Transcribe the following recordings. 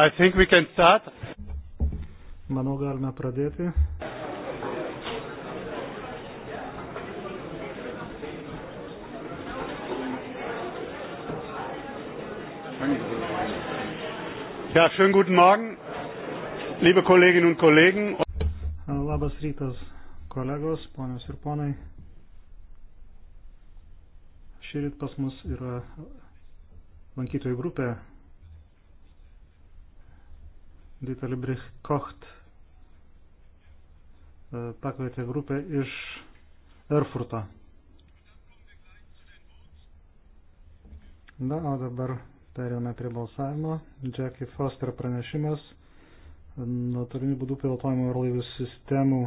I think we can start. Manau, galime pradėti. Ja, schönen guten Morgen, liebe Kolleginnen und Kollegen. Labas rytas, kolegos, ponios ir ponai. Šįryt pas mus yra lankytojų grupė Dieter Librich Kocht e, pakvietė grupę iš Erfurto. Na, o dabar perėjome prie balsavimo. Jackie Foster pranešimas nuotolinių būdų pilotojimo orlaivių sistemų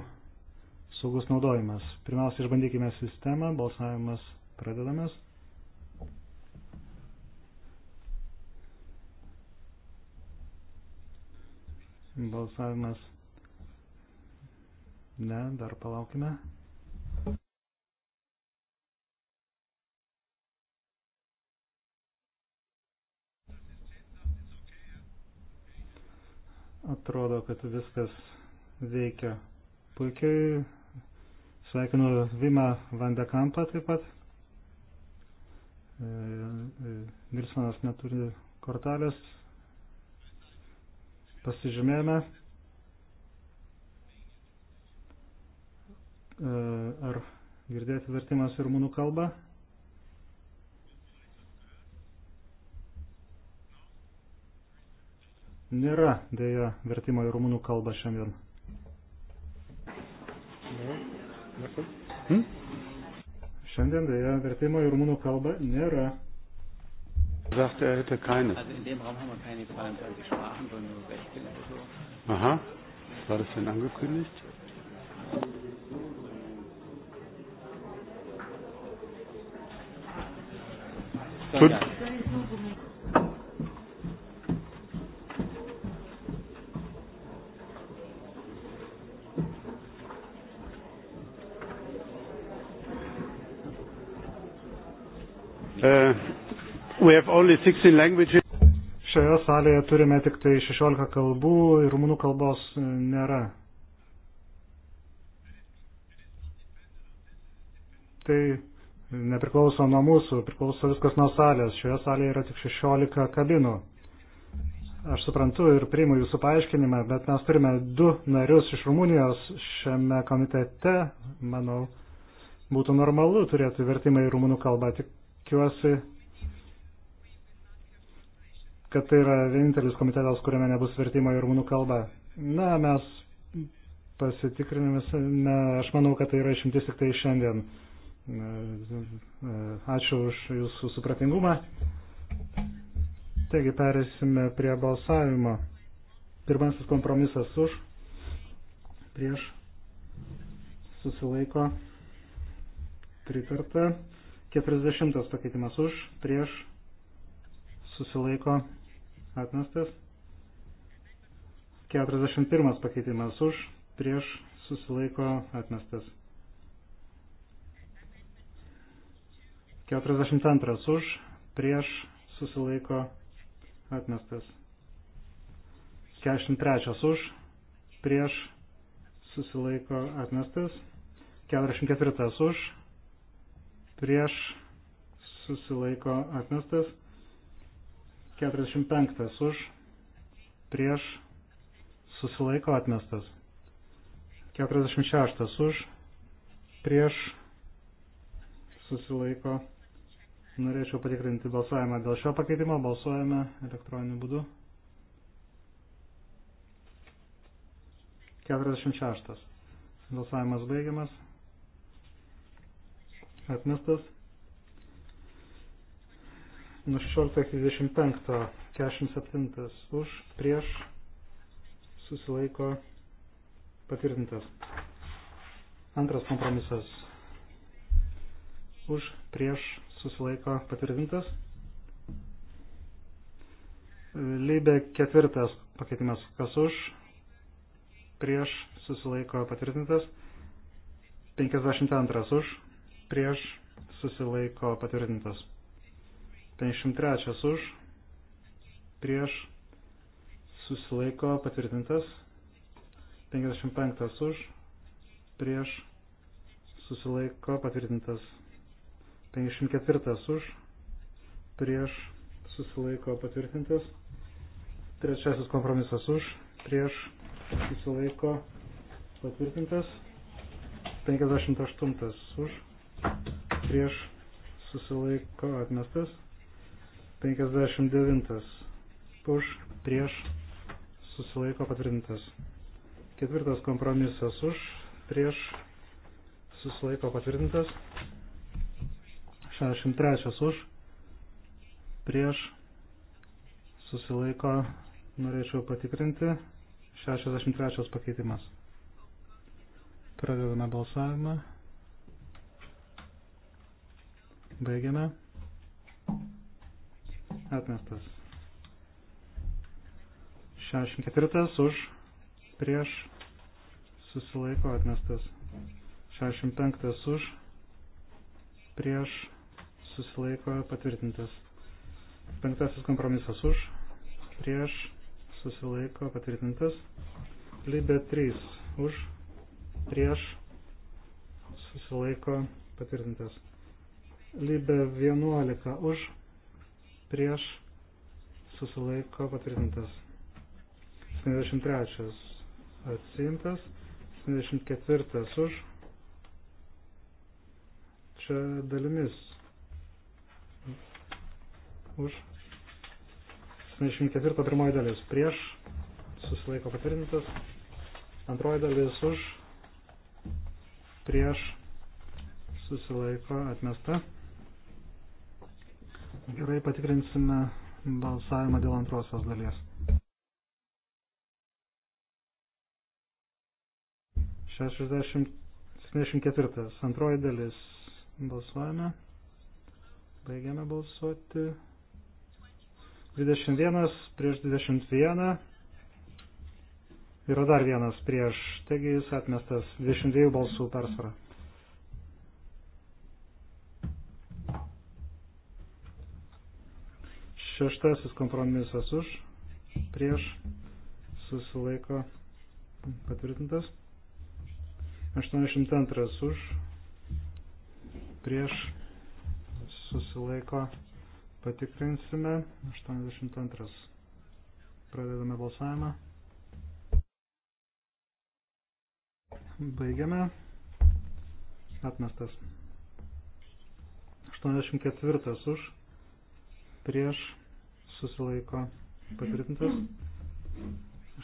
saugus naudojimas. Pirmiausia, išbandykime sistemą, balsavimas pradedamas. Balsavimas. Ne, dar palaukime. Atrodo, kad viskas veikia puikiai. Sveikinu Vimą Vandekampą taip pat. E, e, Nilsonas neturi kortelės. Pasižymėjome. E, ar girdėti vertimas ir mūnų kalbą? Nėra dėja vertimo į rumunų kalbą šiandien. Ne. Hmm? Šiandien dėja vertimo į rumunų kalbą nėra. Sagt, er hätte keine. Also in dem Raum haben wir keine 22 Sprachen, sondern nur 16 oder so. Aha. Was war das denn angekündigt? Gut. Uh, Šioje salėje turime tik tai 16 kalbų ir rumunų kalbos nėra. Tai nepriklauso nuo mūsų, priklauso viskas nuo salės. Šioje salėje yra tik 16 kabinų. Aš suprantu ir priimu jūsų paaiškinimą, bet mes turime du narius iš Rumunijos šiame komitete. Manau, būtų normalu turėti vertimą į rumunų kalbą. Tik tikiuosi, kad tai yra vienintelis komitetas, kuriame nebus vertimo į rumunų kalbą. Na, mes pasitikrinimės, ne, aš manau, kad tai yra išimtis tik tai šiandien. Ačiū už jūsų supratingumą. Taigi perėsime prie balsavimo. Pirmasis kompromisas už, prieš, susilaiko, pritarta. 40 pakeitimas už, prieš, susilaiko, atmestas. 41 pakeitimas už, prieš, susilaiko, atmestas. 42 už, prieš, susilaiko, atmestas. 43 už, prieš, susilaiko, atmestas. 44 už, prieš susilaiko atmestas, 45 už, prieš susilaiko atmestas, 46 už, prieš susilaiko. Norėčiau patikrinti balsavimą dėl šio pakeitimo, balsuojame elektroniniu būdu. 46. Balsavimas baigiamas atmestas. Nuo 16.35, 47 už, prieš, susilaiko, patvirtintas. Antras kompromisas. Už, prieš, susilaiko, patvirtintas. Lybė ketvirtas pakeitimas, kas už, prieš, susilaiko, patvirtintas. 52 už, prieš susilaiko patvirtintas. 53 už prieš susilaiko patvirtintas. 55 už prieš susilaiko patvirtintas. 54 už prieš susilaiko patvirtintas. Trečiasis kompromisas už prieš susilaiko patvirtintas. 58 už prieš susilaiko atmestas. 59 už prieš susilaiko patvirtintas. Ketvirtas kompromisas už prieš susilaiko patvirtintas. 63 už prieš susilaiko norėčiau patikrinti. 63 pakeitimas. Pradedame balsavimą. Baigiame. Atmestas. 64 už prieš susilaiko atmestas. 65 už prieš susilaiko patvirtintas. Penktasis kompromisas už prieš susilaiko patvirtintas. Libė 3 už prieš susilaiko patvirtintas. Libe 11 už, prieš, susilaiko patvirtintas. 73 atsiimtas, 74 už. Čia dalimis. Už. 74 pirmoji dalis prieš, susilaiko patvirtintas. Antroji dalis už, prieš, susilaiko atmesta. Gerai patikrinsime balsavimą dėl antrosios dalies. Šešiasdešimt 74. Antroji dalis. Balsuojame. Baigiame balsuoti. 21 prieš 21. Yra dar vienas prieš. Taigi jis atmestas 22 balsų persvarą. Šeštasis kompromisas už, prieš, susilaiko patvirtintas. 82 už, prieš, susilaiko patikrinsime. 82. Pradedame balsavimą. Baigiame. Atmestas. 84 už, prieš, susilaiko patvirtintas.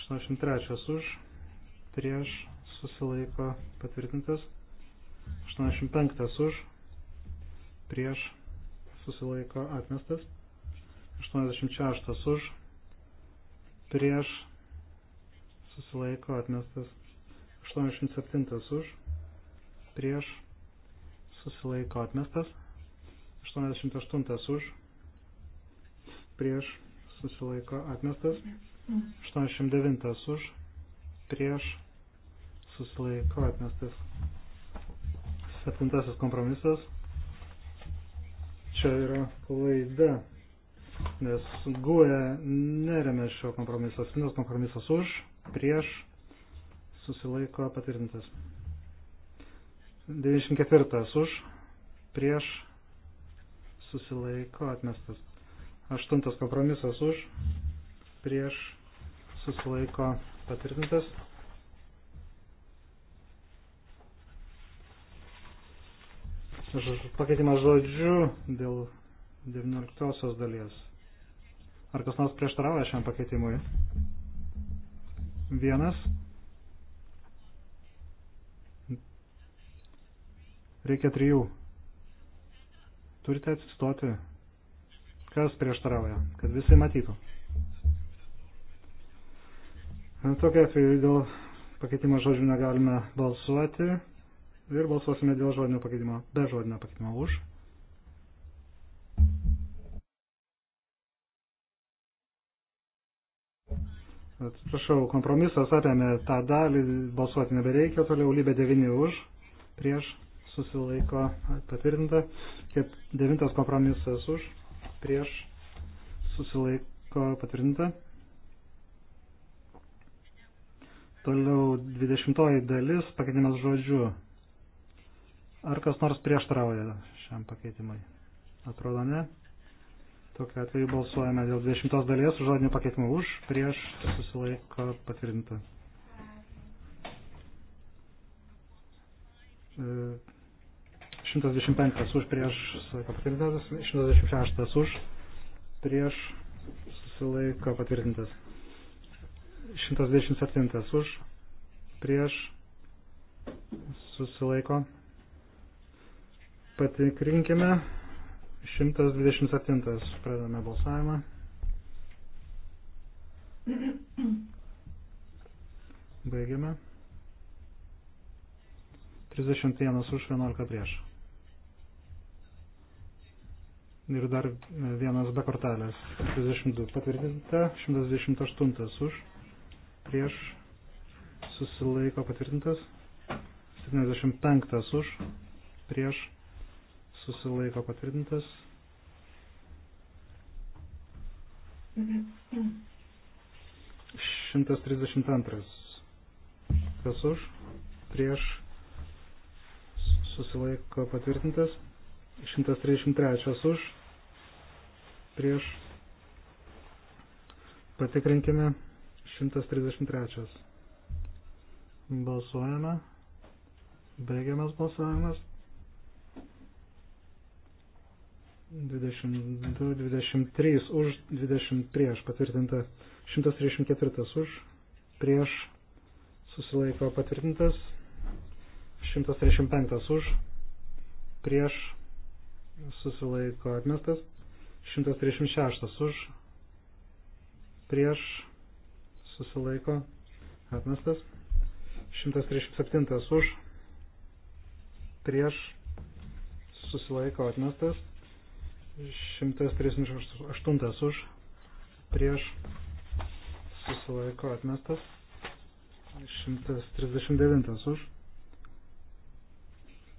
83 už, prieš susilaiko patvirtintas. 85 už, prieš susilaiko atmestas. 86 už, prieš susilaiko atmestas. 87 už, prieš susilaiko atmestas. 88 už, prieš susilaiko atmestas, 89 už, prieš susilaiko atmestas. Septintasis kompromisas. Čia yra klaida, nes guė e neremia šio kompromiso. Septintas kompromisas už, prieš susilaiko patvirtintas. 94 už, prieš susilaiko atmestas. Aštuntas kompromisas už, prieš, susilaiko patvirtintas. Pakeitimas žodžių dėl 19 dalies. Ar kas nors prieštarauja šiam pakeitimui? Vienas. Reikia trijų. Turite atsistoti. Kas prieštarauja? Kad visi matytų. Tokia atveju dėl pakeitimo žodžių negalime balsuoti ir balsuosime dėl žodinio pakeitimo, be žodinio pakeitimo už. Atsiprašau, kompromisas apėmė tą dalį, balsuoti nebereikia, toliau lybė 9 už, prieš, susilaiko patvirtinta, kaip 9 kompromisas už, prieš susilaiko patvirtinta. Toliau 20 dalis pakeitimas žodžiu. Ar kas nors prieštarauja šiam pakeitimui? Atrodo ne. Tokiu atveju balsuojame dėl 20 dalies žodinių pakeitimų už, prieš susilaiko patvirtinta. E, 125 už prieš patvirtintas, 126 už prieš susilaiko patvirtintas, 127 už prieš susilaiko. Patikrinkime 127 pradame balsavimą. Baigiame. 31 už 11 prieš ir dar e, vienas be kortelės. 32 patvirtinta, 128 už, prieš susilaiko patvirtintas, 75 už, prieš susilaiko patvirtintas. Šimtas trisdešimt antras. Kas už? Prieš susilaiko patvirtintas. 133 už, prieš, patikrinkime, 133. Balsuojame, baigiamas balsavimas. 22, 23 už, 20 prieš, patvirtinta 134 už, prieš, susilaiko patvirtintas 135 už, prieš, susilaiko atmestas. 136 už, prieš, susilaiko atmestas. 137 už, prieš, susilaiko atmestas. 138 už, prieš, susilaiko atmestas. 139 už,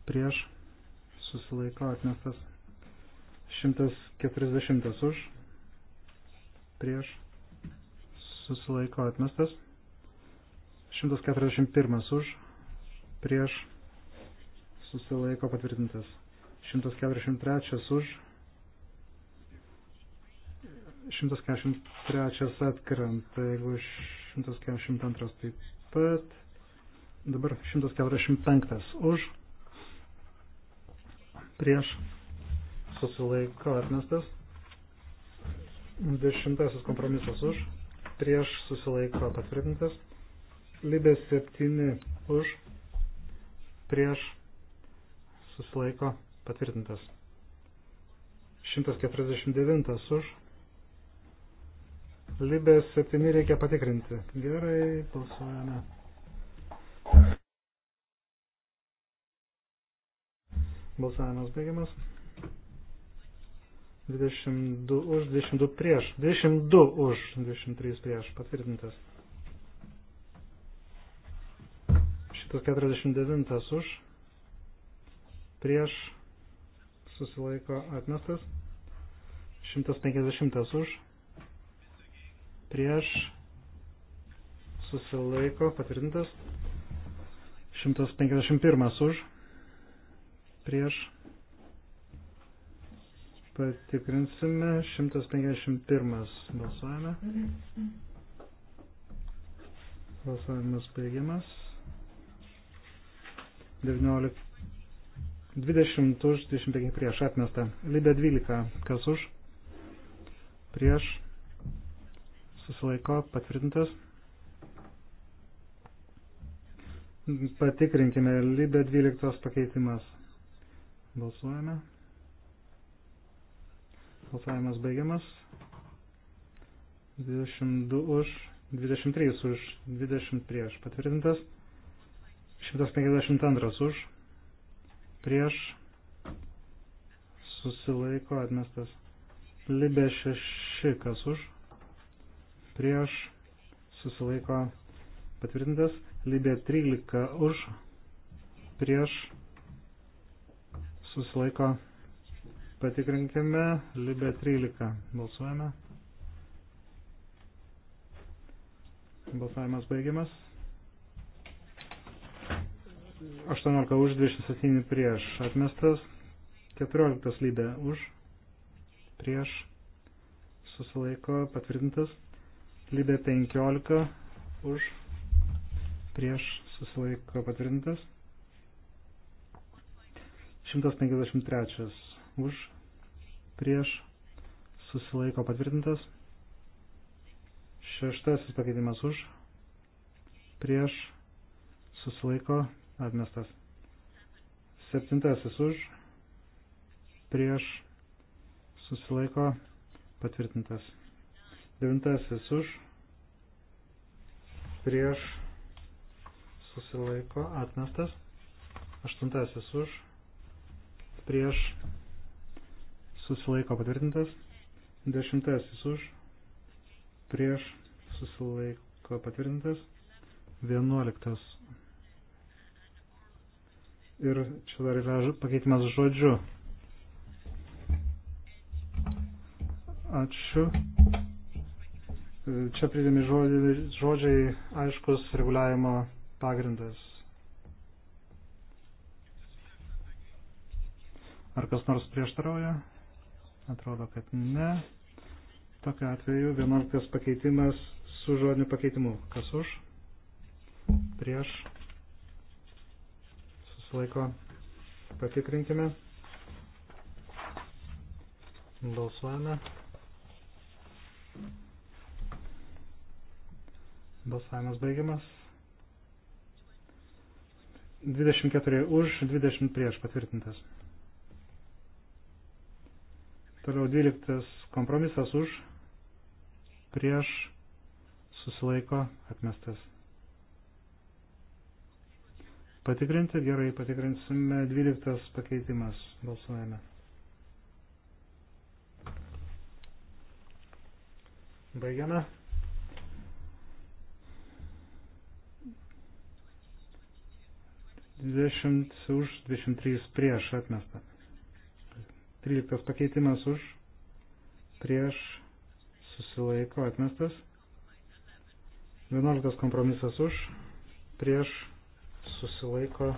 prieš, susilaiko atmestas 140 už, prieš susilaiko atmestas 141 už, prieš susilaiko patvirtintas 143 už, 143 atkrenta, jeigu 142 taip pat, dabar 145 už prieš susilaiko atmestas. Dešimtasis kompromisas už, prieš susilaiko patvirtintas. Libės septyni už, prieš susilaiko patvirtintas. 149 už. Libės 7 reikia patikrinti. Gerai, balsuojame. Balsavimas baigiamas. 22 už, 22 prieš. 22 už, 23 prieš. Patvirtintas. 149 už. Prieš. Susilaiko atmestas. 150 už. Prieš. Susilaiko patvirtintas. 151 už prieš. Patikrinsime 151 balsavimą. Balsavimas baigiamas. 19. 20 už, 25 prieš atmesta. Libė 12. Kas už? Prieš. Susilaiko patvirtintas. Patikrinkime, Libė 12 pakeitimas. Balsuojame. Balsavimas baigiamas. 22 už, 23 už, 20 prieš. Patvirtintas. 152 už, prieš. Susilaiko atmestas. Libė 6 kas už, prieš. Susilaiko patvirtintas. Libė 13 už, prieš susilaiko. Patikrinkime, Libė 13. Balsuojame. Balsavimas baigiamas. 18 už, 27 prieš. Atmestas. 14 lydė už. Prieš. Susilaiko. Patvirtintas. Lydė 15 už. Prieš. Susilaiko. Patvirtintas. 153 už, prieš, susilaiko patvirtintas. Šeštasis pakeitimas už, prieš, susilaiko atmestas. Septintasis už, prieš, susilaiko patvirtintas. Devintasis už, prieš, susilaiko atmestas. Aštuntasis už, prieš susilaiko patvirtintas, dešimtasis už, prieš susilaiko patvirtintas, vienuoliktas. Ir čia dar yra pakeitimas žodžiu. Ačiū. Čia pridėmi žodžiai aiškus reguliavimo pagrindas. Ar kas nors prieštarauja? Atrodo, kad ne. Tokiu atveju 11 pakeitimas su žodiniu pakeitimu. Kas už? Prieš. Susilaiko. Patikrinkime. Balsuojame. Balsavimas baigiamas. 24 už, 20 prieš patvirtintas. Toliau 12 kompromisas už, prieš, susilaiko, atmestas. Patikrinti, gerai, patikrinsime 12 pakeitimas, balsuojame. Baigiame. Dvidešimt už, dvidešimt trys prieš atmestą. 13 pakeitimas už, prieš, susilaiko, atmestas. 11 kompromisas už, prieš, susilaiko,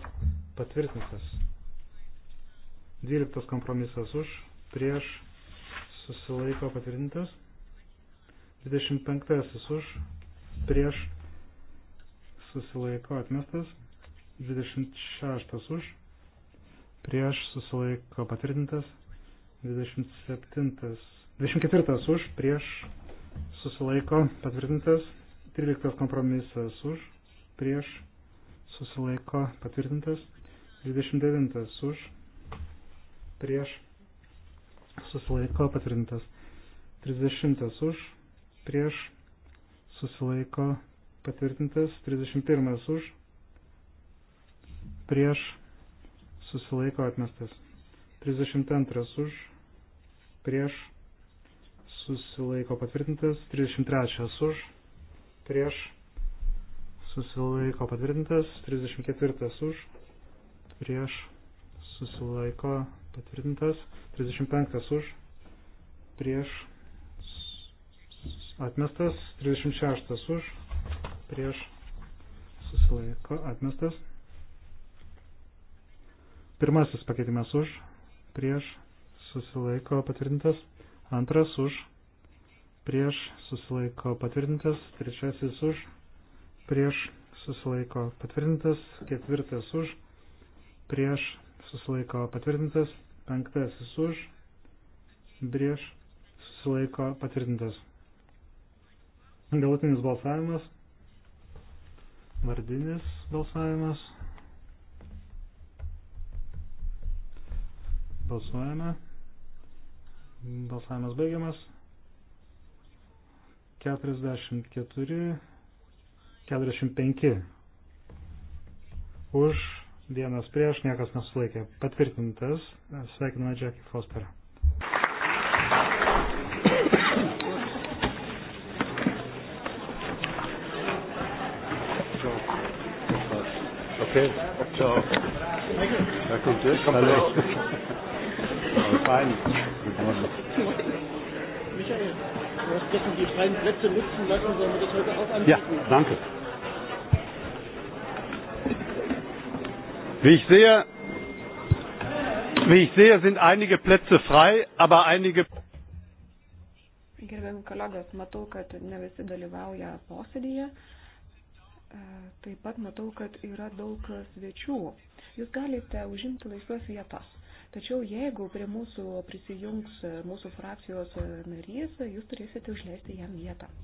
patvirtintas. 12 kompromisas už, prieš, susilaiko, patvirtintas. 25 už, prieš, susilaiko, atmestas. 26 už, prieš, susilaiko, patvirtintas. 27, 24 už, prieš, susilaiko, patvirtintas, 13 kompromisas už, prieš, susilaiko, patvirtintas, 29 už, prieš, susilaiko, patvirtintas, 30 už, prieš, susilaiko, patvirtintas, 31 už, prieš, susilaiko, atmestas, 32 už, prieš, susilaiko patvirtintas, 33 už, prieš, susilaiko patvirtintas, 34 už, prieš, susilaiko patvirtintas, 35 už, prieš, atmestas, 36 už, prieš, susilaiko atmestas. Pirmasis pakeitimas už, prieš, susilaiko patvirtintas, antras už, prieš susilaiko patvirtintas, trečiasis už, prieš susilaiko patvirtintas, ketvirtas už, prieš susilaiko patvirtintas, penktasis už, prieš susilaiko patvirtintas. Galutinis balsavimas, vardinis balsavimas. Balsuojame. Balsavimas baigiamas. 44, 45. Už, vienas prieš, niekas nesulaikė. Patvirtintas. Sveikiname Jackie Fosterą. Okay. Ciao. Ciao. Ja, kommt durch. Kommt durch. Äh, fein. Michael, du hast gestern die freien Plätze nutzen lassen, sollen wir das heute auch anbieten? Ja, danke. Wie ich sehe, wie ich sehe, sind einige Plätze frei, aber einige. Gerbiami kolegos, matau, kad ne visi dalyvauja posėdėje. Taip pat matau, kad yra daug svečių. Jūs galite užimti laisvas vietas. Tačiau jeigu prie mūsų prisijungs mūsų frakcijos narys, jūs turėsite užleisti jam vietą.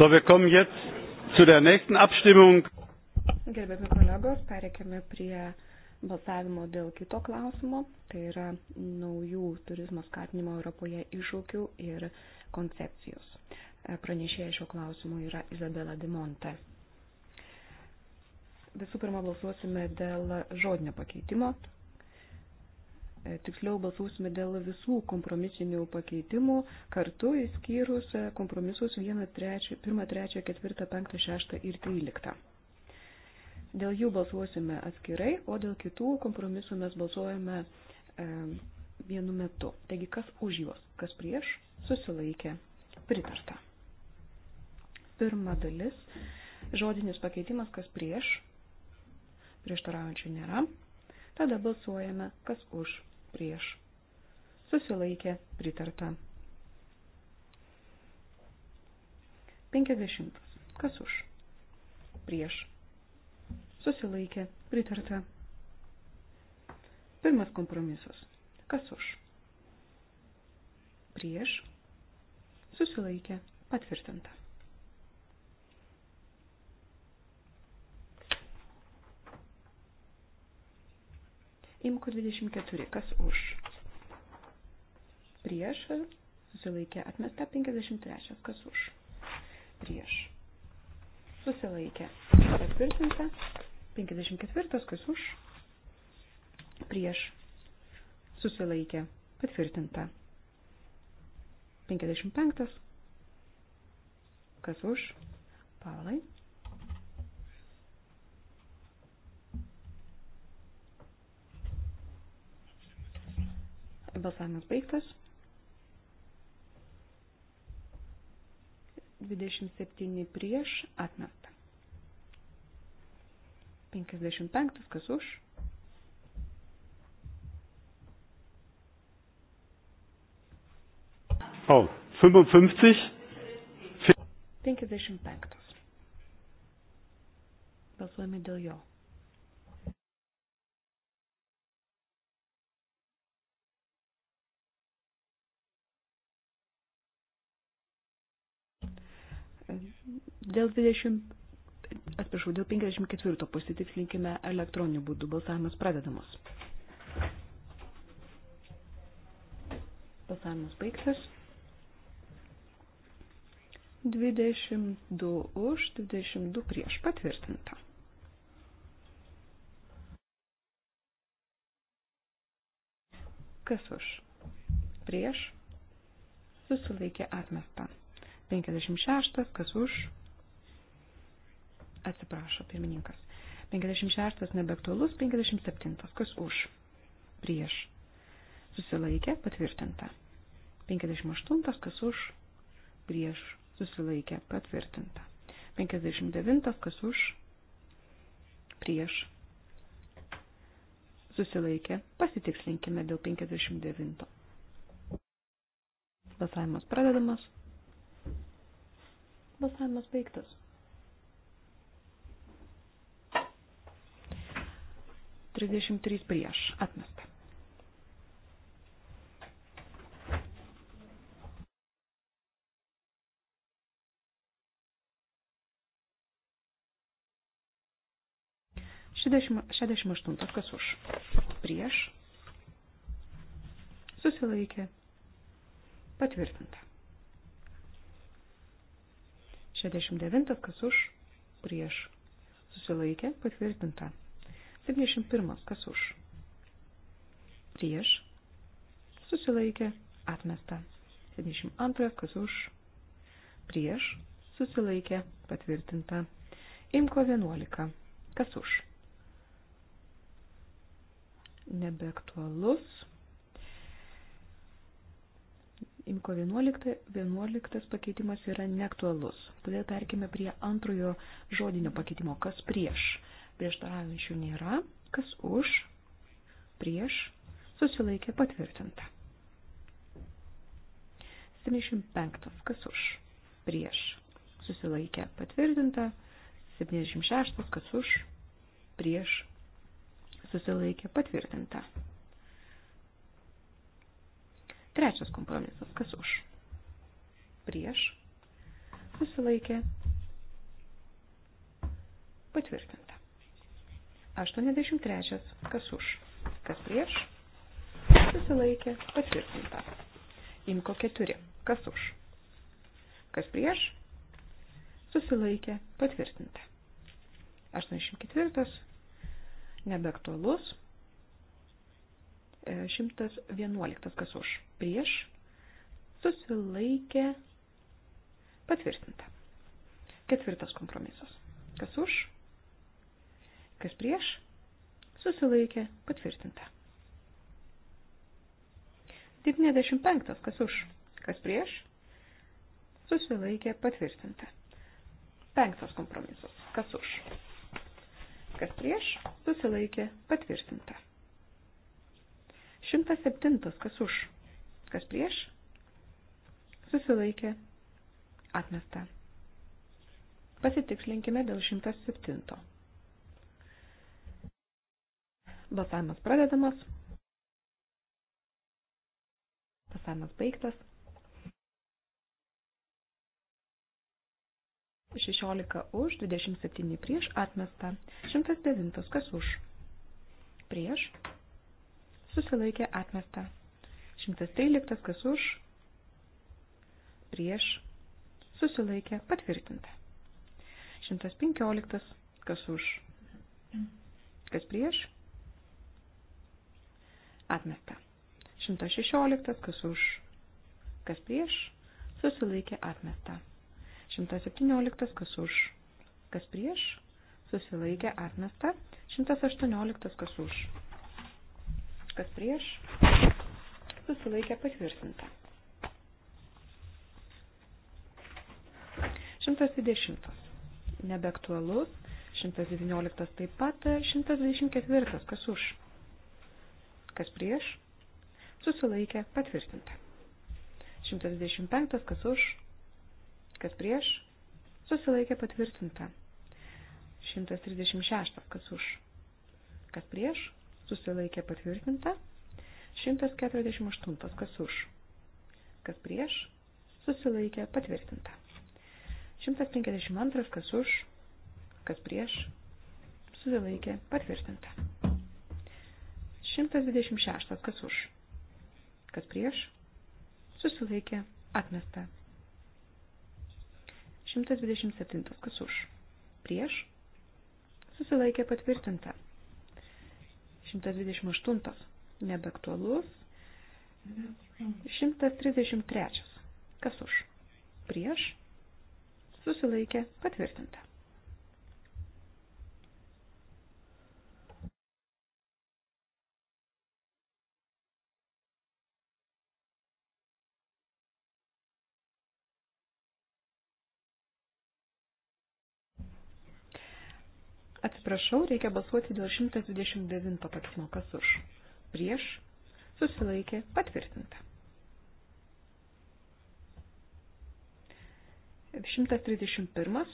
So, wir kommen jetzt zu der nächsten Abstimmung. Gerbiami kolegos, pereikime prie balsavimo dėl kito klausimo, tai yra naujų turizmo skatinimo Europoje iššūkių ir koncepcijos. Pranešėja šio klausimo yra Izabela Dimonte. Visų pirma, balsuosime dėl žodinio pakeitimo, E, tiksliau balsuosime dėl visų kompromisinių pakeitimų kartu įskyrus e, kompromisus 1, 3, 1, 3, 4, 5, 6 ir 13. Dėl jų balsuosime atskirai, o dėl kitų kompromisų mes balsuojame e, vienu metu. Taigi, kas už juos, kas prieš, susilaikė, pritarta. Pirma dalis, žodinis pakeitimas, kas prieš, prieštaraujančių nėra. Tada balsuojame, kas už, prieš. Susilaikė pritarta. 50. Kas už? Prieš. Susilaikė pritarta. Pirmas kompromisas. Kas už? Prieš. Susilaikė patvirtinta. Imko 24. Kas už? Prieš. Susilaikė. Atmesta 53. Kas už? Prieš. Susilaikė. Patvirtinta. 54. Kas už? Prieš. Susilaikė. Patvirtinta. 55. Kas už? Pavlai. Balsavimas baigtas. 27 prieš atmesta. 55 kas už. Oh, 55. 55. Balsuojame dėl jo. Dėl 20, atsiprašau, dėl 54 pasitikslinkime elektroniniu būdu. Balsavimas pradedamas. Balsavimas baigtas. 22 už, 22 prieš patvirtinta. Kas už? Prieš susilaikė atmestą. 56, kas už. Atsiprašo, pirmininkas. 56 nebeaktualus, 57, kas už. Prieš. Susilaikė, patvirtinta. 58, kas už. Prieš. Susilaikė, patvirtinta. 59, kas už. Prieš susilaikė, pasitikslinkime dėl 59. Balsavimas pradedamas. Balsavimas baigtas. Trisdešimt trys prieš atmestą. Šešiasdešimt aštuntas kas už? Prieš. Susilaikė. Patvirtinta. 69, kas už, prieš, susilaikė, patvirtinta. 71, kas už, prieš, susilaikė, atmesta. 72, kas už, prieš, susilaikė, patvirtinta. Imko 11, kas už. Nebeaktualus. Imko 11, 11 pakeitimas yra neaktualus. Todėl perkime prie antrojo žodinio pakeitimo. Kas prieš? Prieštaraujančių nėra. Kas už? Prieš? Susilaikė patvirtinta. 75. Kas už? Prieš? Susilaikė patvirtinta. 76. Kas už? Prieš? Susilaikė patvirtinta. Trečias kompromisas. Kas už? Prieš. Susilaikė. Patvirtinta. 83. Kas už? Kas prieš? Susilaikė. Patvirtinta. Imko 4. Kas už? Kas prieš? Susilaikė. Patvirtinta. 84. Nebeaktualus. 111 kas už prieš susilaikė patvirtinta. Ketvirtas kompromisas. Kas už, kas prieš, susilaikė patvirtinta. 95. Kas už, kas prieš, susilaikė patvirtinta. Penktas kompromisas. Kas už, kas prieš, susilaikė patvirtinta. 107. Kas už? Kas prieš? Susilaikė. Atmesta. Pasitikslinkime dėl 107. Balsavimas pradedamas. Balsavimas baigtas. 16 už, 27 prieš atmesta. 109 kas už? Prieš susilaikė atmesta. 113 kas už, prieš, susilaikė patvirtinta. 115 kas už, kas prieš, atmesta. 116 kas už, kas prieš, susilaikė atmesta. 117 kas už, kas prieš, susilaikė atmesta. 118 kas už kas prieš, susilaikė patvirtinta. 120. Nebeaktualus. 119 taip pat. 124. Kas už? Kas prieš? Susilaikė patvirtinta. 125. Kas už? Kas prieš? Susilaikė patvirtinta. 136. Kas už? Kas prieš? susilaikė patvirtinta. 148. Kas už? Kas prieš? Susilaikė patvirtinta. 152. Kas už? Kas prieš? Susilaikė patvirtinta. 126. Kas už? Kas prieš? Susilaikė atmesta. 127. Kas už? Prieš? Susilaikė patvirtinta. 128 nebeaktualus. 133. Kas už? Prieš? Susilaikė patvirtinta. Atsiprašau, reikia balsuoti dėl 129 pakeitimo. Kas už? Prieš? Susilaikė? Patvirtinta. 131.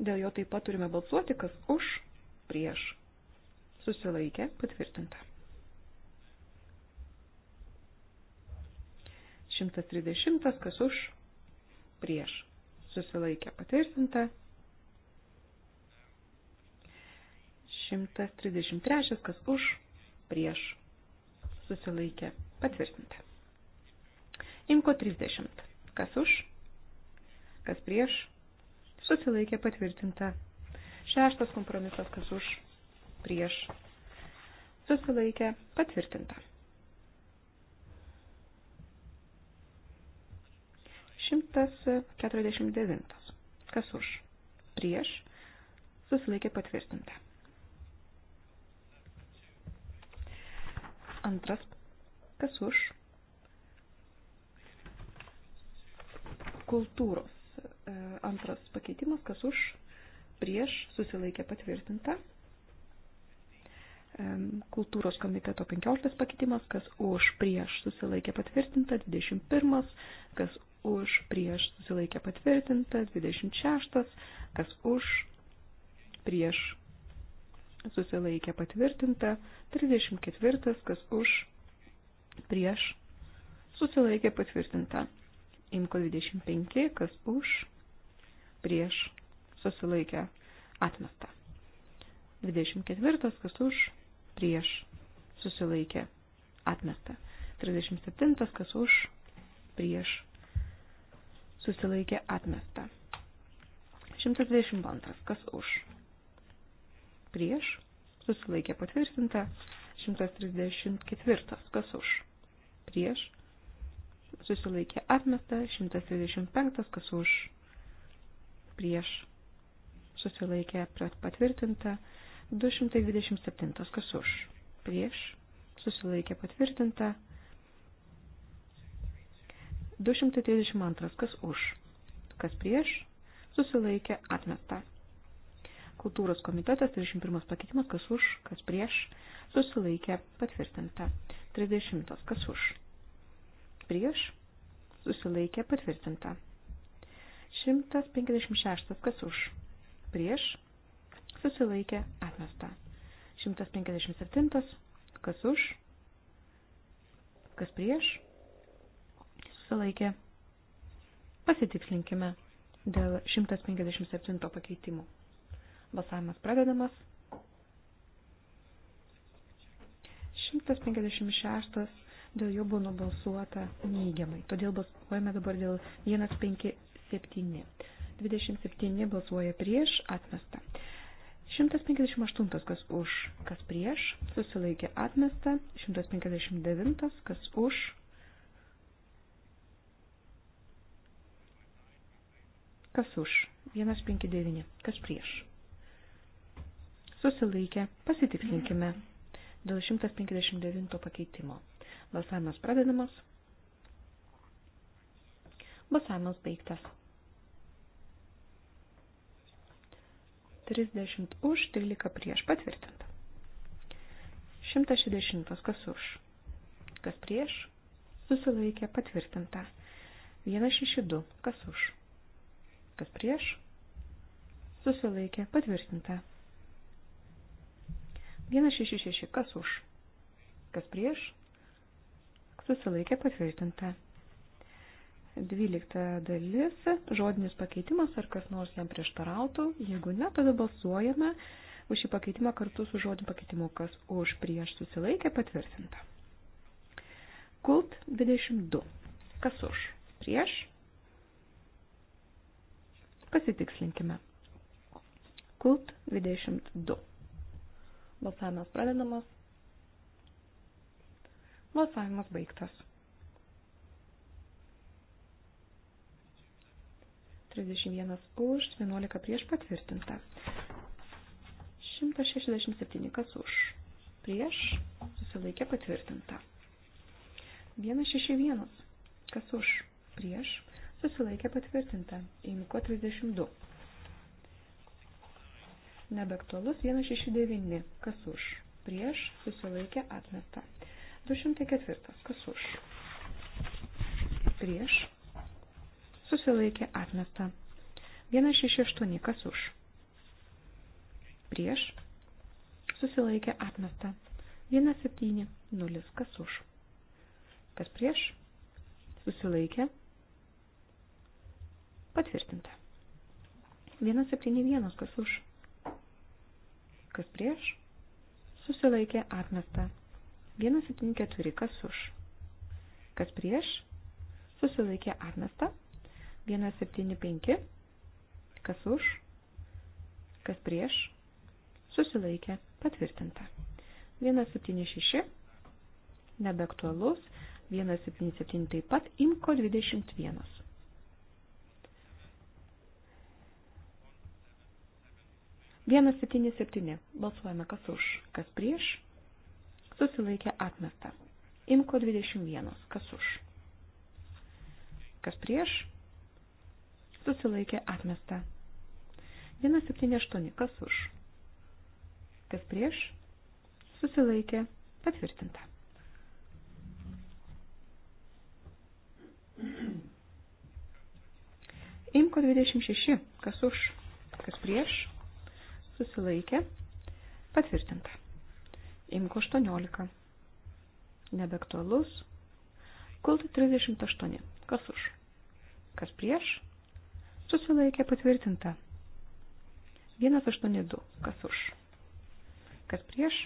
Dėl jo taip pat turime balsuoti, kas už, prieš, susilaikė, patvirtinta. 130. Kas už, prieš, susilaikė, patvirtinta. 133, kas už, prieš, susilaikė, patvirtinta. Imko 30, kas už, kas prieš, susilaikė, patvirtinta. Šeštas kompromisas, kas už, prieš, susilaikė, patvirtinta. 149. Kas už? Prieš. Susilaikė patvirtinta. Antras, kas už kultūros. E, antras pakeitimas, kas už prieš susilaikė patvirtinta. E, kultūros komiteto 15 pakeitimas, kas už prieš susilaikė patvirtinta, 21, kas už prieš susilaikė patvirtinta, 26, kas už prieš susilaikė patvirtinta, 34, kas už, prieš, susilaikė patvirtinta, imko 25, kas už, prieš, susilaikė atmesta, 24, kas už, prieš, susilaikė atmesta, 37, kas už, prieš, susilaikė atmesta. 122. Kas už? prieš, susilaikė patvirtinta, 134, kas už, prieš, susilaikė atmesta, 135, kas už, prieš, susilaikė patvirtinta, 227, kas už, prieš, susilaikė patvirtinta, 232, kas už, kas prieš, susilaikė atmesta. Kultūros komitetas 31 pakeitimas, kas už, kas prieš, susilaikė, patvirtinta. 30. Kas už, prieš, susilaikė, patvirtinta. 156. Kas už, prieš, susilaikė, atmesta. 157. Kas už, kas prieš, susilaikė. Pasitikslinkime dėl 157 pakeitimų. Balsavimas pradedamas. 156 dėl jų buvo nubalsuota neigiamai. Todėl balsuojame dabar dėl 157. 27 balsuoja prieš atmestą. 158 kas už, kas prieš, susilaikė atmestą. 159 kas už. Kas už? 159. Kas prieš? susilaikė, pasitikslinkime dėl 159 pakeitimo. Balsavimas pradedamas. Balsavimas baigtas. 30 už, 13 prieš patvirtinta. 160 kas už, kas prieš, susilaikė patvirtinta. 162 kas už, kas prieš, susilaikė patvirtinta. 166. Kas už? Kas prieš? Susilaikė patvirtinta. 12 dalis. Žodinis pakeitimas, ar kas nors jam prieštarautų. Jeigu ne, tada balsuojame už šį pakeitimą kartu su žodiniu pakeitimu, kas už prieš susilaikė patvirtinta. Kult 22. Kas už? Prieš? Pasitikslinkime. Kult 22. Balsavimas pradedamas. Balsavimas baigtas. 31 už, 11 prieš patvirtinta. 167 kas už. Prieš susilaikė patvirtinta. 161 kas už. Prieš susilaikė patvirtinta. Įmiko 32 nebeaktualus 169. Kas už? Prieš susilaikė atmesta. 204. Kas už? Prieš susilaikė atmesta. 168. Kas už? Prieš susilaikė atmesta. 170. Kas už? Kas prieš? Susilaikė. Patvirtinta. 171. Kas už? Kas prieš? Susilaikė atmesta. 174. Kas už? Kas prieš? Susilaikė atmesta. 175. Kas už? Kas prieš? Susilaikė patvirtinta. 176. Nebeaktualus. 177 taip pat. Imko 21. 177. Balsuojame kas už, kas prieš. Susilaikė atmesta. Imko 21. Kas už. Kas prieš. Susilaikė atmesta. 178. Kas už. Kas prieš. Susilaikė patvirtinta. Imko 26. Kas už. Kas prieš susilaikė, patvirtinta. Imko 18, nebeaktualus. Kult 38, kas už, kas prieš, susilaikė, patvirtinta. 182, kas už, kas prieš,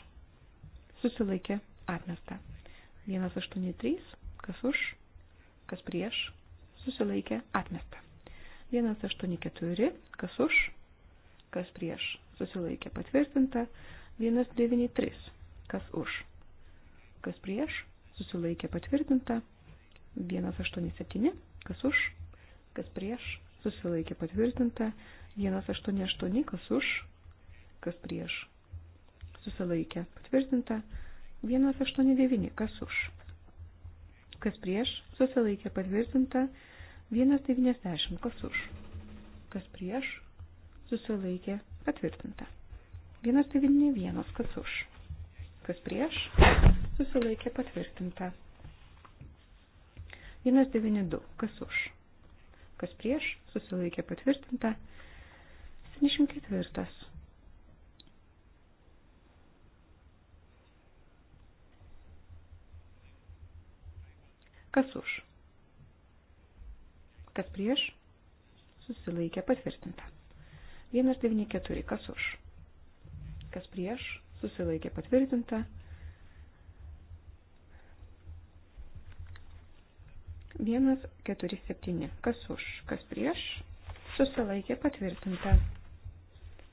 susilaikė, atmesta. 183, kas už, kas prieš, susilaikė, atmesta. 184, kas už, kas prieš, susilaikė patvirtinta, 193, kas už, kas prieš, susilaikė patvirtinta, 187, kas už, kas prieš, susilaikė patvirtinta, 188, kas už, kas prieš, susilaikė patvirtinta, 189, kas už, kas prieš, susilaikė patvirtinta, 190, kas už, kas prieš, susilaikė Patvirtinta. 191. Kas už? Kas prieš? Susilaikė patvirtinta. 192. Kas už? Kas prieš? Susilaikė patvirtinta. 74. Kas už? Kas prieš? Susilaikė patvirtinta. 194. Kas už? Kas prieš? Susilaikė patvirtinta. Vienas, keturi, septyni. Kas už, kas prieš, susilaikė patvirtinta.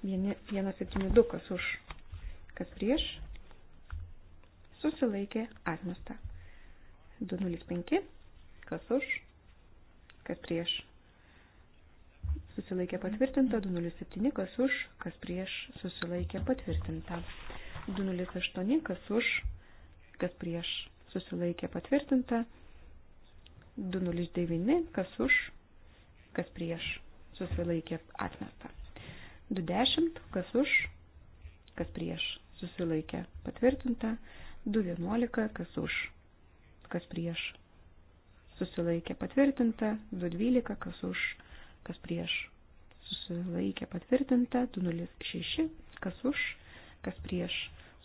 Vienas, septyni, du, kas už, kas prieš, susilaikė atmesta. 205, kas už, kas prieš, susilaikė patvirtinta, 207 kas už, kas prieš susilaikė patvirtinta, 208 kas už, kas prieš susilaikė patvirtinta, 209 kas už, kas prieš susilaikė atmesta, 210 kas už, kas prieš susilaikė patvirtinta, 211 kas už, kas prieš susilaikė patvirtinta, 212 kas už kas prieš susilaikė patvirtinta, 206, kas už, kas prieš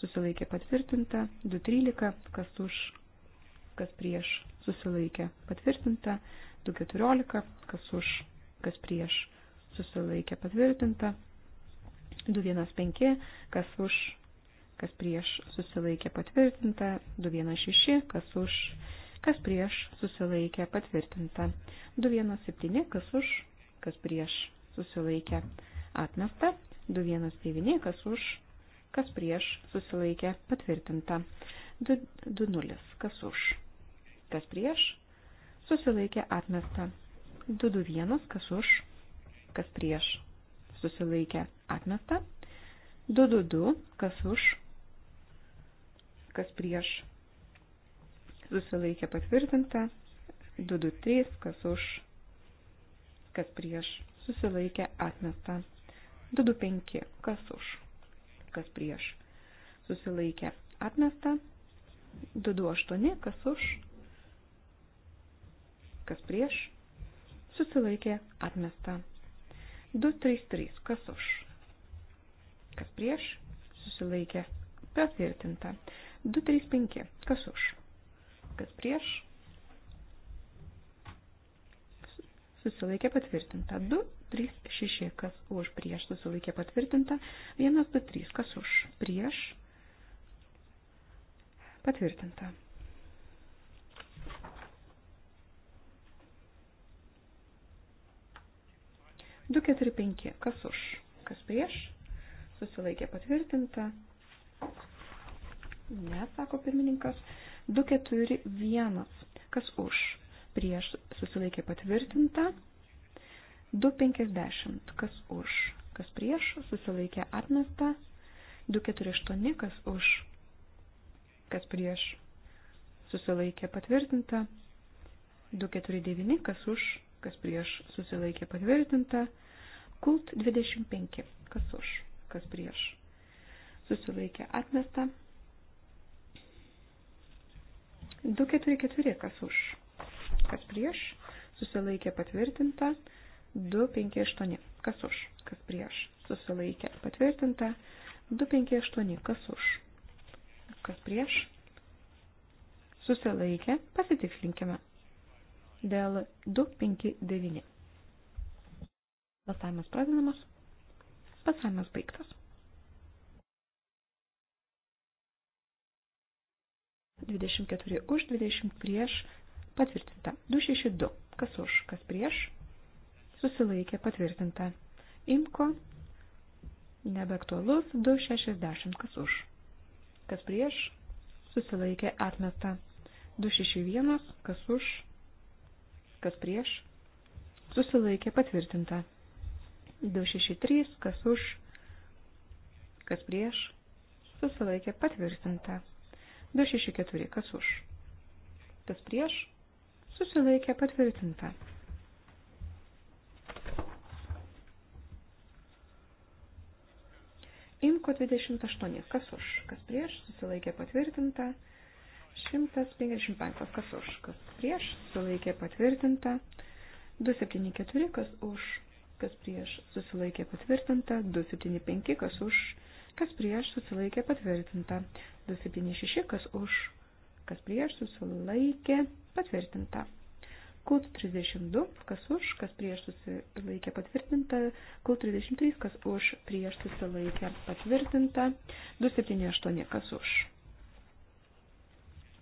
susilaikė patvirtinta, 213, kas už, kas prieš susilaikė patvirtinta, 214, kas už, kas prieš susilaikė patvirtinta, 215, kas už, kas prieš susilaikė patvirtinta, 216, kas už, kas prieš susilaikė patvirtinta, 217, kas už, kas prieš susilaikė atmesta, 219, kas už, kas prieš susilaikė patvirtinta, 20, kas už, kas prieš susilaikė atmesta, 221, kas už, kas prieš susilaikė atmesta, 222, kas už, kas prieš susilaikė patvirtinta, 223, kas už, kas prieš, susilaikė atmesta. 225, kas už, kas prieš, susilaikė atmesta. 228, kas už, kas prieš, susilaikė atmesta. 233, kas už, kas prieš, susilaikė patvirtinta. 235, kas už, kas prieš, susilaikė patvirtinta. 2, 3, 6, kas už, prieš susilaikė patvirtinta. 1, 2, 3, kas už, prieš patvirtinta. Du, keturi, penki. Kas už? Kas prieš? Susilaikė patvirtinta. Ne, sako pirmininkas. 241. Kas už? prieš susilaikė patvirtinta. 250, kas už, kas prieš, susilaikė atmesta. 248, kas už, kas prieš, susilaikė patvirtinta. 249, kas už, kas prieš, susilaikė patvirtinta. Kult 25, kas už, kas prieš, susilaikė atmesta. 244, kas už, kas prieš, susilaikė patvirtinta, 258, kas už, kas prieš, susilaikė patvirtinta, 258, kas už, kas prieš, susilaikė, pasitikslinkime dėl 259. Balsavimas pradedamas, balsavimas baigtas. 24 už, 20 prieš patvirtinta. 262, kas už, kas prieš, susilaikė, patvirtinta. Imko, nebeaktualus, 260, kas už, kas prieš, susilaikė, atmesta. 261, kas už, kas prieš, susilaikė, patvirtinta. 263, kas už, kas prieš, susilaikė, patvirtinta. 264, kas už, kas prieš, susilaikė patvirtinta. Imko 28, kas už, kas prieš, susilaikė patvirtinta. 155, kas už, kas prieš, susilaikė patvirtinta. 274, kas už, kas prieš, susilaikė patvirtinta. 275, kas už, kas prieš, susilaikė patvirtinta. 276, kas už, kas prieš susilaikė patvirtinta. Kult 32, kas už, kas prieš susilaikė patvirtinta. Kult 33, kas už, prieš susilaikė patvirtinta. 278, kas už.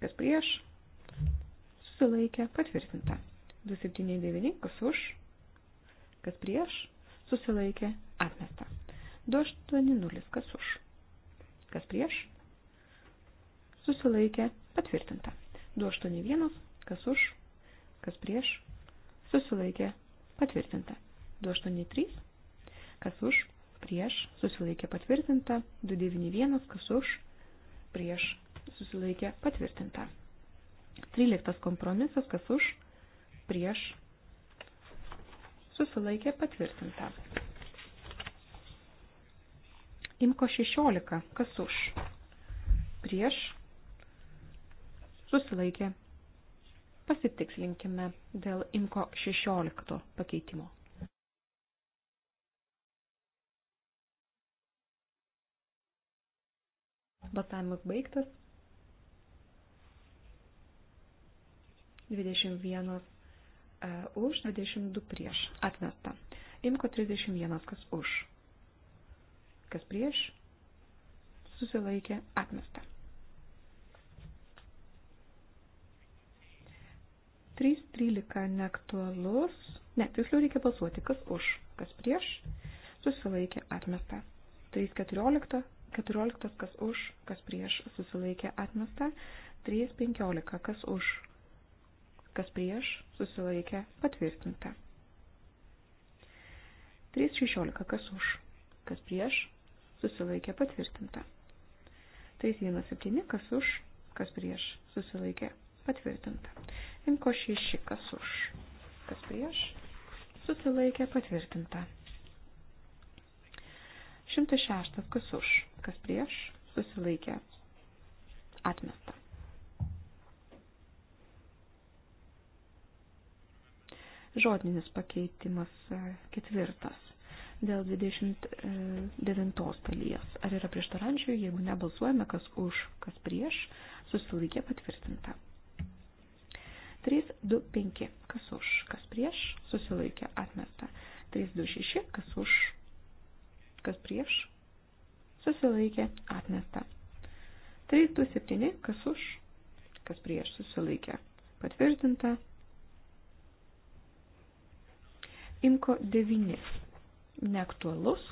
Kas prieš susilaikė patvirtinta. 279, kas už, kas prieš susilaikė atmesta. 280, kas už, kas prieš susilaikė Patvirtinta. 281, kas už, kas prieš, susilaikė, patvirtinta. 283, kas už, prieš, susilaikė, patvirtinta. 291, kas už, prieš, susilaikė, patvirtinta. 13 kompromisas, kas už, prieš, susilaikė, patvirtinta. Imko 16, kas už, prieš, susilaikė. Pasitikslinkime dėl Imko 16 pakeitimo. Balsavimas baigtas. 21 uh, e, už, 22 prieš. Atmesta. Imko 31, kas už. Kas prieš? Susilaikė atmesta. 3.13 neaktualus. Ne, tiksliau reikia balsuoti, kas už, kas prieš, susilaikė atmesta. 3.14, 14 kas už, kas prieš, susilaikė atmesta. 3.15 kas už, kas prieš, susilaikė patvirtinta. 3.16 kas už, kas prieš, susilaikė patvirtinta. 3.17 kas už, kas prieš, susilaikė patvirtinta. Imko šeši, kas už, kas prieš, susilaikė patvirtinta. 106, kas už, kas prieš, susilaikė atmesta. Žodinis pakeitimas e, ketvirtas dėl 29 dalies. Ar yra prieštarančių, jeigu nebalsuojame, kas už, kas prieš, susilaikė patvirtinta. 3, 2, 5. Kas už, kas prieš, susilaikė atmesta. 3, 2, 6. Kas už, kas prieš, susilaikė atmesta. 3, 2, 7. Kas už, kas prieš, susilaikė patvirtinta. Imko 9. Neaktualus.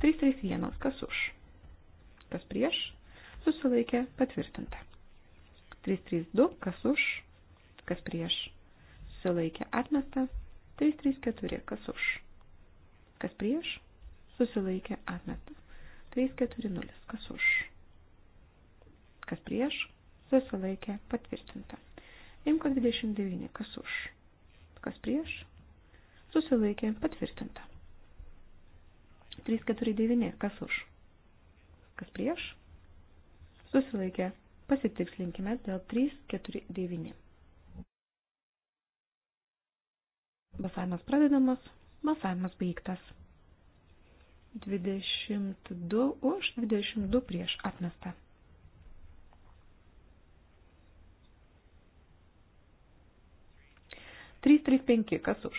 3, 3, 1. Kas už, kas prieš, susilaikė patvirtinta. 332, kas už, kas prieš, susilaikė atmesta, 334, kas už, kas prieš, susilaikė atmesta, 340, kas už, kas prieš, susilaikė patvirtinta. Imko 29, kas už, kas prieš, susilaikė patvirtinta. 349, kas už, kas prieš, susilaikė Pasitikslinkime dėl 3, 4, 9. Balsavimas pradedamas, balsavimas baigtas. 22 už, 22 prieš atmestą. Trys, trys, penki, kas už?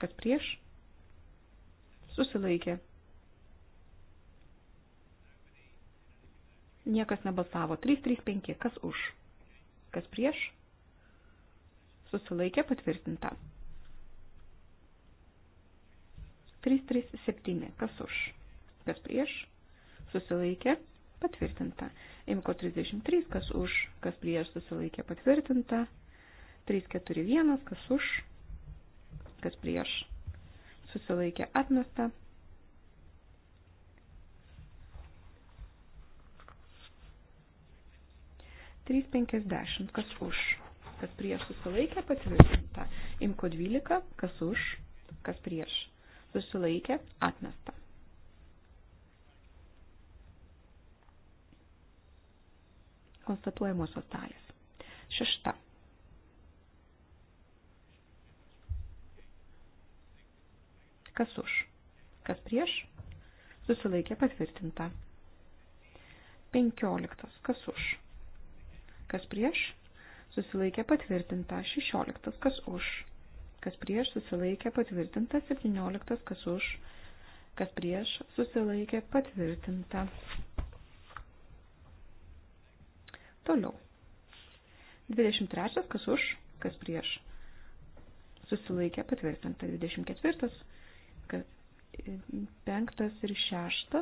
Kas prieš? Susilaikė. Niekas nebalsavo. 335. Kas už? Kas prieš? susilaikė patvirtinta. 337. Kas už? Kas prieš? Susilaikė patvirtinta. Imko 33. Kas už? Kas prieš? Susilaikė patvirtinta. 341. Kas už? Kas prieš? Susilaikė atmesta. Trys penkiasdešimt, kas už kas prieš susilaikė patvirtinta. Imko 12, kas už, kas prieš susilaikė atmesta. Konstatuojamosios dalys. Šešta. Kas už, kas prieš susilaikė patvirtinta. Penkioliktas. Kas už, kas prieš susilaikė patvirtinta 16, kas už, kas prieš susilaikė patvirtinta 17, kas už, kas prieš susilaikė patvirtinta. Toliau. 23, kas už, kas prieš susilaikė patvirtinta 24, kas 5 ir 6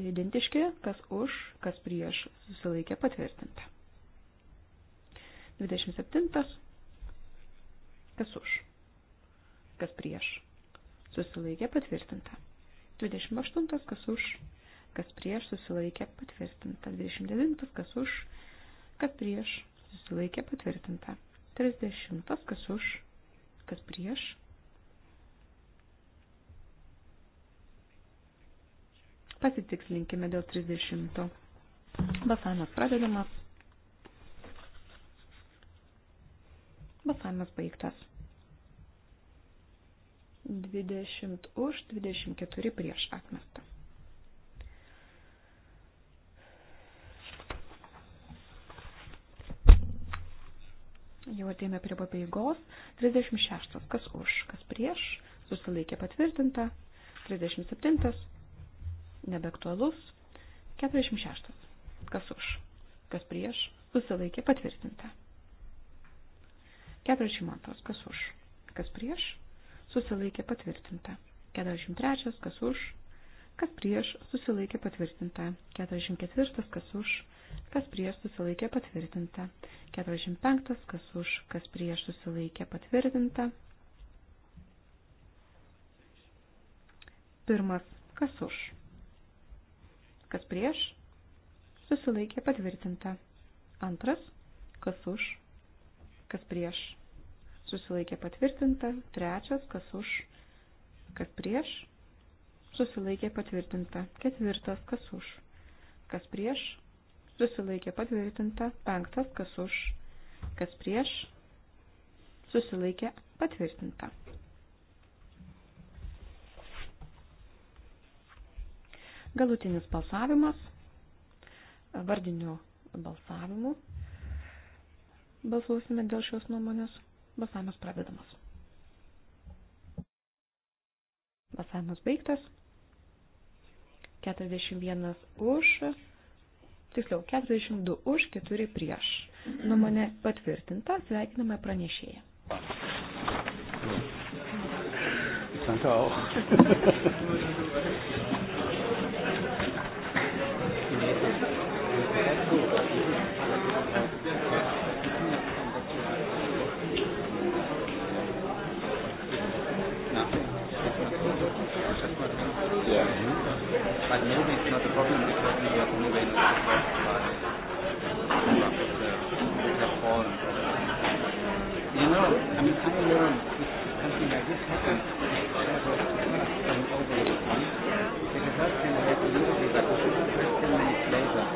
identiški, kas už, kas prieš susilaikė patvirtinta. 27. Kas už? Kas prieš? Susilaikė patvirtinta. 28. Kas už? Kas prieš? Susilaikė patvirtinta. 29. Kas už? Kas prieš? Susilaikė patvirtinta. 30. Kas už? Kas prieš? Pasitikslinkime dėl 30. Basavimas pradedamas. Balsavimas baigtas. 20 už, 24 prieš atmestą. Jau atėjome prie pabaigos. 36. Kas už, kas prieš. Susilaikė patvirtinta. 37. Nebeaktualus. 46. Kas už, kas prieš. Susilaikė patvirtinta. 42. Kas už? Kas prieš? Susilaikė patvirtinta. 43. Kas už? Kas prieš? Susilaikė patvirtinta. 44. Kas už? Kas prieš? Susilaikė patvirtinta. 45. Kas už? Kas prieš? Susilaikė patvirtinta. Pirmas. Kas už? Kas prieš? Susilaikė patvirtinta. Antras. Kas už? kas prieš, susilaikė patvirtinta, trečias, kas už, kas prieš, susilaikė patvirtinta, ketvirtas, kas už, kas prieš, susilaikė patvirtinta, penktas, kas už, kas prieš, susilaikė patvirtinta. Galutinis balsavimas vardiniu balsavimu Balsuosime dėl šios nuomonės. Balsavimas pradedamas. Balsavimas baigtas. 41 už, tiksliau 42 už, 4 prieš. Nuomonė patvirtinta, sveikiname pranešėją. Danke auch. But moving is not a problem because we have always worked like have fallen. You know, I mean, I learned something like this happened several times and over the time. It has not been like a little bit, but this is a question minutes later.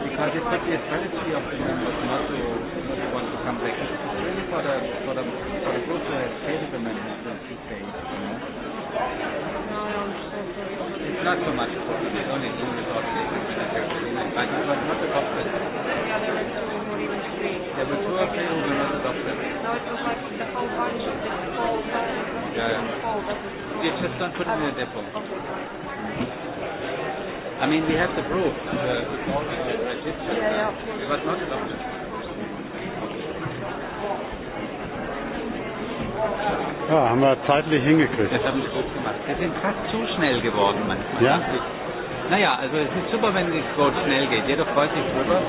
Because it could be a strategy of the members not to, not to want to come back. It's really for the, for the, for the group to have failed the management to say, you know. It's not so much a problem. They only do the problem. But it was not adopted. There were two or three who were not adopted. No, it was like the whole bunch of this fall, but yeah. fall, but you just don't put it in a depot. Okay. I mean, we have the proof. The, the register. Yeah, yeah, of course. It was not adopted. Ja, haben wir zeitlich hingekriegt. Das haben Sie gut gemacht. Wir sind fast zu schnell geworden manchmal. Ja? Naja, also es ist super, wenn es so schnell geht. Jeder freut sich drüber.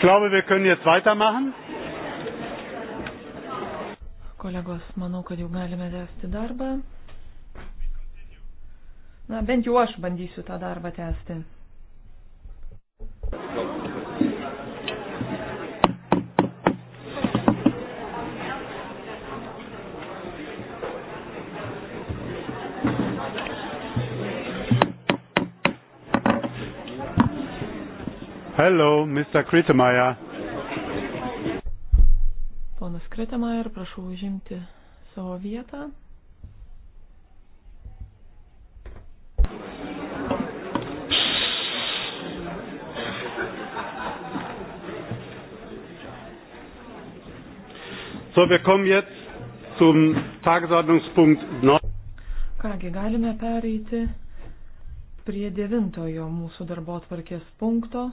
Ich glaube, wir können jetzt weitermachen. Kolegos, manau, kad jau galime tęsti darbą. Na, bent jau aš bandysiu tą darbą tęsti. Hello, Mr. Kritemeyer. Ponas Kritemeyer, prašau užimti savo vietą. So, wir kommen jetzt zum Tagesordnungspunkt 9. Kągi, galime pereiti prie devintojo mūsų darbo atvarkės punkto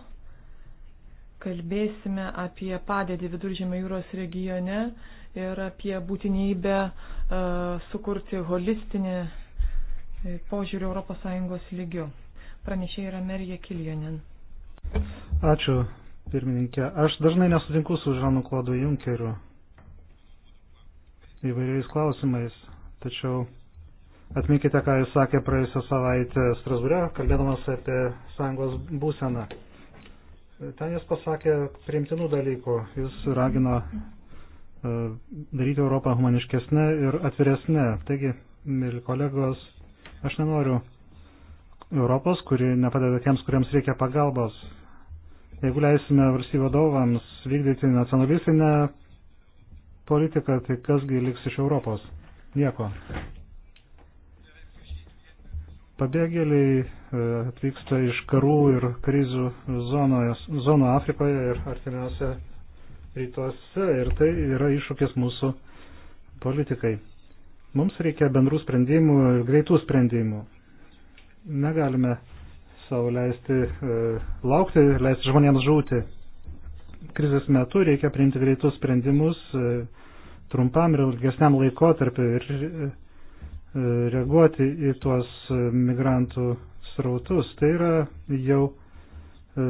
kalbėsime apie padėtį Viduržėmio jūros regione ir apie būtinybę e, sukurti holistinį e, požiūrį ES lygių. Pranešė yra Merija Kiljonin. Ačiū, pirmininkė. Aš dažnai nesutinku su Žanu Klodu Junkeriu įvairiais klausimais, tačiau atminkite, ką jis sakė praėjusią savaitę Strasbūre, kalbėdamas apie sąjungos būseną. Ten jis pasakė priimtinų dalykų. Jis ragino e, daryti Europą humaniškesnę ir atviresnę. Taigi, mėly kolegos, aš nenoriu Europos, kuri nepadeda tiems, kuriems reikia pagalbos. Jeigu leisime valstybių vadovams vykdyti nacionalistinę politiką, tai kasgi liks iš Europos? Nieko. Pabėgėliai e, atvyksta iš karų ir krizių zonoje, zono Afrikoje ir artimiausia rytuose ir tai yra iššūkis mūsų politikai. Mums reikia bendrų sprendimų ir greitų sprendimų. Negalime savo leisti e, laukti, leisti žmonėms žūti. Krizės metu reikia priimti greitus sprendimus e, trumpam ir ilgesniam laikotarpiu ir e, E, reaguoti į tuos migrantų srautus. Tai yra jau e,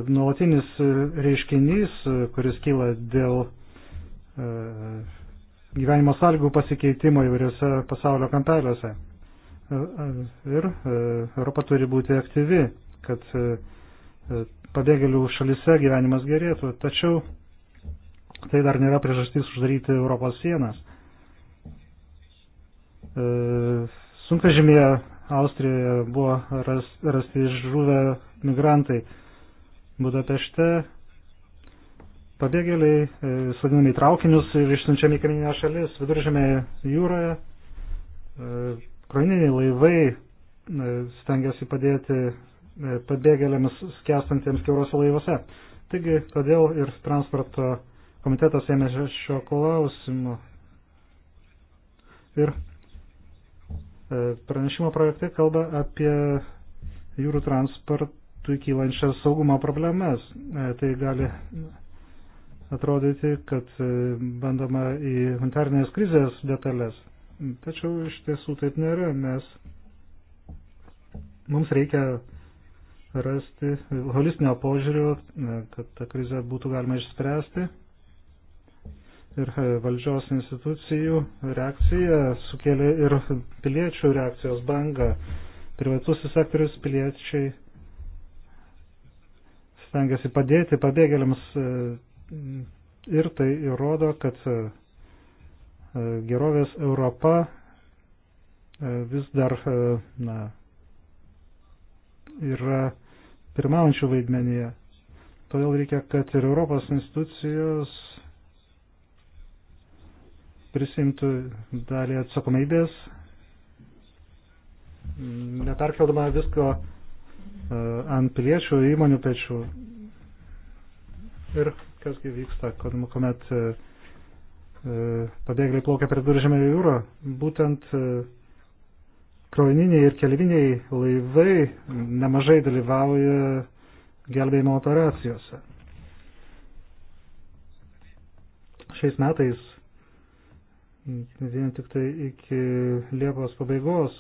nuolatinis reiškinys, e, kuris kyla dėl gyvenimo sąlygų pasikeitimo įvairiose pasaulio kampeliuose. Ir Europa turi būti aktyvi, kad pabėgėlių šalise gyvenimas gerėtų, tačiau tai dar nėra priežastys uždaryti Europos sienas. E, sunkvežimėje Austrijoje buvo rasti žuvę migrantai. Budapešte pabėgėliai e, sodinami į traukinius ir išsiunčiami į kaiminę šalis, viduržėme jūroje. E, krovininiai laivai stengiasi padėti pabėgėliams skęstantiems kiaurose laivuose. Taigi, todėl ir transporto komitetas ėmėsi šio klausimo. Ir E, pranešimo projekte kalba apie jūrų transportui kylančias saugumo problemas. E, tai gali atrodyti, kad e, bandoma į humanitarnės krizės detalės. Tačiau iš tiesų taip nėra, nes mums reikia rasti holistinio požiūrio, kad tą krizę būtų galima išspręsti ir e, valdžios institucijų reakcija sukėlė ir piliečių reakcijos bangą. Privatusis sektorius piliečiai stengiasi padėti pabėgėliams e, ir tai įrodo, kad e, gerovės Europa vis dar na, yra pirmaujančių vaidmenyje. Todėl reikia, kad ir Europos institucijos prisimtų dalį atsakomybės, neperkeldama visko e, ant piliečių įmonių pečių. Ir kasgi vyksta, kuomet e, e, pabėgėliai plaukia per viduržemę jūrą, būtent krovininiai ir keliviniai laivai nemažai dalyvauja gelbėjimo operacijose. Šiais metais vien tik tai iki Liepos pabaigos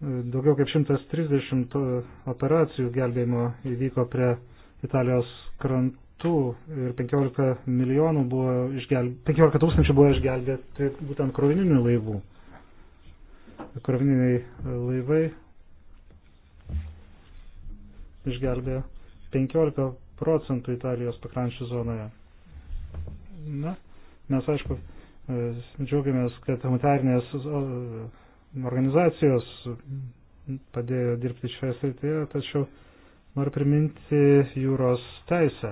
e, daugiau kaip 130 e, operacijų gelbėjimo įvyko prie Italijos krantų ir 15 milijonų buvo išgelbėti, 15 tūkstančių buvo išgelbėti būtent krovininių laivų. Krovininiai e, laivai išgelbėjo 15 procentų Italijos pakrančių zonoje. Na, Mes, aišku, e, džiaugiamės, kad humanitarnės organizacijos padėjo dirbti šioje srityje, tačiau noriu priminti jūros teisę.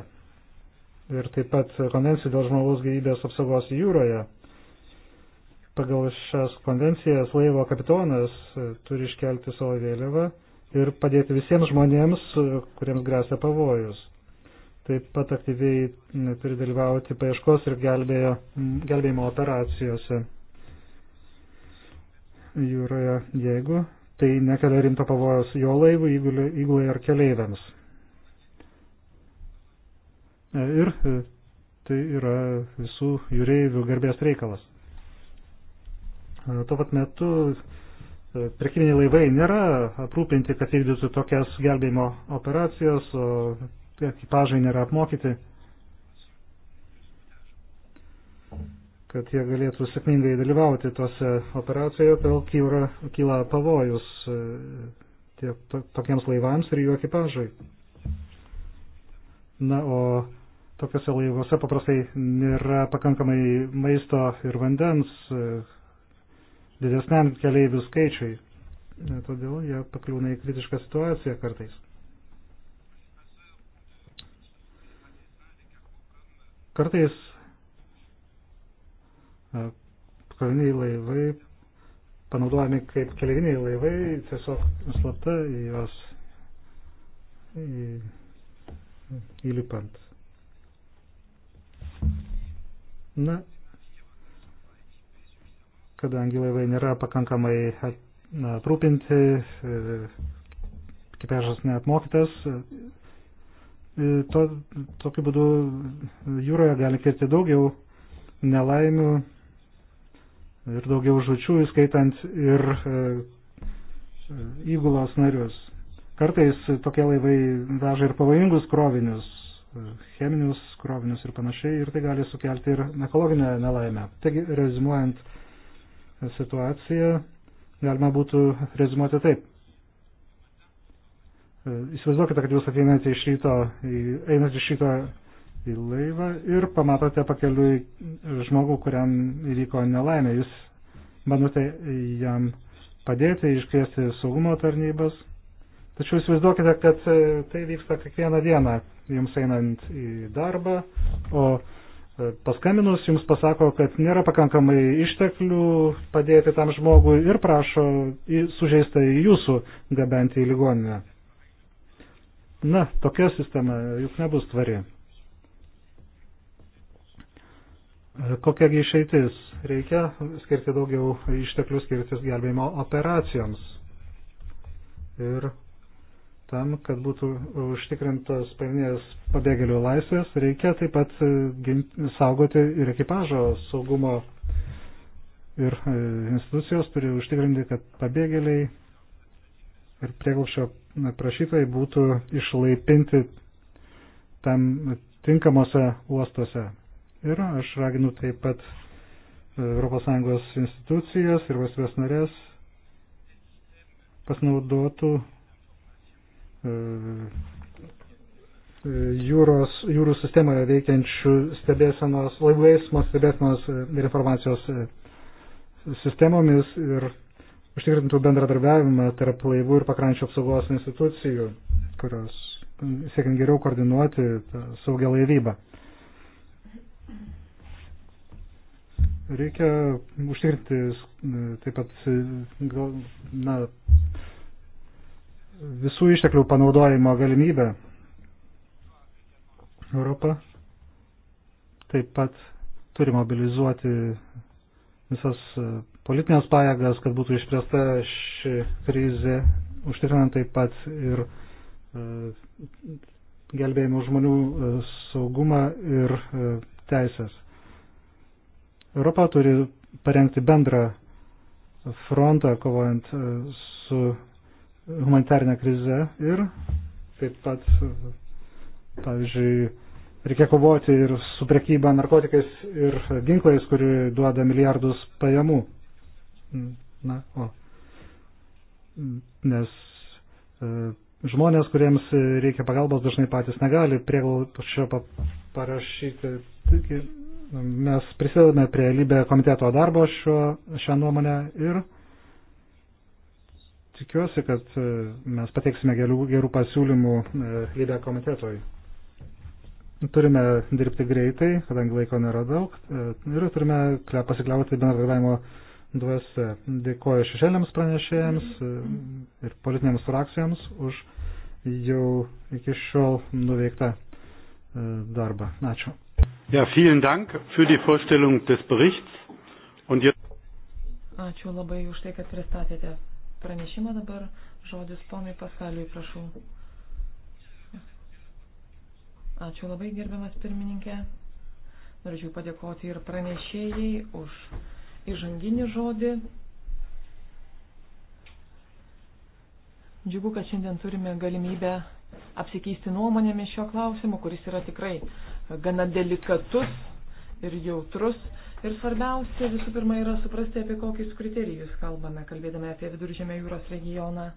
Ir taip pat konvencija dėl žmogaus gyvybės apsaugos jūroje. Pagal šias konvencijas laivo kapitonas e, turi iškelti savo vėliavą ir padėti visiems žmonėms, e, kuriems grėsia pavojus taip pat aktyviai turi dalyvauti paieškos ir gelbėjo, gelbėjimo operacijose jūroje, jeigu tai nekelia rimto pavojaus jo laivų, įgulai ar keleiviams. E, ir e, tai yra visų jūreivių garbės reikalas. E, tuo pat metu prekybiniai laivai nėra aprūpinti, kad vykdytų tokias gelbėjimo operacijas, o kai ekipažai nėra apmokyti, kad jie galėtų sėkmingai dalyvauti tose operacijoje, todėl kyla, kyla pavojus e, tiek to, tokiems laivams ir jų ekipažai. Na, o tokiuose laivuose paprastai nėra pakankamai maisto ir vandens e, didesniam keleivių skaičiui. E, todėl jie pakliūna į kritišką situaciją kartais. Kartais e, kariniai laivai panaudojami kaip keliaiviniai laivai, tiesiog slapta į juos į, įlipant. Na, kadangi laivai nėra pakankamai aprūpinti, e, kipežas neapmokytas, E, to, tokiu būdu jūroje gali kirti daugiau nelaimių ir daugiau žučių, įskaitant ir e, įgulos narius. Kartais tokie laivai veža ir pavojingus krovinius, e, cheminius krovinius ir panašiai, ir tai gali sukelti ir ekologinę nelaimę. Taigi, rezumuojant situaciją, galima būtų rezumuoti taip. E, įsivaizduokite, kad jūs ateinate iš ryto, einate iš ryto į laivą ir pamatote pakeliui žmogų, kuriam įvyko nelaimė. Jūs bandote jam padėti, iškviesti saugumo tarnybas. Tačiau įsivaizduokite, kad e, tai vyksta kiekvieną dieną, jums einant į darbą, o e, paskambinus jums pasako, kad nėra pakankamai išteklių padėti tam žmogui ir prašo sužeistą į jūsų gabenti į ligoninę. Na, tokia sistema juk nebus tvari. Kokiagi išeitis? Reikia skirti daugiau išteklių skirtis gelbėjimo operacijoms. Ir tam, kad būtų užtikrintos pagrindinės pabėgėlių laisvės, reikia taip pat ginti, saugoti ir ekipažo saugumo ir e, institucijos turi užtikrinti, kad pabėgėliai ir prieglupšio prašytojai būtų išlaipinti tam tinkamose uostuose. Ir aš raginu taip pat ES institucijas ir valstybės narės pasinaudotų e, e, jūros, jūrų sistemoje veikiančių stebėsenos, laivų eismo stebėsenos ir informacijos e, sistemomis ir užtikrintų bendradarbiavimą tarp laivų ir pakrančio apsaugos institucijų, kurios siekiant geriau koordinuoti saugią laivybą. Reikia užtikrinti taip pat na, visų išteklių panaudojimo galimybę. Europa taip pat turi mobilizuoti visas politinės pajėgas, kad būtų išspręsta ši krizė, užtikrinant taip pat ir e, gelbėjimo žmonių e, saugumą ir e, teisės. Europa turi parengti bendrą frontą, kovojant su humanitarinė krize ir taip pat, pavyzdžiui, reikia kovoti ir su prekyba narkotikais ir ginklais, kuri duoda milijardus pajamų. Na, o. Nes e, žmonės, kuriems reikia pagalbos, dažnai patys negali prieglaušio parašyti. Taigi, mes prisidedame prie lybė komiteto darbo šio, šią nuomonę ir tikiuosi, kad e, mes pateiksime gerų, gerų pasiūlymų e, lybė komitetoj. Turime dirbti greitai, kadangi laiko nėra daug e, ir turime pasikliauti bendradarbiavimo dvasia. Dėkoju šešėliams pranešėjams ir politinėms frakcijoms už jau iki šiol nuveiktą e, darbą. Ačiū. Ja, vielen Dank für die Vorstellung des Berichts. Und jetzt... Ačiū labai už tai, kad pristatėte pranešimą dabar. Žodis ponui Paskaliui, prašau. Ačiū labai, gerbiamas pirmininkė. Norėčiau padėkoti ir pranešėjai už įžanginį žodį. Džiugu, kad šiandien turime galimybę apsikeisti nuomonėmis šio klausimu, kuris yra tikrai gana delikatus ir jautrus. Ir svarbiausia visų pirma yra suprasti, apie kokius kriterijus kalbame, kalbėdami apie viduržėmė jūros regioną.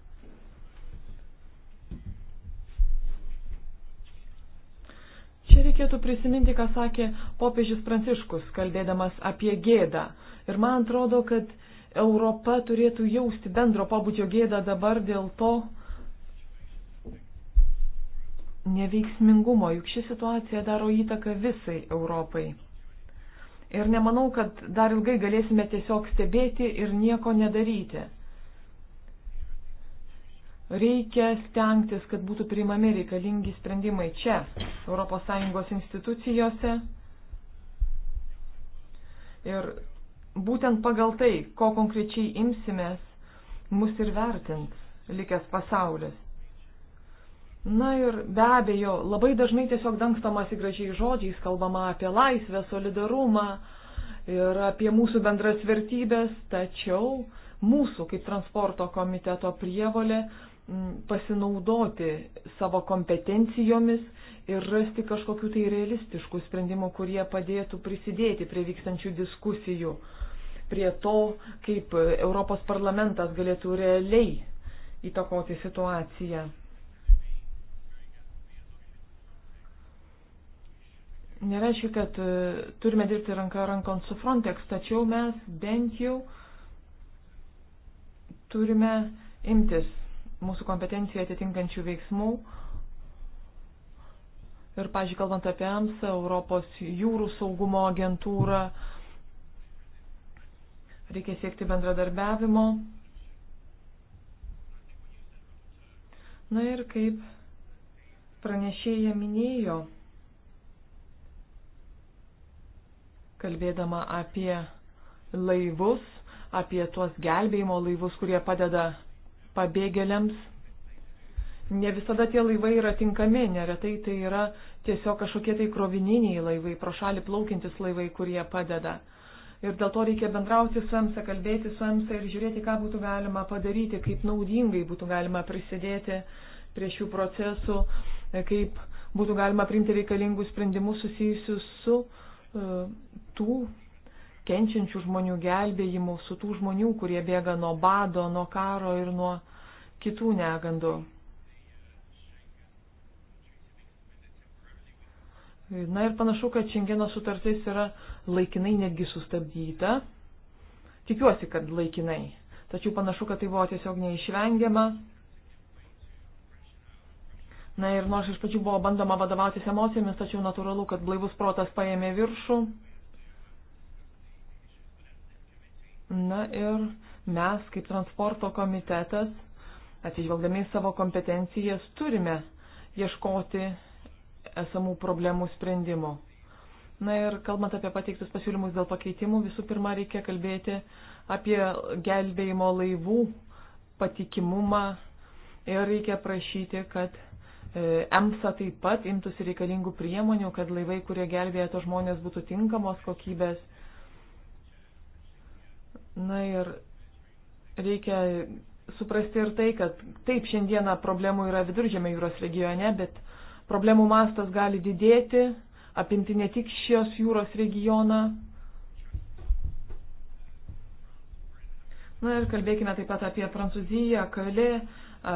Čia tai reikėtų prisiminti, ką sakė popiežis Pranciškus, kalbėdamas apie gėdą. Ir man atrodo, kad Europa turėtų jausti bendro pabudžio gėdą dabar dėl to neveiksmingumo, juk ši situacija daro įtaką visai Europai. Ir nemanau, kad dar ilgai galėsime tiesiog stebėti ir nieko nedaryti reikia stengtis, kad būtų priimami reikalingi sprendimai čia, ES institucijose. Ir būtent pagal tai, ko konkrečiai imsimės, mus ir vertins likęs pasaulis. Na ir be abejo, labai dažnai tiesiog dangstamasi gražiai žodžiais kalbama apie laisvę, solidarumą ir apie mūsų bendras vertybės, tačiau mūsų kaip transporto komiteto prievolė Mm, pasinaudoti savo kompetencijomis ir rasti kažkokių tai realistiškų sprendimų, kurie padėtų prisidėti prie vykstančių diskusijų, prie to, kaip Europos parlamentas galėtų realiai įtakoti situaciją. Nereiškia, kad e, turime dirbti ranką rankon su Frontex, tačiau mes bent jau turime imtis mūsų kompetencijoje atitinkančių veiksmų. Ir, pažiūrėjau, kalbant apie EMS, Europos jūrų saugumo agentūrą, reikia siekti bendradarbiavimo. Na ir kaip pranešėja minėjo, kalbėdama apie laivus, apie tuos gelbėjimo laivus, kurie padeda pabėgėliams. Ne visada tie laivai yra tinkami, neretai tai yra tiesiog kažkokie tai krovininiai laivai, pro šalį plaukintis laivai, kurie padeda. Ir dėl to reikia bendrauti su EMSA, kalbėti su EMSA ir žiūrėti, ką būtų galima padaryti, kaip naudingai būtų galima prisidėti prie šių procesų, kaip būtų galima priimti reikalingus sprendimus susijusius su uh, tų kenčiančių žmonių gelbėjimu, su tų žmonių, kurie bėga nuo bado, nuo karo ir nuo kitų negandų. Na ir panašu, kad šiandieno sutartis yra laikinai netgi sustabdyta. Tikiuosi, kad laikinai. Tačiau panašu, kad tai buvo tiesiog neišvengiama. Na ir nors iš pradžių buvo bandoma vadovautis emocijomis, tačiau natūralu, kad blaivus protas paėmė viršų. Na ir mes, kaip transporto komitetas, atsižvelgdami į savo kompetencijas, turime ieškoti esamų problemų sprendimo. Na ir kalbant apie pateiktus pasiūlymus dėl pakeitimų, visų pirma reikia kalbėti apie gelbėjimo laivų patikimumą ir reikia prašyti, kad e, EMSA taip pat imtųsi reikalingų priemonių, kad laivai, kurie gelbėja to žmonės, būtų tinkamos kokybės Na ir reikia suprasti ir tai, kad taip šiandieną problemų yra viduržėme jūros regione, bet problemų mastas gali didėti, apimti ne tik šios jūros regioną. Na ir kalbėkime taip pat apie Prancūziją, Kalė,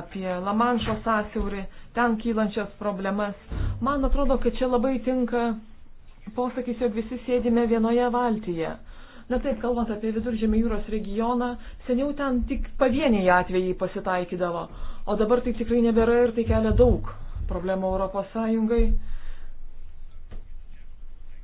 apie Lamanšo sąsiaurį, ten kylančias problemas. Man atrodo, kad čia labai tinka posakis, jog visi sėdime vienoje valtyje. Na taip, kalbant apie Viduržėmio jūros regioną, seniau ten tik pavieniai atvejai pasitaikydavo, o dabar tai tikrai nebėra ir tai kelia daug problemų Europos Sąjungai.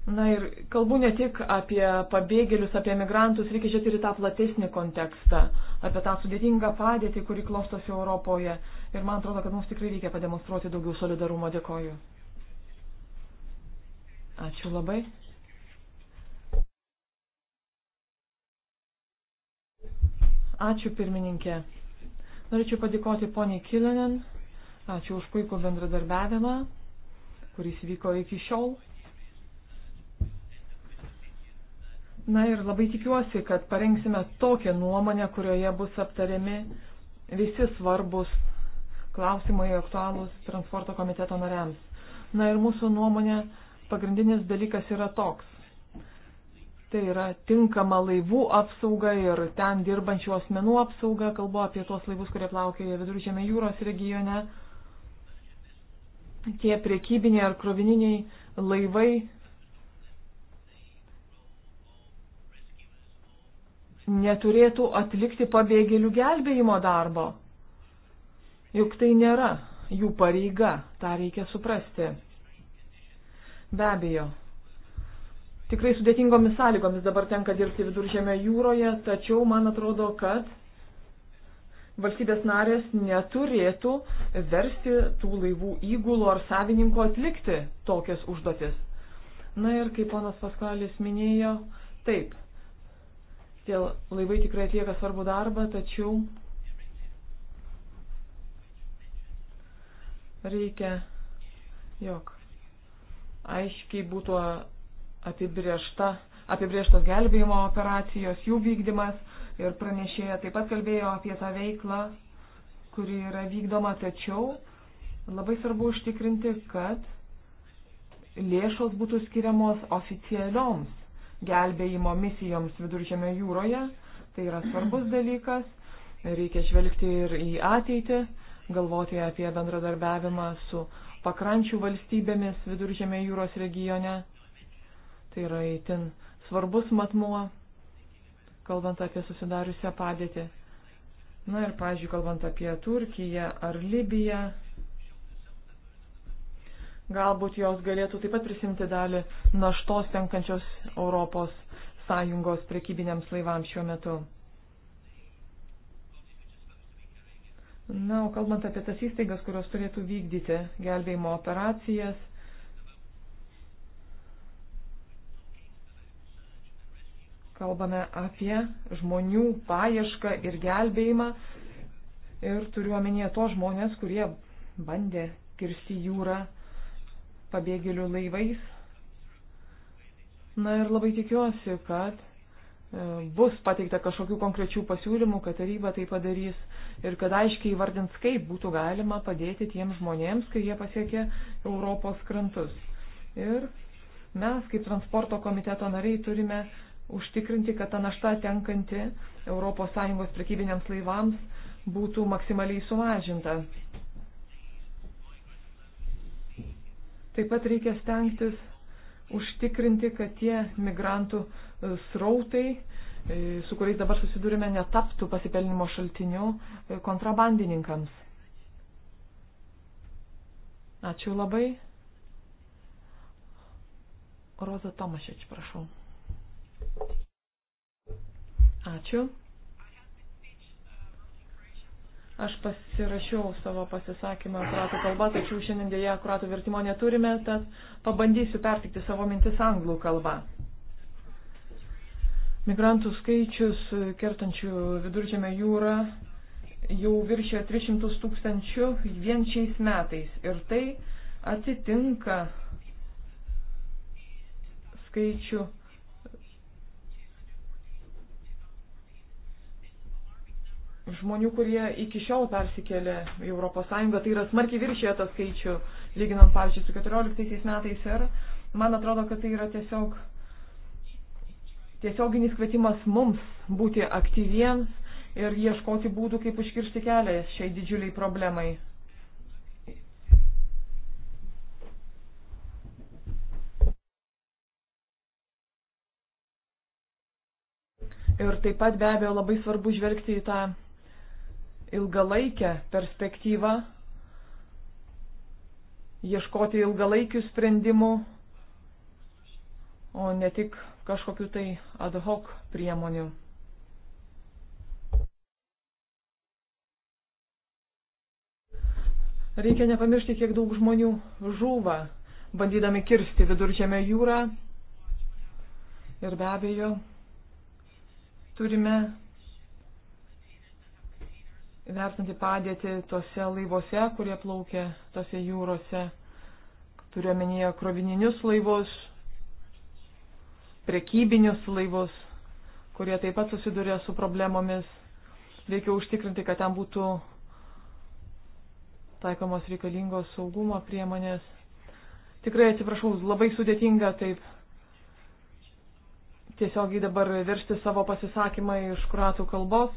Na ir kalbu ne tik apie pabėgėlius, apie migrantus, reikia žiūrėti ir tą platesnį kontekstą, apie tą sudėtingą padėtį, kuri klostosi Europoje. Ir man atrodo, kad mums tikrai reikia pademonstruoti daugiau solidarumo. Dėkoju. Ačiū labai. Ačiū pirmininkė. Norėčiau padėkoti poniai Kilinen. Ačiū už puikų bendradarbiavimą, kuris vyko iki šiol. Na ir labai tikiuosi, kad parengsime tokią nuomonę, kurioje bus aptariami visi svarbus klausimai aktualūs transporto komiteto nariams. Na ir mūsų nuomonė pagrindinis dalykas yra toks. Tai yra tinkama laivų apsauga ir ten dirbančių asmenų apsauga, kalbu apie tuos laivus, kurie plaukia viduržėme jūros regione. Tie priekybiniai ar krovininiai laivai neturėtų atlikti pabėgėlių gelbėjimo darbo. Juk tai nėra jų pareiga, tą reikia suprasti. Be abejo, tikrai sudėtingomis sąlygomis dabar tenka dirbti viduržėmio jūroje, tačiau man atrodo, kad valstybės narės neturėtų versti tų laivų įgulų ar savininko atlikti tokias užduotis. Na ir kaip ponas Paskalis minėjo, taip, tie laivai tikrai atlieka svarbų darbą, tačiau reikia, jog aiškiai būtų apibriešta, apibrieštos gelbėjimo operacijos, jų vykdymas ir pranešėja taip pat kalbėjo apie tą veiklą, kuri yra vykdoma, tačiau labai svarbu užtikrinti, kad lėšos būtų skiriamos oficialioms gelbėjimo misijoms viduržėme jūroje. Tai yra svarbus dalykas, reikia žvelgti ir į ateitį, galvoti apie bendradarbiavimą su pakrančių valstybėmis viduržėme jūros regione. Tai yra įtin svarbus matmuo, kalbant apie susidariusią padėtį. Na ir, pažiūrėjau, kalbant apie Turkiją ar Libiją, galbūt jos galėtų taip pat prisimti dalį naštos tenkančios Europos Sąjungos prekybiniams laivams šiuo metu. Na, o kalbant apie tas įstaigas, kurios turėtų vykdyti gelbėjimo operacijas, kalbame apie žmonių paiešką ir gelbėjimą. Ir turiu omenyje to žmonės, kurie bandė kirsti jūrą pabėgėlių laivais. Na ir labai tikiuosi, kad e, bus pateikta kažkokių konkrečių pasiūlymų, kad taryba tai padarys ir kad aiškiai įvardins, kaip būtų galima padėti tiems žmonėms, kai jie pasiekė Europos krantus. Ir mes, kaip transporto komiteto nariai, turime uh, užtikrinti, kad ta našta tenkanti ES prekybiniams laivams būtų maksimaliai sumažinta. Taip pat reikia stengtis užtikrinti, kad tie migrantų e, srautai, e, su kuriais dabar susidurime, netaptų pasipelnimo šaltiniu e, kontrabandininkams. Ačiū labai. Roza Tomašič, prašau. Ačiū. Aš pasirašiau savo pasisakymą kruatų kalba, tačiau šiandien dėja kruatų vertimo neturime, tad pabandysiu pertikti savo mintis anglų kalba. Migrantų skaičius kertančių viduržėme jūrą jau viršė 300 tūkstančių vien šiais metais. Ir tai atitinka skaičių žmonių, kurie iki šiol persikėlė į ES, tai yra smarkiai viršė tą skaičių, lyginant, pavyzdžiui, su 14 metais ir man atrodo, kad tai yra tiesiog tiesioginis kvietimas mums būti aktyviems ir ieškoti būdų, kaip užkirsti kelią šiai didžiuliai problemai. Ir taip pat be abejo labai svarbu žvelgti į tą ilgalaikę perspektyvą, ieškoti ilgalaikių sprendimų, o ne tik kažkokiu tai ad hoc priemonių. Reikia nepamiršti, kiek daug žmonių žūva, bandydami kirsti viduržėme jūrą. Ir be abejo, turime vertinti padėtį tuose laivuose, kurie plaukia tose jūrose. Turiuomenyje krovininius laivus, prekybinius laivus, kurie taip pat susiduria su problemomis. Reikia užtikrinti, kad ten būtų taikomos reikalingos saugumo priemonės. Tikrai atsiprašau, labai sudėtinga taip tiesiogiai dabar versti savo pasisakymą iš kuratų kalbos.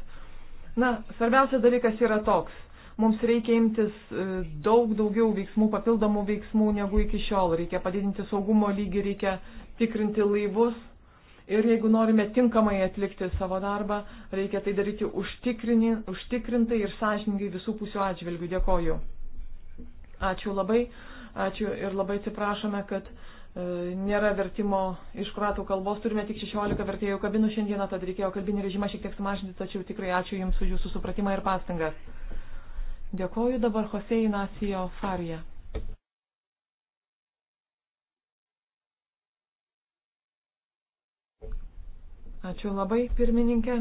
Na, svarbiausias dalykas yra toks. Mums reikia imtis e, daug daugiau veiksmų, papildomų veiksmų negu iki šiol. Reikia padidinti saugumo lygį, reikia tikrinti laivus. Ir jeigu norime tinkamai atlikti savo darbą, reikia tai daryti užtikrintai ir sąžiningai visų pusių atžvilgių. Dėkoju. Ačiū labai. Ačiū ir labai atsiprašome, kad uh, E, nėra vertimo iš kuratų kalbos, turime tik 16 vertėjų kabinų šiandieną, tad reikėjo kalbinį režimą šiek tiek sumažinti, tačiau tikrai ačiū Jums už Jūsų supratimą ir pastangas. Dėkoju dabar Jose Inacijo Farija. Ačiū labai, pirmininkė.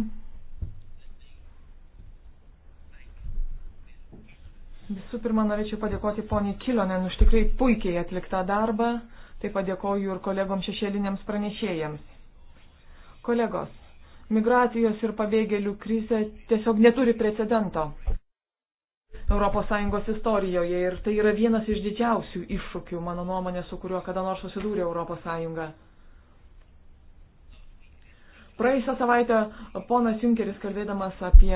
Visų pirma, norėčiau padėkoti poniai Kilonen už tikrai puikiai atliktą darbą. Taip pat dėkoju ir kolegom šešėliniams pranešėjams. Kolegos, migracijos ir pabėgėlių krizė tiesiog neturi precedento ES istorijoje ir tai yra vienas iš didžiausių iššūkių, mano nuomonė, su kuriuo kada nors susidūrė ES. Praėjusią savaitę ponas Junkeris kalbėdamas apie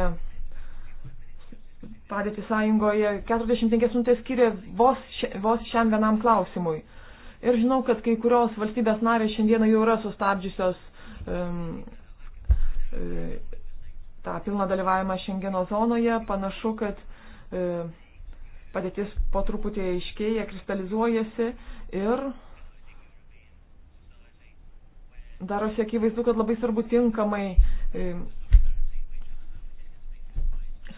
padėtį sąjungoje 45 minutės skiria vos, vos šiam vienam klausimui. Ir žinau, kad kai kurios valstybės narės šiandieną jau yra sustabdžiusios um, e, tą pilną dalyvavimą Šengeno zonoje. Panašu, kad um, e, padėtis po truputį aiškėja, kristalizuojasi ir darosi akivaizdu, kad labai svarbu tinkamai um,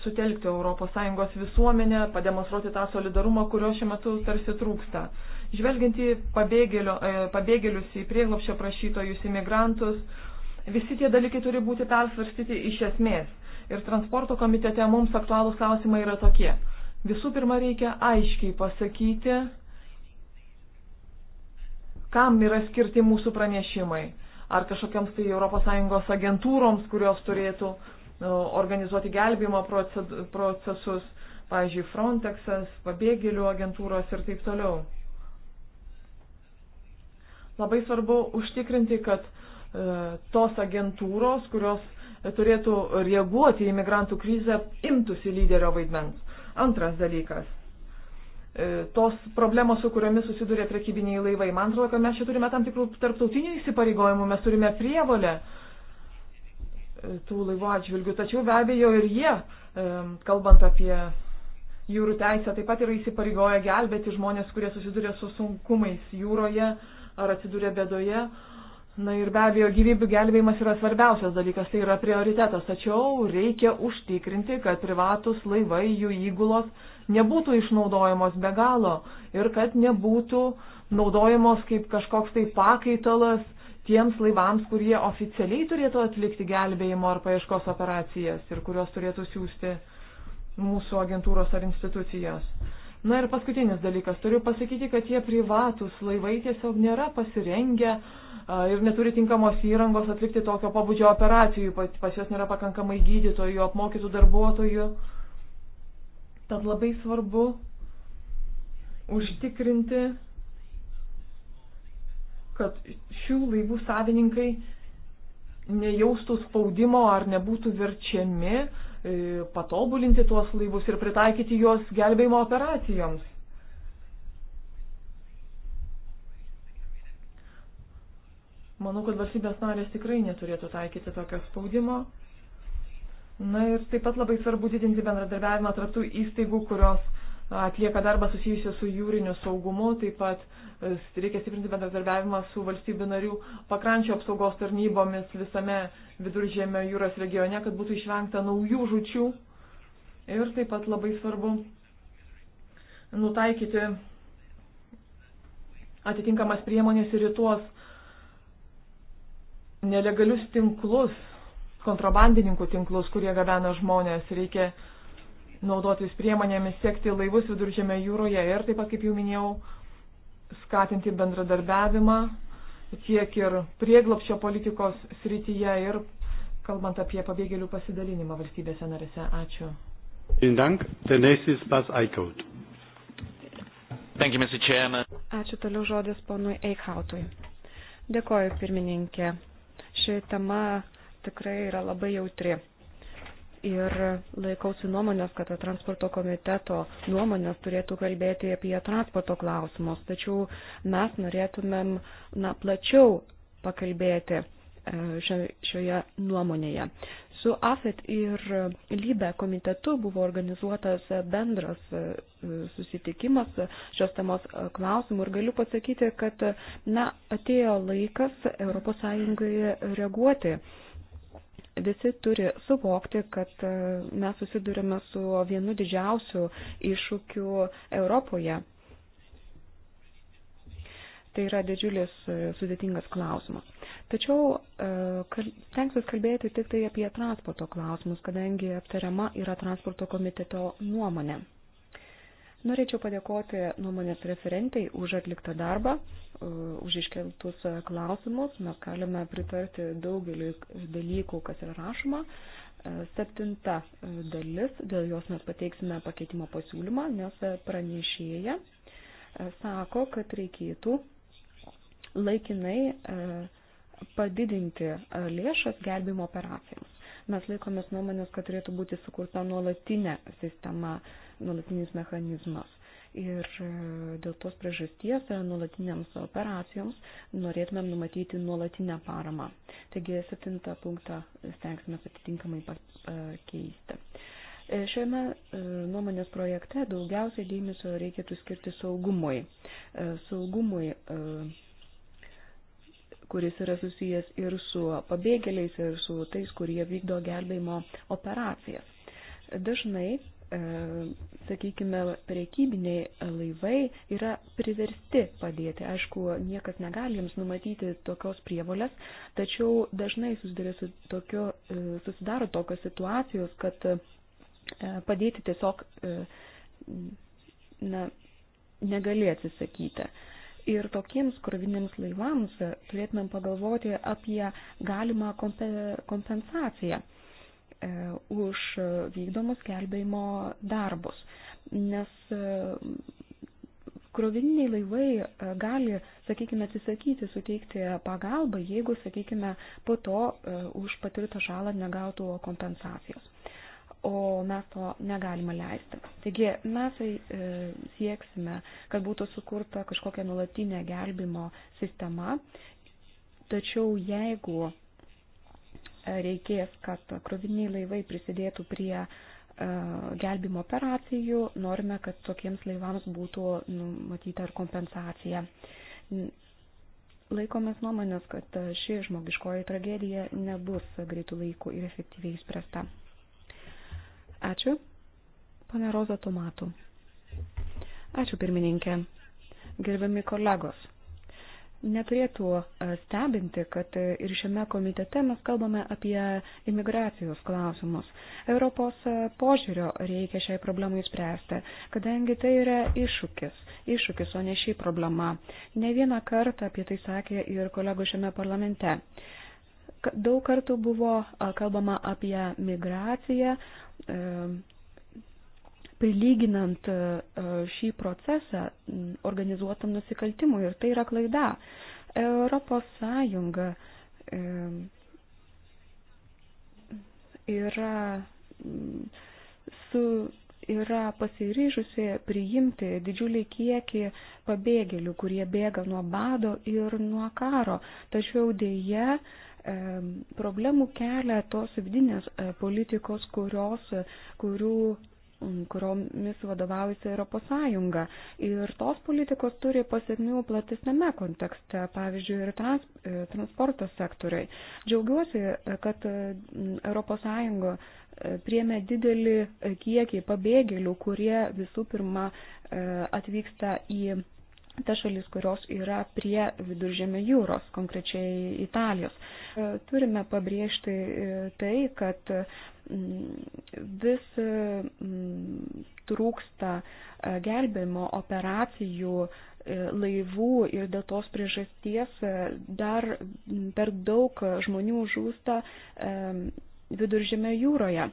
sutelkti ES visuomenę, pademonstruoti tą solidarumą, kurio šiuo metu tarsi trūksta. Uh, Žvelgiant į e, pabėgėlius, į prieglopšio prašytojus, imigrantus, visi tie dalykai turi būti persvarstyti iš esmės. Ir transporto komitete mums aktualūs klausimai yra tokie. Visų pirma, reikia aiškiai pasakyti, kam yra skirti mūsų pranešimai. Ar kažkokiams tai ES agentūroms, kurios turėtų e, organizuoti gelbėjimo procesus, pavyzdžiui, Frontexas, pabėgėlių agentūros ir taip toliau. Labai svarbu užtikrinti, kad e, tos agentūros, kurios turėtų reaguoti į migrantų krizę, imtųsi lyderio vaidmens. Antras dalykas. E, tos problemos, su kuriomis susiduria prekybiniai laivai, man atrodo, kad mes čia turime tam tikrų tarptautinių įsipareigojimų, mes turime prievolę e, tų laivų atžvilgių. Tačiau be abejo ir jie, kalbant apie jūrų teisę, taip pat yra įsipareigoję gelbėti žmonės, kurie susiduria su sunkumais jūroje ar atsidūrė bėdoje. Na ir be abejo, gyvybių gelbėjimas yra svarbiausias dalykas, tai yra prioritetas, tačiau reikia užtikrinti, kad privatus laivai, jų įgulos nebūtų išnaudojamos be galo ir kad nebūtų naudojamos kaip kažkoks tai pakaitalas tiems laivams, kurie oficialiai turėtų atlikti gelbėjimo ar paieškos operacijas ir kurios turėtų siūsti mūsų agentūros ar institucijos. Na ir paskutinis dalykas, turiu pasakyti, kad tie privatus laivai tiesiog nėra pasirengę ir neturi tinkamos įrangos atlikti tokio pabudžio operacijų, pas juos nėra pakankamai gydytojų, apmokytų darbuotojų. Tad labai svarbu užtikrinti, kad šių laivų savininkai nejaustų spaudimo ar nebūtų verčiami uh, E, patobulinti tuos laivus ir pritaikyti juos gelbėjimo operacijoms. Manau, kad valstybės narės tikrai neturėtų taikyti tokio spaudimo. Na ir taip pat labai svarbu didinti bendradarbiavimą tarptų įstaigų, kurios atlieka darbą susijusią su jūriniu saugumu, taip pat e, reikia stiprinti bendradarbiavimą su valstybių narių pakrančio apsaugos tarnybomis visame viduržėmio jūros regione, kad būtų išvengta naujų žučių. Ir taip pat labai svarbu nutaikyti atitinkamas priemonės ir į tuos nelegalius tinklus, kontrabandininkų tinklus, kurie gabena žmonės. Reikia uh, naudotis priemonėmis sekti laivus viduržėme jūroje ir taip pat, kaip jau minėjau, skatinti bendradarbiavimą tiek ir prieglopščio politikos srityje ir kalbant apie pabėgėlių pasidalinimą valstybėse narėse. Ačiū. Ačiū toliau žodis ponui Eichhautui. Dėkoju pirmininkė. Ši tema tikrai yra labai jautri ir laikausi nuomonės, kad transporto komiteto nuomonės turėtų kalbėti apie transporto klausimus, tačiau mes norėtumėm na, plačiau pakalbėti e, šioje nuomonėje. Su AFET ir LYBE komitetu buvo organizuotas bendras e, susitikimas šios temos e, klausimų ir galiu pasakyti, kad na, atėjo laikas ES reaguoti visi turi suvokti, kad e, mes susidurime su vienu didžiausių iššūkių Europoje. Tai yra didžiulis e, sudėtingas klausimas. Tačiau e, tenksiu kalbėti tik tai apie transporto klausimus, kadangi aptariama yra transporto komiteto nuomonė. Norėčiau padėkoti nuomonės referentai už atliktą darbą, e, už iškeltus e, klausimus. Mes galime pritarti daugeliu dalykų, kas yra rašoma. E, septinta dalis, dėl jos mes pateiksime pakeitimo pasiūlymą, nes pranešėja sako, kad reikėtų laikinai padidinti lėšas gelbimo operacijoms. Mes laikomės nuomonės, kad turėtų būti sukurta nuolatinė sistema, nuolatinis mechanizmas. Ir e, dėl tos priežasties e, nuolatiniams operacijoms norėtumėm numatyti nuolatinę paramą. Taigi septintą punktą stengsime atitinkamai pakeisti. E, šiame nuomonės projekte daugiausiai dėmesio reikėtų skirti saugumui. Saugumui kuris yra susijęs ir su pabėgėliais, ir su tais, kurie vykdo gelbėjimo operacijas. Dažnai, e, sakykime, priekybiniai laivai yra priversti padėti. Aišku, niekas negali jiems numatyti tokios prievolės, tačiau dažnai su tokio, e, susidaro tokios situacijos, kad e, padėti tiesiog na, negali atsisakyti. Ir tokiems krovinėms laivams turėtumėm pagalvoti apie galimą kompensaciją e, už vykdomus gelbėjimo darbus. Nes e, krovininiai laivai e, gali, sakykime, atsisakyti suteikti pagalbą, jeigu, sakykime, po to už patirtą žalą negautų kompensacijos o mes to negalime leisti. Taigi mes tai, e, sieksime, kad būtų sukurta kažkokia nulatinė gelbimo sistema, tačiau jeigu e, reikės, kad kroviniai laivai prisidėtų prie e, gelbimo operacijų, norime, kad tokiems laivams būtų numatyta ir kompensacija. Laikomės nuomonės, kad ši žmogiškoji tragedija nebus greitų laikų ir efektyviai išspręsta. Ačiū. Pane Roza Tomatų. Ačiū pirmininkė. Gerbiami kolegos. Neturėtų e, stebinti, kad e, ir šiame komitete mes kalbame apie imigracijos klausimus. Europos e, požiūrio reikia šiai problemai spręsti, kadangi tai yra iššūkis, iššūkis, o ne šį problemą. Ne vieną kartą apie tai sakė ir kolegų šiame parlamente daug kartų buvo kalbama apie migraciją, E, prilyginant e, e, šį procesą organizuotam nusikaltimui ir tai yra klaida. Europos Sąjunga yra su yra pasiryžusi priimti didžiulį kiekį pabėgėlių, kurie bėga nuo bado ir nuo karo. Tačiau dėje uh, problemų kelia tos vidinės e, politikos, kurios, e, kurių kuriomis vadovaujasi Europos Sąjunga. Ir tos politikos turi pasiekmių platesnėme kontekste, pavyzdžiui, ir trans, e, transporto sektoriai. Džiaugiuosi, kad Europos Sąjunga priemė didelį kiekį pabėgėlių, kurie visų pirma atvyksta į ta šalis, kurios yra prie viduržėmio jūros, konkrečiai Italijos. E, turime pabrėžti e, tai, kad mm, vis mm, trūksta e, gelbėjimo operacijų laivų ir dėl tos priežasties dar mm, per daug žmonių žūsta viduržėmio jūroje.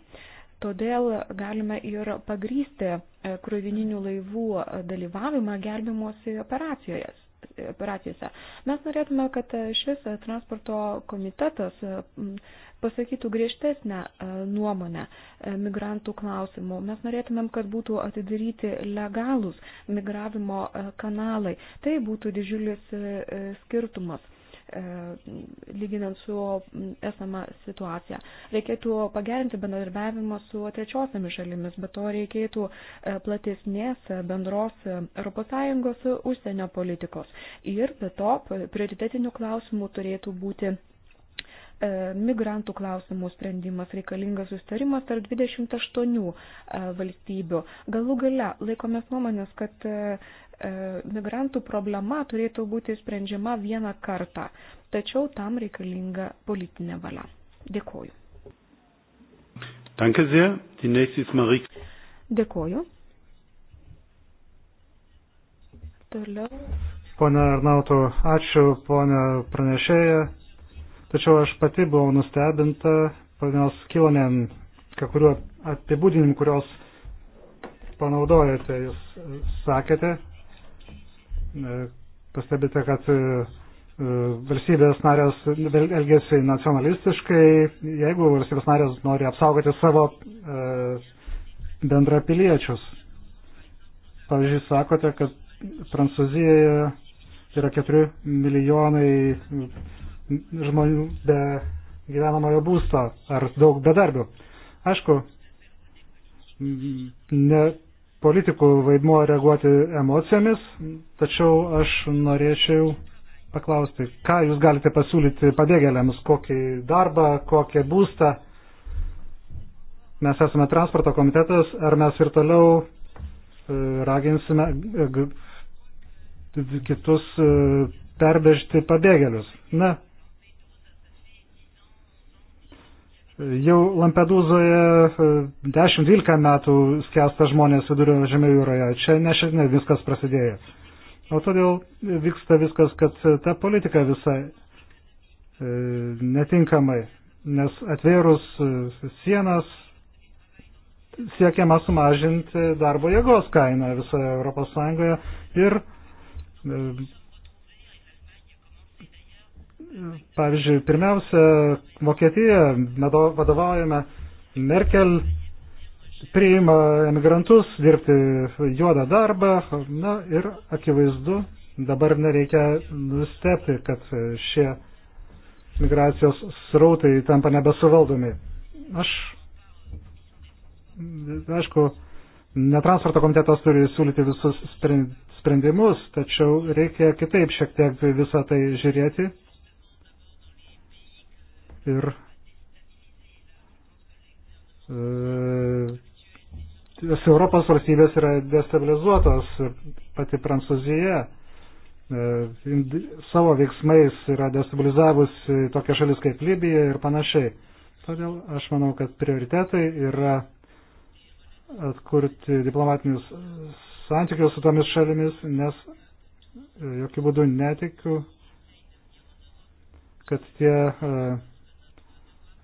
Todėl galime ir pagrysti e, krovininių laivų e, dalyvavimą gelbimuose operacijose. Mes norėtume, kad e, šis transporto komitetas pasakytų griežtesnę nuomonę migrantų klausimų. Mes norėtumėm, kad būtų atidaryti legalūs migravimo kanalai. Tai būtų didžiulis skirtumas E, lyginant su esama situacija. Reikėtų pagerinti bendradarbiavimą su trečiosiamis šalimis, bet to reikėtų e, platesnės bendros ES užsienio politikos. Ir be to prioritetinių klausimų turėtų būti e, migrantų klausimų sprendimas reikalingas sustarimas tarp 28 valstybių. Galų gale laikomės nuomonės, kad E, migrantų problema turėtų būti sprendžiama vieną kartą, tačiau tam reikalinga politinė valia. Dėkoju. Danke sehr. Die nächste ist Marie. Dėkoju. Toliau. Pone Arnauto, ačiū, pone pranešėja. Tačiau aš pati buvau nustebinta, ponios Kilonėn, kai kuriuo apibūdinimu, kurios panaudojate, jūs sakėte, E, pastebite, kad e, e, valstybės narės elgesi nacionalistiškai, jeigu valstybės narės nori apsaugoti savo bendrapiliečius. Pavyzdžiui, sakote, kad Prancūzijoje yra 4 milijonai žmonių be gyvenamojo būsto ar daug bedarbių. Aišku, ne, politikų vaidmuo reaguoti emocijomis, tačiau aš norėčiau paklausti, ką jūs galite pasiūlyti pabėgėliams, kokį darbą, kokį būstą. Mes esame transporto komitetas, ar mes ir toliau e, raginsime e, kitus e, pervežti pabėgėlius. Na, Jau Lampedūzoje 10-12 e, metų skęsta žmonės vidurio žemė jūroje. Čia ne šiandien viskas prasidėjo. O todėl vyksta viskas, kad ta politika visa e, netinkamai, nes atvėrus e, sienas siekiama sumažinti darbo jėgos kainą visoje Europos Sąjungoje ir e, Pavyzdžiui, pirmiausia, Vokietija vadovaujame Merkel priima emigrantus dirbti juodą darbą, na ir akivaizdu, dabar nereikia nustepti, kad šie migracijos srautai tampa nebesuvaldomi. Aš, aišku, netransporto komitetas turi siūlyti visus sprendimus, tačiau reikia kitaip šiek tiek visą tai žiūrėti ir e, Europos valstybės yra destabilizuotos, pati Prancūzija e, savo veiksmais yra destabilizavusi tokia šalis kaip Libija ir panašiai. Todėl aš manau, kad prioritetai yra atkurti diplomatinius santykius su tomis šalimis, nes e, jokių būdų netikiu, kad tie uh, e,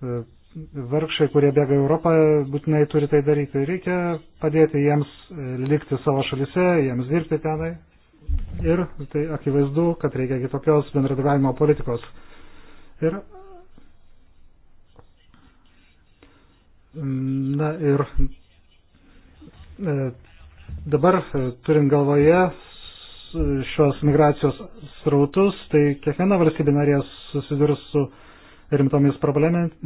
vargšai, kurie bėga į Europą, būtinai turi tai daryti. Reikia padėti jiems e, likti savo šalise, jiems dirbti tenai. Ir tai akivaizdu, kad reikia kitokios bendradarbiavimo politikos. Ir, na ir e, dabar e, turint galvoje šios migracijos srautus, tai kiekviena valstybė narės susidurs su rimtomis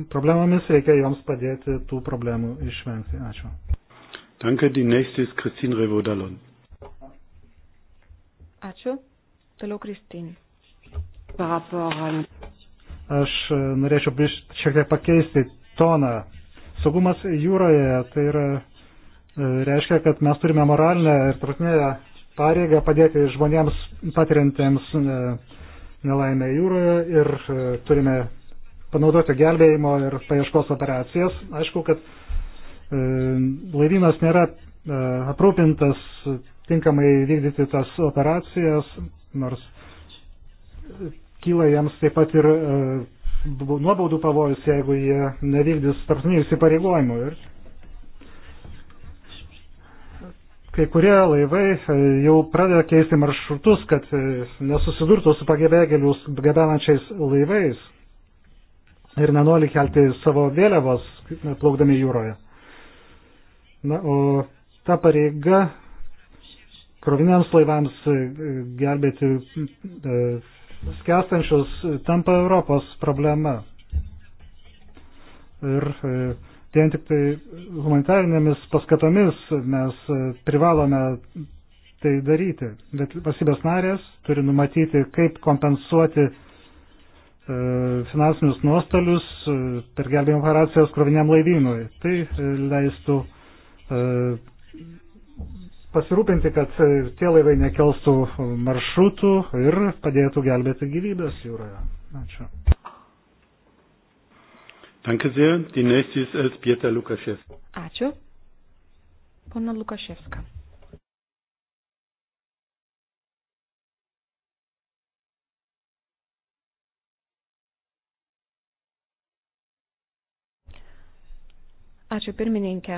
problemomis, reikia joms padėti tų problemų išvengti. Ačiū. Danke, die nächste ist Christine Revaudalon. Ačiū. Toliau Kristin. Aš e, norėčiau šiek tiek pakeisti toną. Saugumas jūroje tai yra, e, reiškia, kad mes turime moralinę ir tarptautinę pareigą padėti žmonėms patiriantiems e, nelaimę jūroje ir turime panaudoti gelbėjimo ir paieškos operacijas. Aišku, kad e, laivynas nėra e, aprūpintas tinkamai vykdyti tas operacijas, nors kyla jiems taip pat ir e, nuobaudų pavojus, jeigu jie nevykdys tarptautinių įsipareigojimų. Ir kai kurie laivai jau pradeda keisti maršrutus, kad nesusidurtų su pagėbėgėlius gabenančiais laivais ir nenori kelti savo vėliavos plaukdami jūroje. Na, o ta pareiga kroviniams laivams e, gelbėti e, skestančius tampa Europos problema. Ir e, vien tik tai humanitarinėmis paskatomis mes privalome tai daryti. Bet valstybės narės turi numatyti, kaip kompensuoti E, finansinius nuostolius e, per gelbėjimo operacijas kroviniam laivynui. Tai e, leistų pasirūpinti, kad tie laivai nekelstų maršrutų ir padėtų gelbėti gyvybės jūroje. Ačiū. Danke sehr. Die nächste ist Elzbieta Lukaschewska. Ačiū. Pana Lukaševska. Ačiū pirmininkė.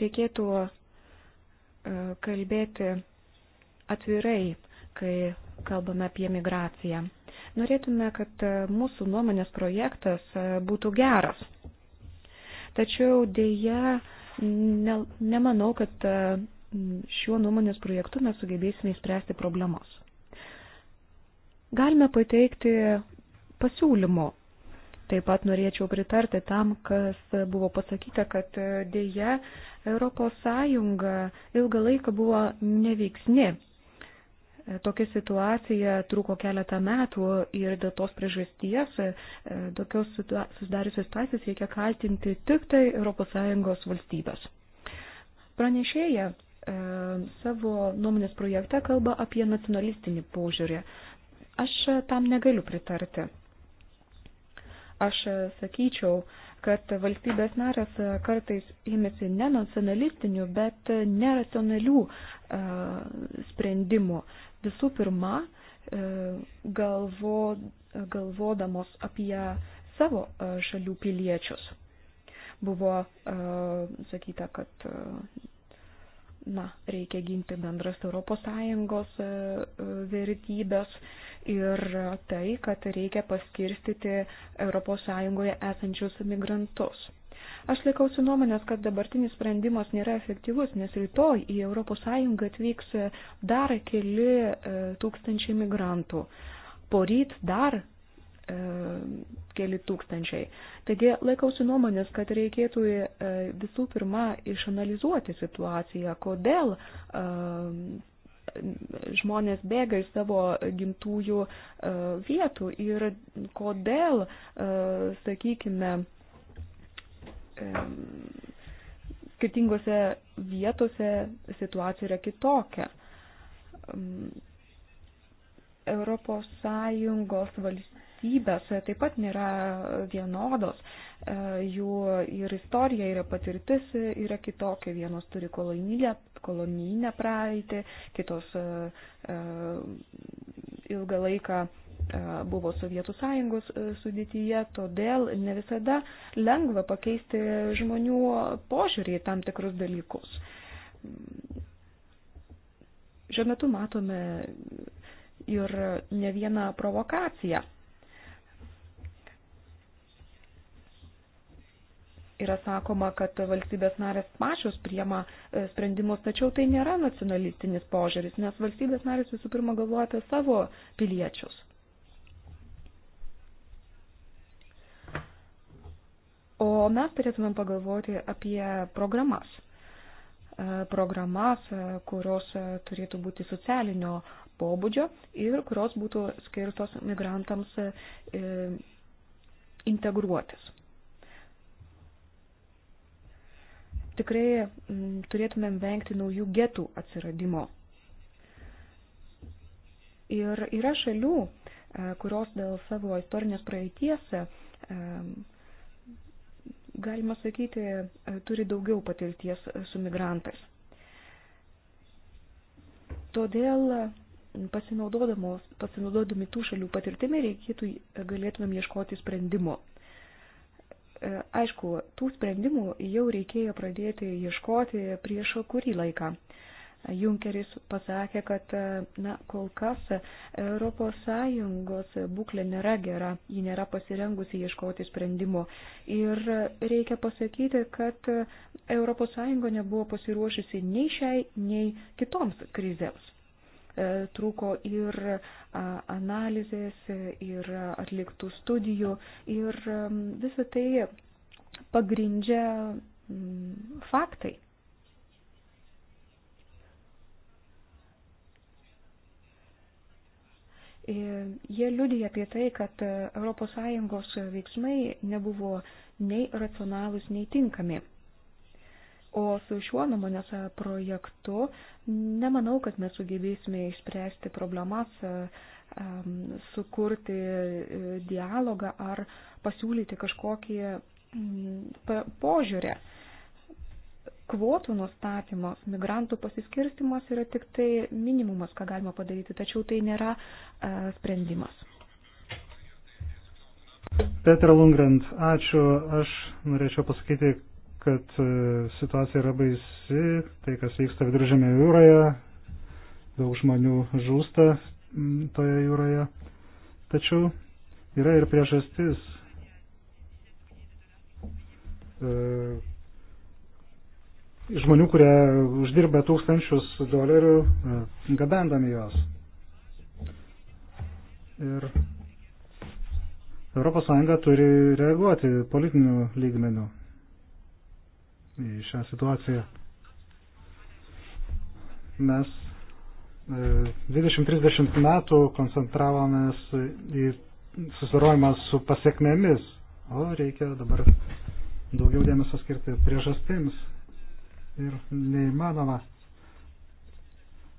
Reikėtų e, kalbėti atvirai, kai kalbame apie migraciją. Norėtume, kad e, mūsų nuomonės projektas e, būtų geras. Tačiau dėja, ne, nemanau, kad šiuo nuomonės projektu mes sugebėsime įspręsti problemos. Galime pateikti pasiūlymų Taip pat norėčiau pritarti tam, kas buvo pasakyta, kad dėja ES ilgą laiką buvo neveiksni. Tokia situacija truko keletą metų ir dėl tos priežasties, e, tokios susidariusios situacijos reikia kaltinti tik tai ES valstybės. Pranešėja e, savo nuomonės projekte kalba apie nacionalistinį požiūrį. Aš tam negaliu pritarti Aš sakyčiau, kad valstybės narės kartais ėmėsi ne nacionalistinių, bet neracionalių e, sprendimų. Visų pirma, e, galvo, galvodamos apie savo e, šalių piliečius. Buvo sakyta, kad na, reikia ginti bendras Europos Sąjungos vertybės ir tai, kad reikia paskirstyti ES esančius migrantus. Aš laikausi nuomonės, kad dabartinis sprendimas nėra efektyvus, nes rytoj į ES atvyks dar keli e, tūkstančiai migrantų, poryt dar e, keli tūkstančiai. Taigi laikausi nuomonės, kad reikėtų e, visų pirma išanalizuoti situaciją, kodėl žmonės bėga iš savo gimtųjų e, vietų ir kodėl, e, sakykime, e, skirtingose vietose situacija yra kitokia. Europos Sąjungos valstybės valstybės e, taip pat nėra vienodos, e, jų ir istorija, ir patirtis yra kitokia, vienos turi kolonijinę, kolonijinę praeitį, kitos e, ilgą laiką buvo Sovietų sąjungos sudėtyje, todėl ne visada lengva pakeisti žmonių požiūrį į tam tikrus dalykus. Šiuo metu matome ir ne vieną provokaciją yra sakoma, kad valstybės narės pačios priema e, sprendimus, tačiau tai nėra nacionalistinis požiūris, nes valstybės narės visų pirma galvoja apie savo piliečius. O mes turėtumėm pagalvoti apie programas. E, programas, e, kurios turėtų būti socialinio pobūdžio ir kurios būtų skirtos migrantams integruotis. tikrai m, mm, turėtumėm vengti naujų getų atsiradimo. Ir yra šalių, e, kurios dėl savo istorinės praeities, e, galima sakyti, e, turi daugiau patirties su migrantais. Todėl mm, pasinaudodami tų šalių patirtimi reikėtų galėtumėm ieškoti sprendimo E, aišku, tų sprendimų jau reikėjo pradėti ieškoti prieš kurį laiką. Junkeris pasakė, kad e, na, kol kas ES būklė nėra gera, ji nėra pasirengusi ieškoti sprendimo. Ir reikia pasakyti, kad ES nebuvo pasiruošusi nei šiai, nei kitoms krizėms. E, trūko ir analizės, e, ir atliktų studijų, ir visą tai pagrindžia faktai. E, jie liudija apie tai, kad ES veiksmai nebuvo nei racionalūs, nei tinkami. O su šiuo nuomonės e, projektu nemanau, kad mes sugebėsime išspręsti problemas, e, sukurti e, dialogą ar pasiūlyti kažkokį požiūrį. Kvotų nustatymas, migrantų pasiskirstimas yra tik tai minimumas, ką galima padaryti, tačiau tai nėra sprendimas. Petra Lungrand, ačiū. Aš norėčiau pasakyti, kad e, situacija yra baisi, tai kas vyksta viduržėme jūroje, daug žmonių žūsta toje jūroje. Tačiau yra ir priežastis, e, žmonių, kurie uždirba tūkstančius dolerių e, gabendami juos. Ir ES turi reaguoti politinių lygmenių į šią situaciją. Mes 20-30 e, metų koncentravomės į susirojimą su pasiekmėmis, o reikia dabar daugiau dėmesio skirti priežastims. Ir neįmanoma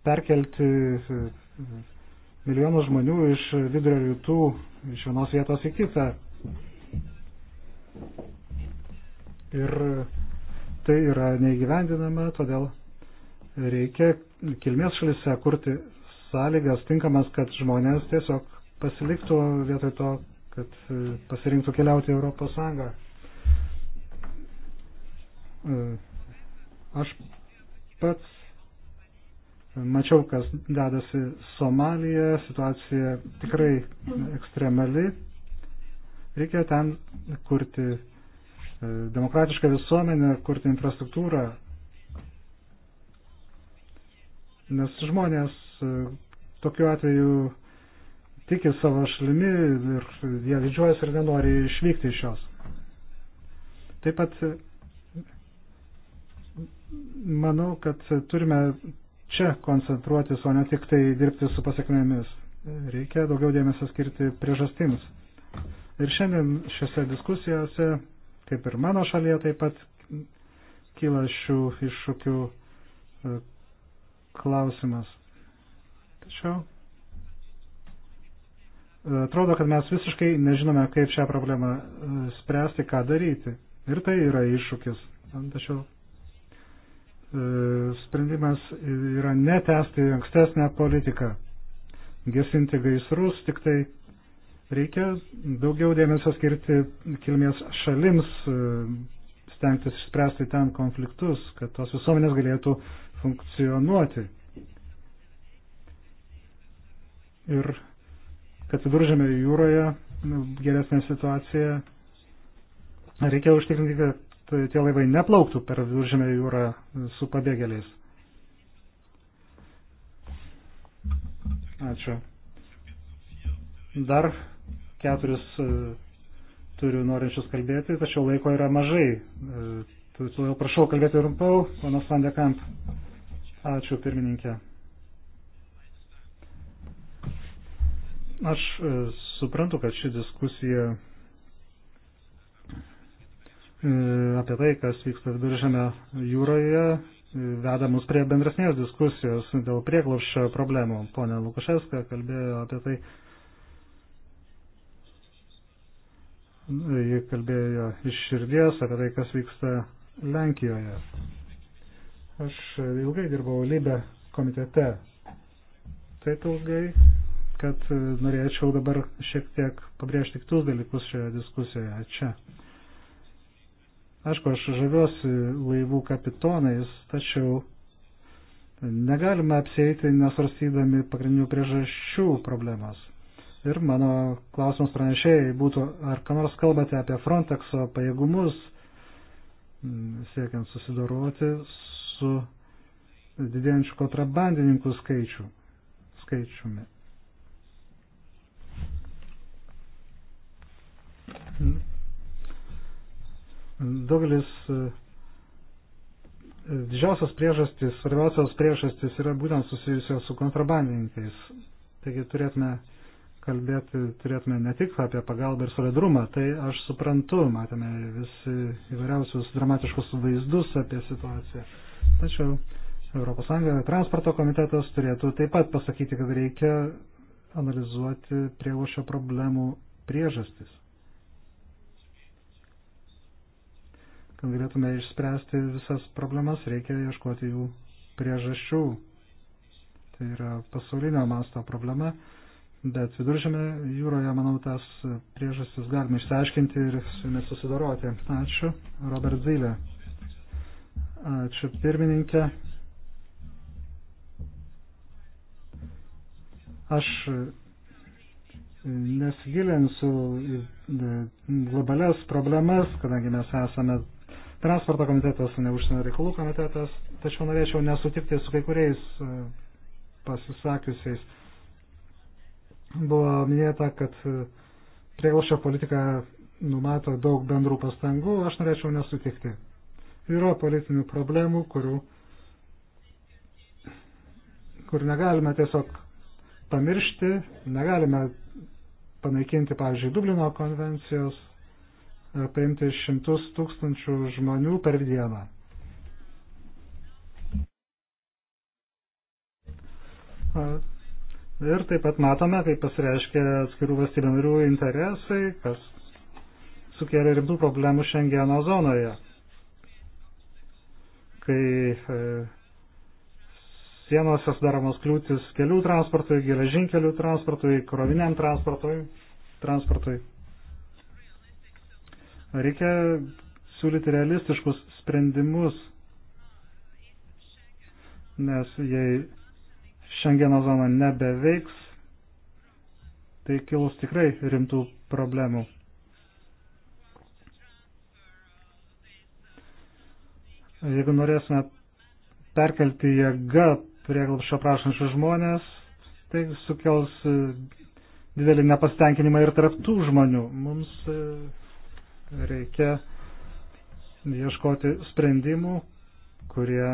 perkelti milijonus žmonių iš vidurio rytų, iš vienos vietos į kitą. Ir tai yra neįgyvendinama, todėl reikia kilmės šalise kurti sąlygas tinkamas, kad žmonės tiesiog pasiliktų vietoj to, kad e, pasirinktų keliauti į Europos Sąjungą. E, aš pats mačiau, kas dedasi Somalija, situacija tikrai ekstremali. Reikia ten kurti E, demokratišką visuomenę, kurti infrastruktūrą. Nes žmonės e, tokiu atveju tiki savo šalimi ir jie didžiuojasi ir nenori išvykti iš jos. Taip pat e, manau, kad turime čia koncentruotis, o ne tik tai dirbti su pasiekmėmis. Reikia daugiau dėmesio skirti priežastims. Ir šiandien šiose diskusijose kaip ir mano šalyje taip pat kyla šių iššūkių e, klausimas. Tačiau e, atrodo, kad mes visiškai nežinome, kaip šią problemą e, spręsti, ką daryti. Ir tai yra iššūkis. Tačiau sprendimas yra netesti ankstesnę politiką, gesinti gaisrus, tik tai Reikia daugiau dėmesio skirti kilmės šalims, e, stengtis išspręsti ten konfliktus, kad tos visuomenės galėtų funkcionuoti. Ir kad viduržėme jūroje nu, geresnė situacija, reikia užtikrinti, kad tie laivai neplauktų per viduržėme jūrą e, su pabėgėliais. Ačiū. Dar keturis e, turiu norinčius kalbėti, tačiau laiko yra mažai. E, Todėl prašau kalbėti rumpiau, panas Vandekamp. Ačiū, pirmininkė. Aš e, suprantu, kad ši diskusija apie tai, kas vyksta viduržėme jūroje, veda mus prie bendresnės diskusijos dėl prieglopščio problemų. Pone Lukaševska kalbėjo apie tai, Ji kalbėjo iš širdies apie tai, kas vyksta Lenkijoje. Aš ilgai dirbau Libe komitete. Taip ilgai, kad norėčiau dabar šiek tiek pabrėžti kitus dalykus šioje diskusijoje čia. Aišku, aš žaviuosi laivų kapitonais, tačiau negalime apsėti nesvarstydami pagrindinių priežasčių problemas. Ir mano klausimas pranešėjai būtų, ar ką nors kalbate apie Frontexo pajėgumus, mm, siekiant susidoroti su didėjančiu kontrabandininkų skaičiu, skaičiumi. Daugelis e, didžiausios priežastys, svarbiausios priežastys yra būtent susijusios su kontrabandininkais. Taigi turėtume kalbėti turėtume ne tik apie pagalbą ir solidarumą, tai aš suprantu, matome visi įvairiausius dramatiškus vaizdus apie situaciją. Tačiau ES transporto komitetas turėtų taip pat pasakyti, kad reikia analizuoti prievošio problemų priežastis. Kad galėtume išspręsti visas problemas, reikia ieškoti jų priežasčių. Tai yra pasaulinio masto problema Bet viduržėme jūroje, manau, tas priežastis galima išsiaiškinti ir su jumis susidoroti. Ačiū, Robert Zylė. Ačiū, pirmininkė. Aš nesigilinsiu į globalias problemas, kadangi mes esame transporto komitetas, ne užsienio reikalų komitetas, tačiau norėčiau nesutikti su kai kuriais e, pasisakiusiais Buvo minėta, kad prieglošio e, politika numato daug bendrų pastangų, aš norėčiau nesutikti. Yra politinių problemų, kurių, kur negalime tiesiog pamiršti, negalime panaikinti, pavyzdžiui, Dublino konvencijos, e, paimti šimtus tūkstančių žmonių per dieną. Uh, Ir taip pat matome, kaip pasireiškia atskirų valstybių narių interesai, kas sukėlė rimtų problemų Šengeno zonoje, kai e, sienose sudaromos kliūtis kelių transportui, geležinkelių transportui, kroviniam transportui. transportui. Reikia siūlyti realistiškus sprendimus, nes jei Šengeno zona nebeveiks, tai kilus tikrai rimtų problemų. Jeigu norėsime perkelti jėgą prieglapšio prašančių žmonės, tai sukels didelį nepastenkinimą ir tarptų žmonių. Mums e, reikia ieškoti sprendimų, kurie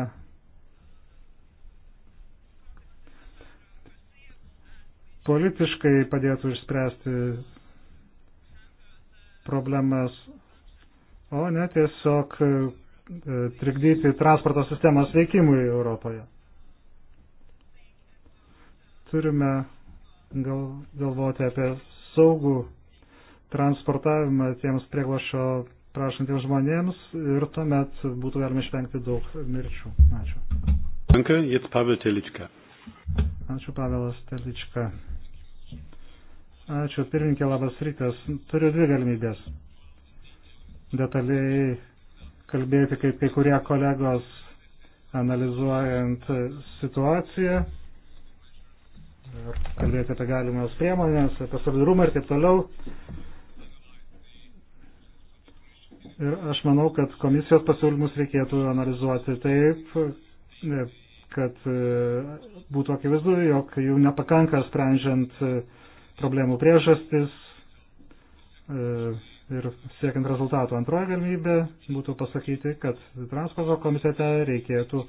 politiškai padėtų išspręsti problemas, o ne tiesiog e, trikdyti transporto sistemos veikimui Europoje. Turime gal, galvoti apie saugų transportavimą tiems prieglašo prašantiems žmonėms ir tuomet būtų galima išvengti daug mirčių. Ačiū. Danke, jetzt Pavel Telička. Ačiū, Pavelas Telička. Ačiū, pirmininkė, labas rytas. Turiu dvi galimybės. Detaliai kalbėti, kaip kai kurie kolegos analizuojant situaciją ir kalbėti apie galimas priemonės, apie solidarumą ir taip toliau. Ir aš manau, kad komisijos pasiūlymus reikėtų analizuoti taip, kad e, būtų akivaizdu, jog jų nepakanka sprendžiant e, problemų priežastis e, ir siekiant rezultatų. Antroji galimybė būtų pasakyti, kad transporto komitete reikėtų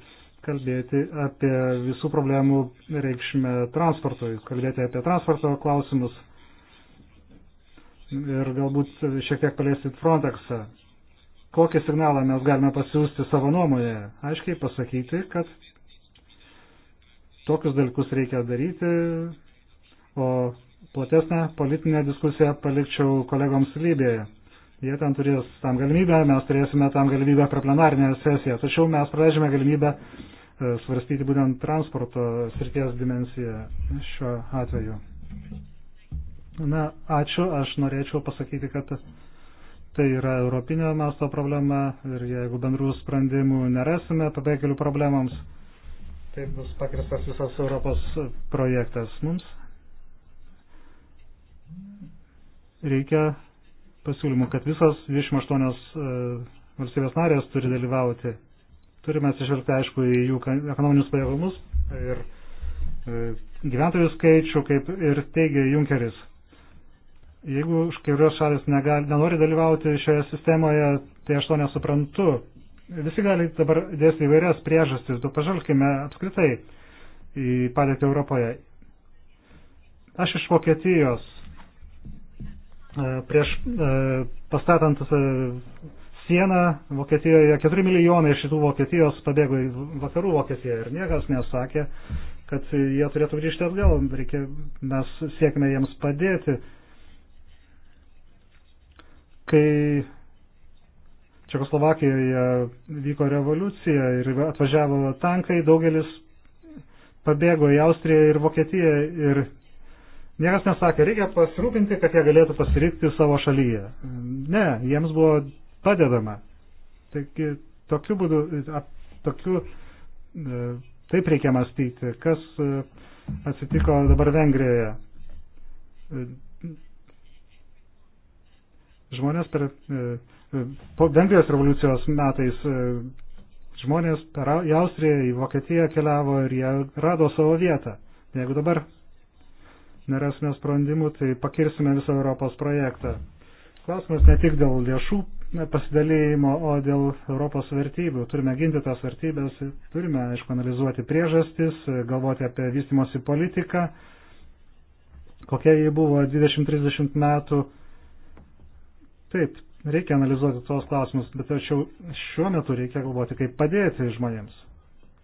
kalbėti apie visų problemų reikšmę transportui, kalbėti apie transporto klausimus ir galbūt šiek tiek paliesti Frontexą. Kokį signalą mes galime pasiūsti savo nuomonėje? Aiškiai pasakyti, kad tokius dalykus reikia daryti, o platesnę politinę diskusiją palikčiau kolegoms Lybėje. Jie ten turės tam galimybę, mes turėsime tam galimybę per plenarinę sesiją. Tačiau mes praleidžiame galimybę e, svarstyti būtent transporto srities dimensiją šiuo atveju. Na, ačiū, aš norėčiau pasakyti, kad tai yra europinio masto problema ir jeigu bendrų sprendimų nerasime pabėgėlių problemams, tai bus pakristas visas Europos projektas mums. reikia pasiūlymų, kad visos 28 e, valstybės narės turi dalyvauti. Turime atsižvelgti, aišku, į jų ekonominius pajėgumus ir e, gyventojų skaičių, kaip ir teigia Junkeris. Jeigu už kairios šalis negali, nenori dalyvauti šioje sistemoje, tai aš to nesuprantu. Visi gali dabar dėsti įvairias priežastis, bet pažvelkime apskritai į padėtį Europoje. Aš iš Vokietijos E, prieš e, pastatant e, sieną Vokietijoje 4 milijonai iš šitų Vokietijos pabėgo į vakarų Vokietiją ir niekas nesakė, kad jie turėtų grįžti atgal. Reikia, mes siekime jiems padėti. Kai Čekoslovakijoje vyko revoliucija ir atvažiavo tankai, daugelis pabėgo į Austriją ir Vokietiją ir Niekas nesakė, reikia pasirūpinti, kad jie galėtų pasirinkti savo šalyje. Ne, jiems buvo padedama. Taigi, tokiu būdu, tokiu, e, taip reikia mąstyti, kas e, atsitiko dabar Vengrijoje. E, žmonės per, po Vengrijos revoliucijos metais žmonės per į Austriją, į Vokietiją keliavo ir jie rado savo vietą. Jeigu dabar nerasime sprendimų, tai pakirsime visą Europos projektą. Klausimas ne tik dėl lėšų pasidalymo, o dėl Europos vertybių. Turime ginti tas vertybės, turime, aišku, analizuoti priežastis, galvoti apie vystimosi politiką, kokia jį buvo 20-30 metų. Taip, reikia analizuoti tuos klausimus, bet tačiau šiuo metu reikia galvoti, kaip padėti žmonėms.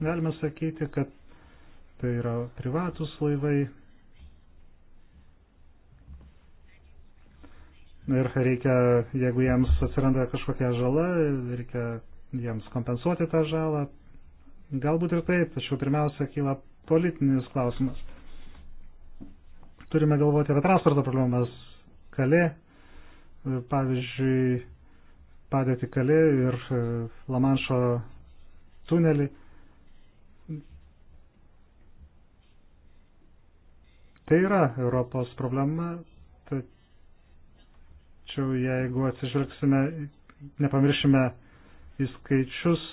Galime sakyti, kad tai yra privatus laivai, ir reikia, jeigu jiems atsiranda kažkokia žala, reikia jiems kompensuoti tą žalą. Galbūt ir taip, tačiau pirmiausia kyla politinis klausimas. Turime galvoti apie transporto problemas. Kalė, pavyzdžiui, padėti Kalė ir e, Lamanšo tunelį. Tai yra Europos problema, Tačiau jeigu atsižvelgsime, nepamiršime į skaičius,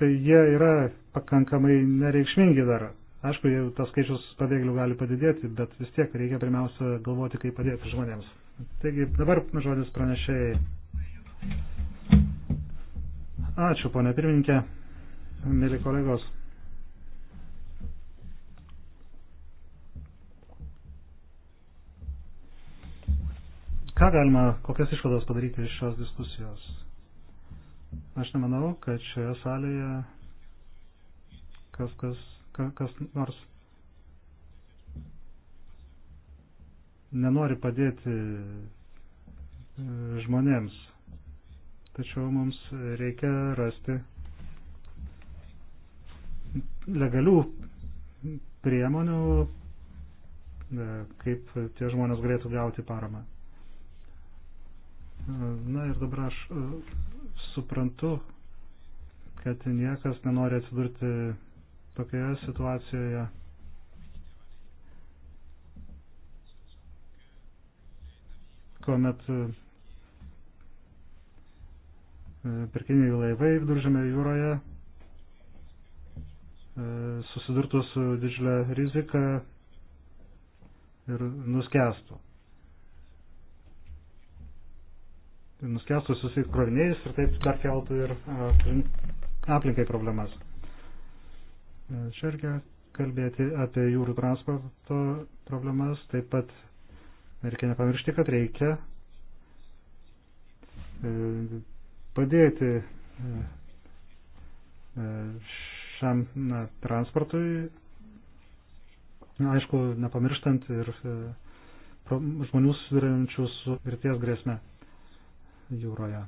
tai jie yra pakankamai nereikšmingi dar. Aišku, jau tas skaičius pabėgėlių gali padidėti, bet vis tiek reikia pirmiausia galvoti, kaip padėti žmonėms. Taigi dabar žodis pranešėjai. Ačiū, ponė pirmininkė, mėly kolegos. Ką galima, kokias išvadas padaryti iš šios diskusijos? Aš nemanau, kad šioje salėje kas, kas, kas, kas nors nenori padėti e, žmonėms. Tačiau mums reikia rasti legalių priemonių, e, kaip tie žmonės galėtų gauti paramą. Na ir dabar aš e, suprantu, kad niekas nenori atsidurti tokioje situacijoje. kuomet e, e, pirkiniai laivai viduržėme jūroje susidurtų su didžiulė rizika ir nuskestų. nuskestusius į kroviniais ir taip dar keltų ir aplinkai problemas. E, čia reikia kalbėti apie jūrų transporto problemas, taip pat reikia nepamiršti, kad reikia e, padėti e, šiam na, transportui, aišku, nepamirštant ir žmonių susidurinčių su mirties grėsme jūroje.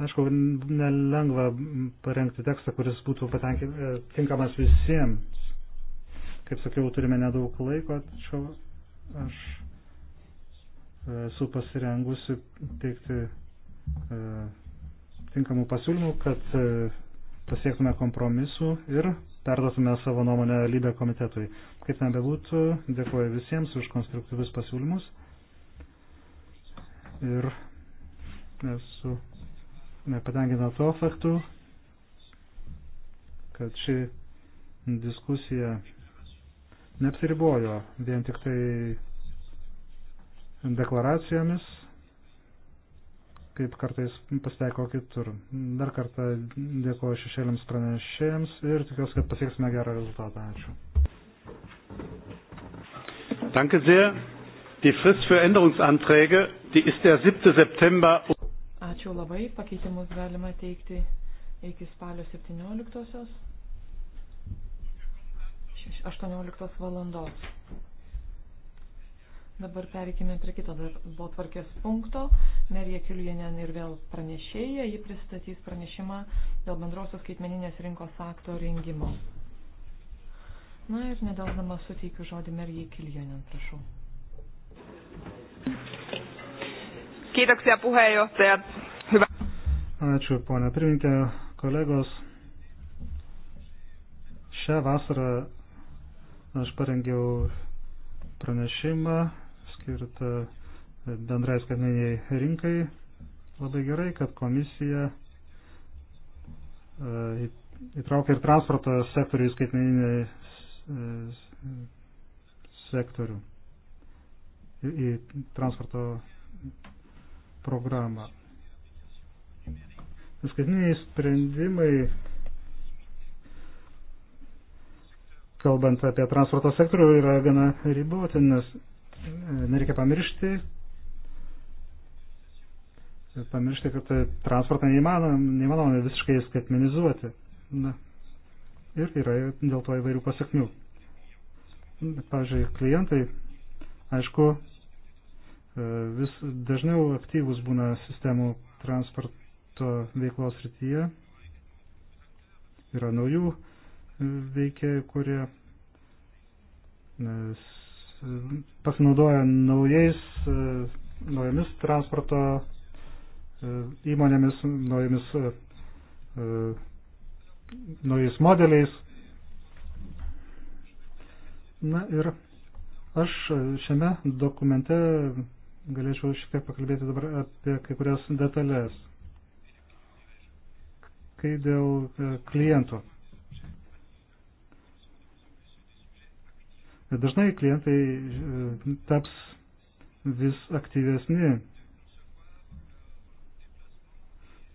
Aišku, nelengva parengti tekstą, kuris būtų e, tinkamas visiems. Kaip sakiau, turime nedaug laiko, tačiau aš esu pasirengusi teikti e, tinkamų pasiūlymų, kad e, pasiektume kompromisų ir perduotume savo nuomonę lybę komitetui. Kaip nebebūtų, dėkuoju visiems už konstruktyvius pasiūlymus ir esu nepatenkina to faktu, kad ši diskusija neapsiribojo vien tik tai deklaracijomis, kaip kartais pasiteiko kitur. Dar kartą dėkoju šešėliams pranešėjams ir tikiuosi, kad pasieksime gerą rezultatą. Ačiū. Danke sehr. Die Frist für Änderungsanträge, die ist der 7. September. Ačiū labai, pakeitimus galima teikti iki spalio 17-osios, 18 valandos. Dabar perikime prie kito darbo tvarkės punkto. Merija Kilienė ir vėl pranešėja, ji pristatys pranešimą dėl bendrosios skaitmeninės rinkos akto rengimo. Na ir nedelgdama suteikiu žodį Merijai Kilienė, prašau. Kiitoksia puheenjohtaja. Hyvä. Ačiū, ponia pirmininkė, kolegos. Šią vasarą aš parengiau pranešimą skirtą bendrai skaitmeniniai rinkai. Labai gerai, kad komisija e, įtraukia ir transporto sektorių į skaitmeninį e, sektorių į transporto programą. Paskatiniai sprendimai, kalbant apie transporto sektorių, yra gana riboti, nes e, nereikia pamiršti, pamiršti, kad transportą neįmanoma, neįmanoma visiškai skaitmenizuoti. Na. Ir yra dėl to įvairių pasiekmių. Pavyzdžiui, klientai, aišku, E, vis dažniau aktyvus būna sistemų transporto veiklos rytyje. Yra naujų e, veikėjų, kurie e, pasinaudoja naujais, naujomis transporto įmonėmis, naujomis, naujais modeliais. Na ir aš šiame dokumente galėčiau šiek tiek pakalbėti dabar apie kai kurias detalės. Kai dėl e, klientų. Dažnai klientai e, taps vis aktyvesni,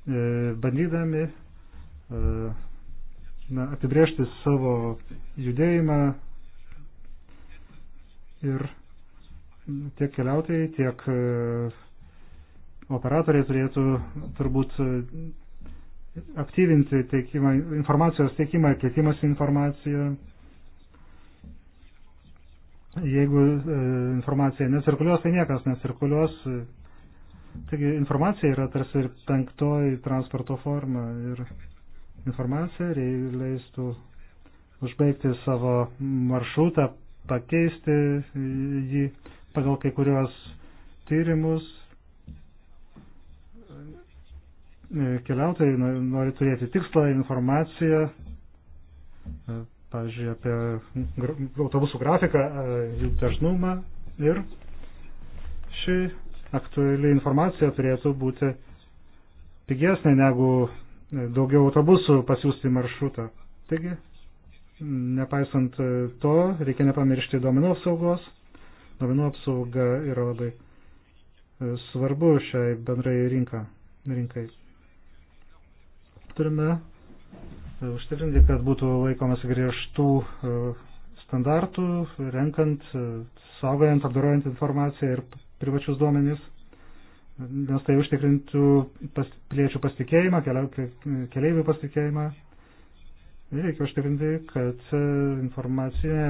e, bandydami na, apibriežti savo judėjimą ir tiek keliautojai, tiek e, operatoriai turėtų turbūt e, aktyvinti teikimą, informacijos teikimą ir keitimas informaciją. Jeigu e, informacija necirkuliuos, tai niekas necirkuliuos. Taigi informacija yra tarsi ir penktoji transporto forma ir informacija leistų užbaigti savo maršrutą, pakeisti jį, pagal kai kurios tyrimus keliautojai nori turėti tikslą informaciją, pavyzdžiui, apie autobusų grafiką, jų dažnumą ir ši aktuali informacija turėtų būti pigesnė negu daugiau autobusų pasiūsti maršrutą. Taigi, nepaisant to, reikia nepamiršti duomenų apsaugos Domenų apsauga yra labai e, svarbu šiai bendrai rinka, rinkai. Turime e, užtikrinti, kad būtų laikomas griežtų e, standartų, renkant, saugojant, apdarojant informaciją ir privačius duomenys, nes tai užtikrintų pas, piliečių pasitikėjimą, keliaivių pasitikėjimą. Reikia užtikrinti, kad informacinė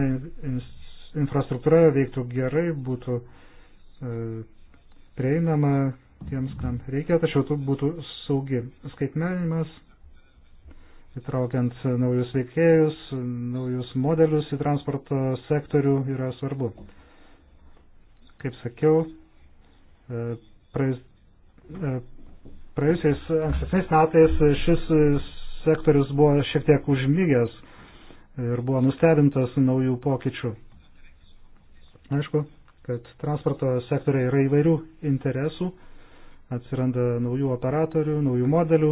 infrastruktūra veiktų gerai, būtų e, prieinama tiems, kam reikia, tačiau tu būtų saugi. Skaitmeninimas, įtraukiant naujus veikėjus, naujus modelius į transporto sektorių yra svarbu. Kaip sakiau, e, praėjus, e, praėjusiais ankstesniais metais šis sektorius buvo šiek tiek užmygęs ir buvo nustebintas naujų pokyčių. Aišku, kad transporto sektoriai yra įvairių interesų, atsiranda naujų operatorių, naujų modelių.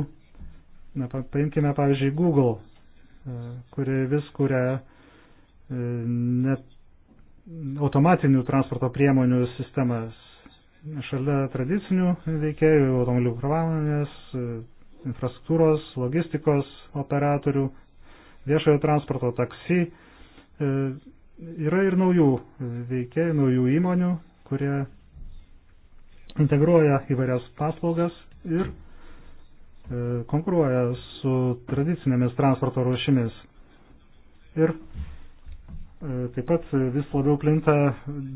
Na, paimkime, pavyzdžiui, Google, e, kuri vis kuria e, net automatinių transporto priemonių sistemas. Šalia tradicinių veikėjų, automobilių pramonės, e, infrastruktūros, logistikos operatorių, viešojo transporto, taksi Yra ir naujų veikėjų, naujų įmonių, kurie integruoja įvairias paslaugas ir e, konkuruoja su tradicinėmis transporto rušimis. Ir e, taip pat vis labiau plinta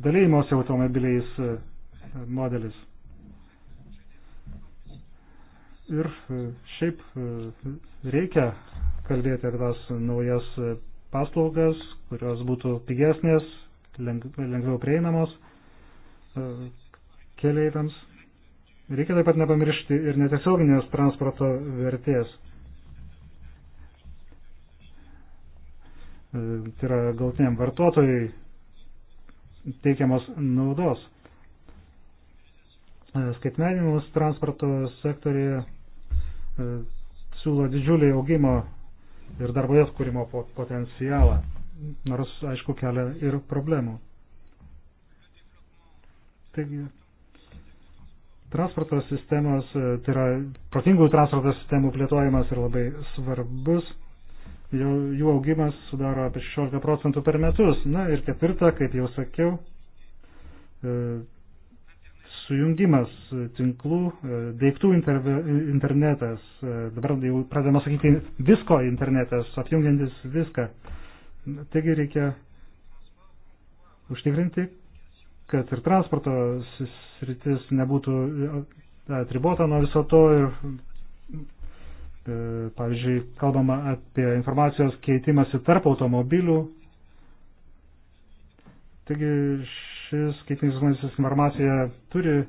dalymosi automobiliais e, modelis. Ir šiaip reikia kalbėti apie tas naujas paslaugas, kurios būtų pigesnės, lengviau prieinamos e, keleiviams. Reikia taip pat nepamiršti ir netiesioginės transporto vertės. E, tai yra galtiniam vartotojui teikiamos naudos. E, Skaitmeninimus transporto sektorija siūlo didžiulį augimo ir darbo vietų kūrimo potencialą, nors, aišku, kelia ir problemų. Taigi, transporto sistemos, e, tai yra protingų transporto sistemų plėtojimas yra labai svarbus. Jau, jų augimas sudaro apie 16 procentų per metus. Na ir ketvirta, kaip jau sakiau, e, sujungimas tinklų, e, daiktų interve, internetas, e, dabar jau pradedama sakyti visko internetas, apjungiantis viską. Taigi reikia užtikrinti, kad ir transporto sritis nebūtų e, atribota nuo viso to ir, pavyzdžiui, kalbama apie informacijos keitimąsi tarp automobilių. Taigi šis skaitinis žmonės informacija turi e,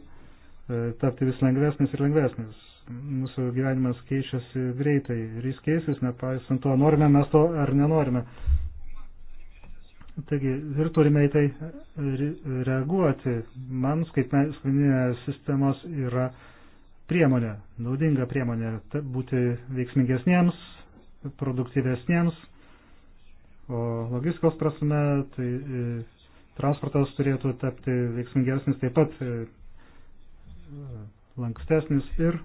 tapti vis lengvesnis ir lengvesnis. Mūsų gyvenimas keičiasi greitai ir jis keisis, nepaisant to, norime mes to ar nenorime. Taigi ir turime į tai reaguoti. Man skaitmeninės sistemos yra priemonė, naudinga priemonė būti veiksmingesniems, produktyvesniems, o logistikos prasme tai e, Transportas turėtų tapti veiksmingesnis, taip pat e, lankstesnis ir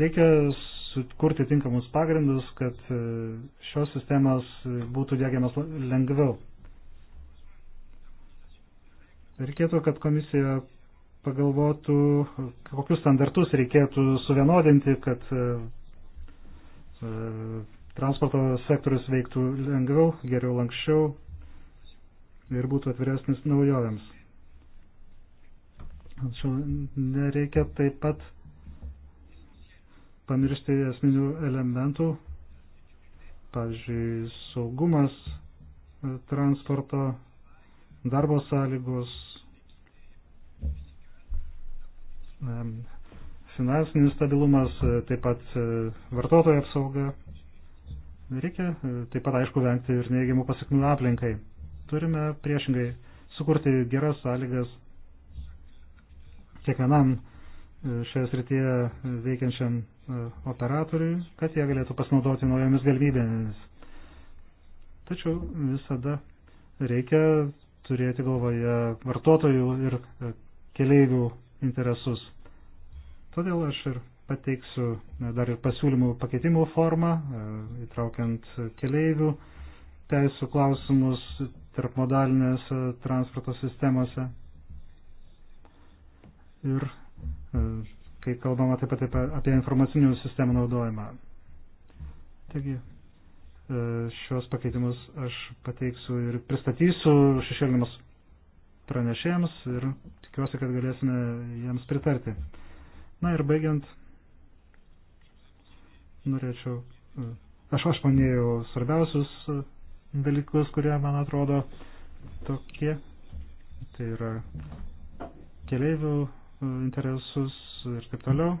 reikia sukurti tinkamus pagrindus, kad e, šios sistemos būtų dėgiamas lengviau. Reikėtų, kad komisija pagalvotų, kokius standartus reikėtų suvienodinti, kad e, transporto sektorius veiktų lengviau, geriau lankščiau ir būtų atviresnis naujovėms. Tačiau nereikia taip pat pamiršti esminių elementų, pavyzdžiui, saugumas transporto, darbo sąlygos, finansinis stabilumas, taip pat e, vartotojų apsauga, Reikia e, taip pat, aišku, vengti ir neigiamų pasiekmių aplinkai. Turime priešingai sukurti geras sąlygas kiekvienam e, šioje srityje e, veikiančiam operatoriui, kad jie galėtų pasinaudoti naujomis galimybėmis. Tačiau visada reikia turėti galvoje vartotojų ir keleivių interesus. Todėl aš ir pateiksiu dar ir pasiūlymų pakeitimų formą, e, įtraukiant keleivių teisų klausimus tarpmodalinės e, transporto sistemose. Ir e, kai kalbama taip pat apie informacinių sistemų naudojimą. Taigi, šios pakeitimus aš pateiksiu ir pristatysiu šešėlinimus pranešėjams ir tikiuosi, kad galėsime jiems pritarti. Na ir baigiant, norėčiau. E, aš aš panėjau svarbiausius e, dalykus, kurie man atrodo tokie. Tai yra keleivių e, interesus ir taip toliau.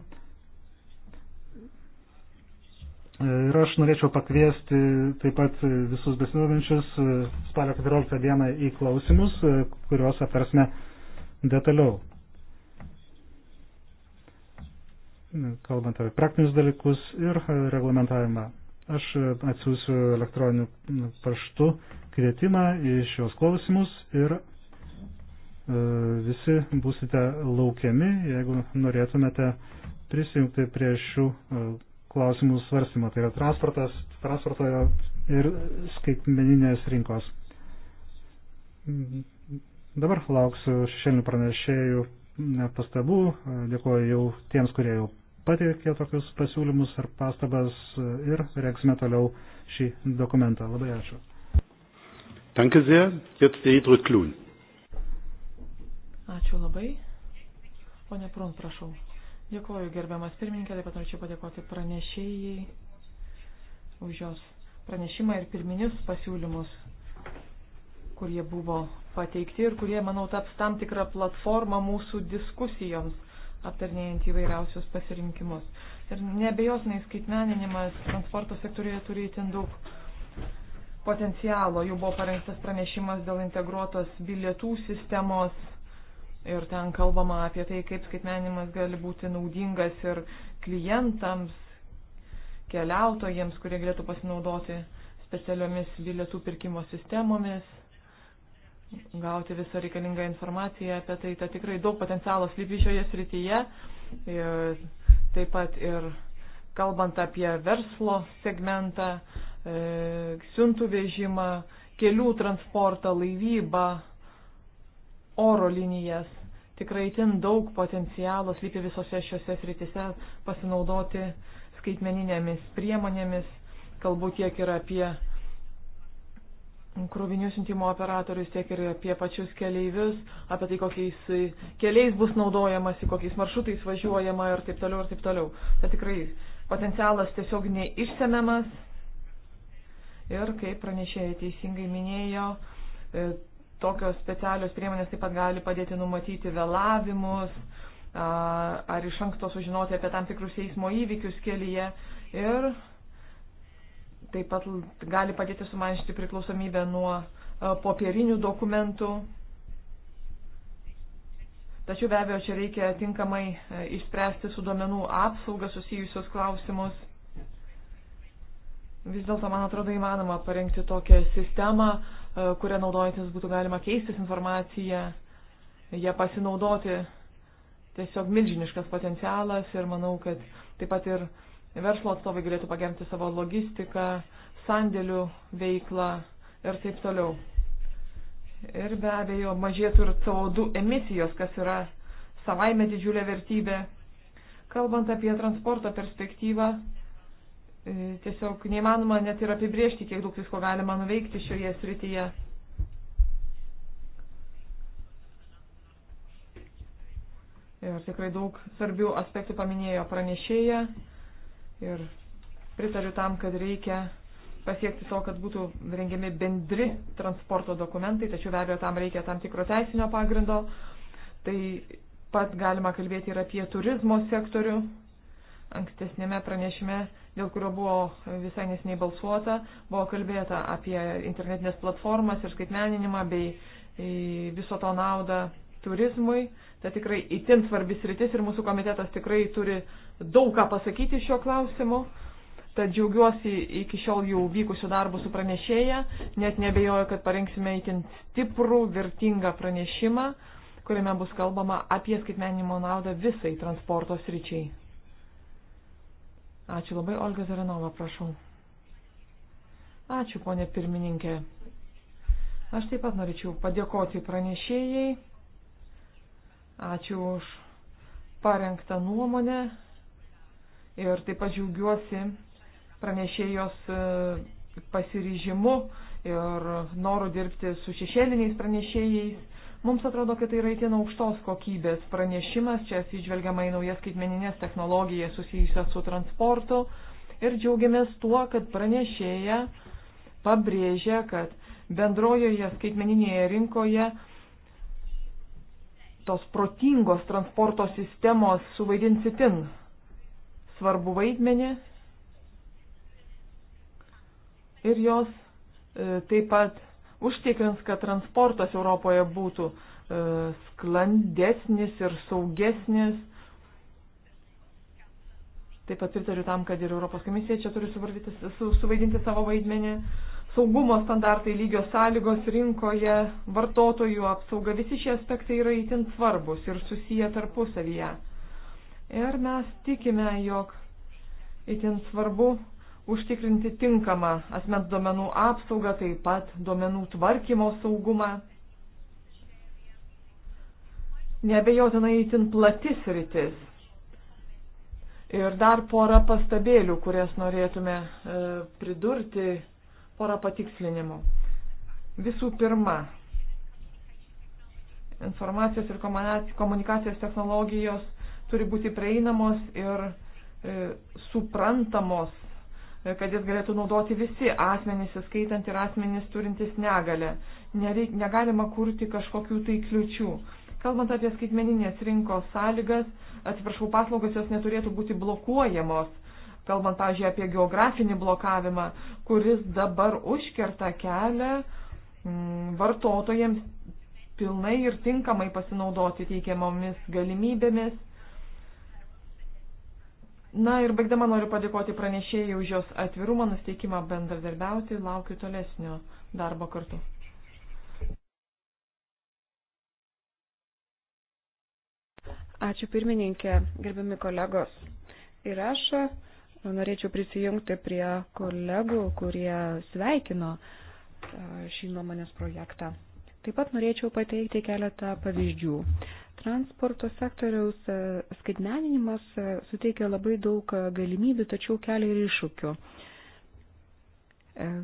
Ir aš norėčiau pakviesti taip pat visus besidominčius spalio 14 dieną į klausimus, kuriuos aptarsime detaliau. kalbant apie praktinius dalykus ir e, reglamentavimą. Aš e, atsiųsiu elektroniniu paštu kvietimą į šios klausimus ir e, visi būsite laukiami, jeigu norėtumėte prisijungti prie šių klausimų svarstymo. Tai yra transportas, transporto ir skaitmeninės rinkos. Dabar lauksiu šešėlinių pranešėjų pastabų. Dėkuoju jau tiems, kurie jau pateikė tokius pasiūlymus ar pastabas ir reiksime toliau šį dokumentą. Labai ačiū. Danke sehr. Jetzt Edrit Klun. Ačiū labai. Pone Prun, prašau. Dėkuoju gerbiamas pirmininkė, taip pat norėčiau padėkoti pranešėjai už jos pranešimą ir pirminius pasiūlymus, kurie buvo pateikti ir kurie, manau, taps tam tikrą platformą mūsų diskusijoms aptarnėjant įvairiausius pasirinkimus. Ir nebejotinai skaitmeninimas transporto sektoriuje turi itin daug potencialo. Jau buvo parengtas pranešimas dėl integruotos bilietų sistemos ir ten kalbama apie tai, kaip skaitmenimas gali būti naudingas ir klientams, keliautojams, kurie galėtų pasinaudoti specialiomis bilietų pirkimo sistemomis gauti visą reikalingą informaciją apie tai. Tai tikrai daug potencialo slypi šioje srityje. Ir taip pat ir kalbant apie verslo segmentą, e, siuntų vežimą, kelių transportą, laivybą, oro linijas. Tikrai tin daug potencialo slypi visose šiuose srityse pasinaudoti skaitmeninėmis priemonėmis. Kalbu tiek ir apie krovinių siuntimo operatorius, tiek ir apie pačius keleivius, apie tai, kokiais keliais bus naudojamasi, kokiais maršrutais važiuojama ir taip toliau ir taip toliau. Tai tikrai potencialas tiesiog neišsemiamas ir, kaip pranešėjai teisingai minėjo, e, tokios specialios priemonės taip pat gali padėti numatyti vėlavimus ar iš anksto sužinoti apie tam tikrus eismo įvykius kelyje ir taip pat gali padėti sumažinti priklausomybę nuo e, popierinių dokumentų. Tačiau be abejo, čia reikia tinkamai e, išspręsti su duomenų apsauga susijusios klausimus. Vis dėlto, man atrodo, įmanoma parengti tokią sistemą, e, kurią naudojantis būtų galima keistis informaciją, ją pasinaudoti. Tiesiog milžiniškas potencialas ir manau, kad taip pat ir uh, verslo atstovai galėtų pagerinti savo logistiką, sandėlių veiklą ir taip toliau. Ir be abejo, mažėtų ir CO2 emisijos, kas yra savaime didžiulė vertybė. Kalbant apie transporto perspektyvą, e, tiesiog neįmanoma net ir apibriežti, kiek daug visko galima nuveikti šioje srityje. Ir tikrai daug svarbių aspektų paminėjo pranešėja ir pritariu tam, kad reikia pasiekti to, kad būtų rengiami bendri transporto dokumentai, tačiau be abejo tam reikia tam tikro teisinio pagrindo. Tai pat galima kalbėti ir apie turizmo sektorių. Ankstesnėme pranešime, dėl kurio buvo visai nesiniai balsuota, buvo kalbėta apie internetinės platformas ir skaitmeninimą bei e, viso to naudą turizmui. Tai tikrai itin svarbis rytis ir mūsų komitetas tikrai turi daug ką pasakyti šiuo klausimu. Tad džiaugiuosi iki šiol jau vykusių darbų su pranešėja, net nebejoju, kad parengsime itin stiprų, vertingą pranešimą, kuriame bus kalbama apie skaitmenimo naudą visai transporto sričiai. Ačiū labai, Olga Zaranova, prašau. Ačiū, ponė pirmininkė. Aš taip pat norėčiau padėkoti pranešėjai. Ačiū už parengtą nuomonę ir taip pat džiaugiuosi pranešėjos e, pasiryžimu ir noru dirbti su šešėliniais pranešėjais. Mums atrodo, kad tai yra itin aukštos kokybės pranešimas, čia atsižvelgiama į naujas skaitmeninės technologijas susijusias su transportu ir džiaugiamės tuo, kad pranešėja pabrėžia, kad bendrojoje skaitmeninėje rinkoje tos protingos transporto sistemos suvaidins itin svarbu vaidmenį ir jos e, taip pat užtikrins, kad transportas Europoje būtų e, sklandesnis ir saugesnis. Taip pat pritariu tam, kad ir Europos komisija čia turi su, suvaidinti savo vaidmenį. Saugumo standartai, lygios sąlygos rinkoje, vartotojų apsauga, visi šie aspektai yra itin svarbus ir susiję tarpusavyje. Ir mes tikime, jog itin svarbu užtikrinti tinkamą asmens duomenų apsaugą, taip pat duomenų tvarkymo saugumą. Nebejotinai itin platis rytis. Ir dar pora pastabėlių, kurias norėtume e, pridurti, pora patikslinimų. Visų pirma, informacijos ir komunikacijos technologijos turi būti prieinamos ir e, suprantamos, e, kad jas galėtų naudoti visi asmenys, įskaitant ir asmenys turintys negalę. Nereik, negalima kurti kažkokių tai kliučių. Kalbant apie skaitmeninės rinkos sąlygas, atsiprašau, paslaugos jos neturėtų būti blokuojamos. Kalbant, pavyzdžiui, apie geografinį blokavimą, kuris dabar užkerta kelią mm, vartotojams pilnai ir tinkamai pasinaudoti teikiamomis galimybėmis Na ir baigdama noriu padėkoti pranešėjai už jos atvirumą, nusteikimą bendradarbiauti, laukiu tolesnio darbo kartu. Ačiū pirmininkė, gerbiami kolegos. Ir aš norėčiau prisijungti prie kolegų, kurie sveikino e, šį nuomonės projektą. Taip pat norėčiau pateikti keletą pavyzdžių. Transporto sektoriaus e, skaitmeninimas e, suteikia labai daug e, galimybių, tačiau kelia ir iššūkių.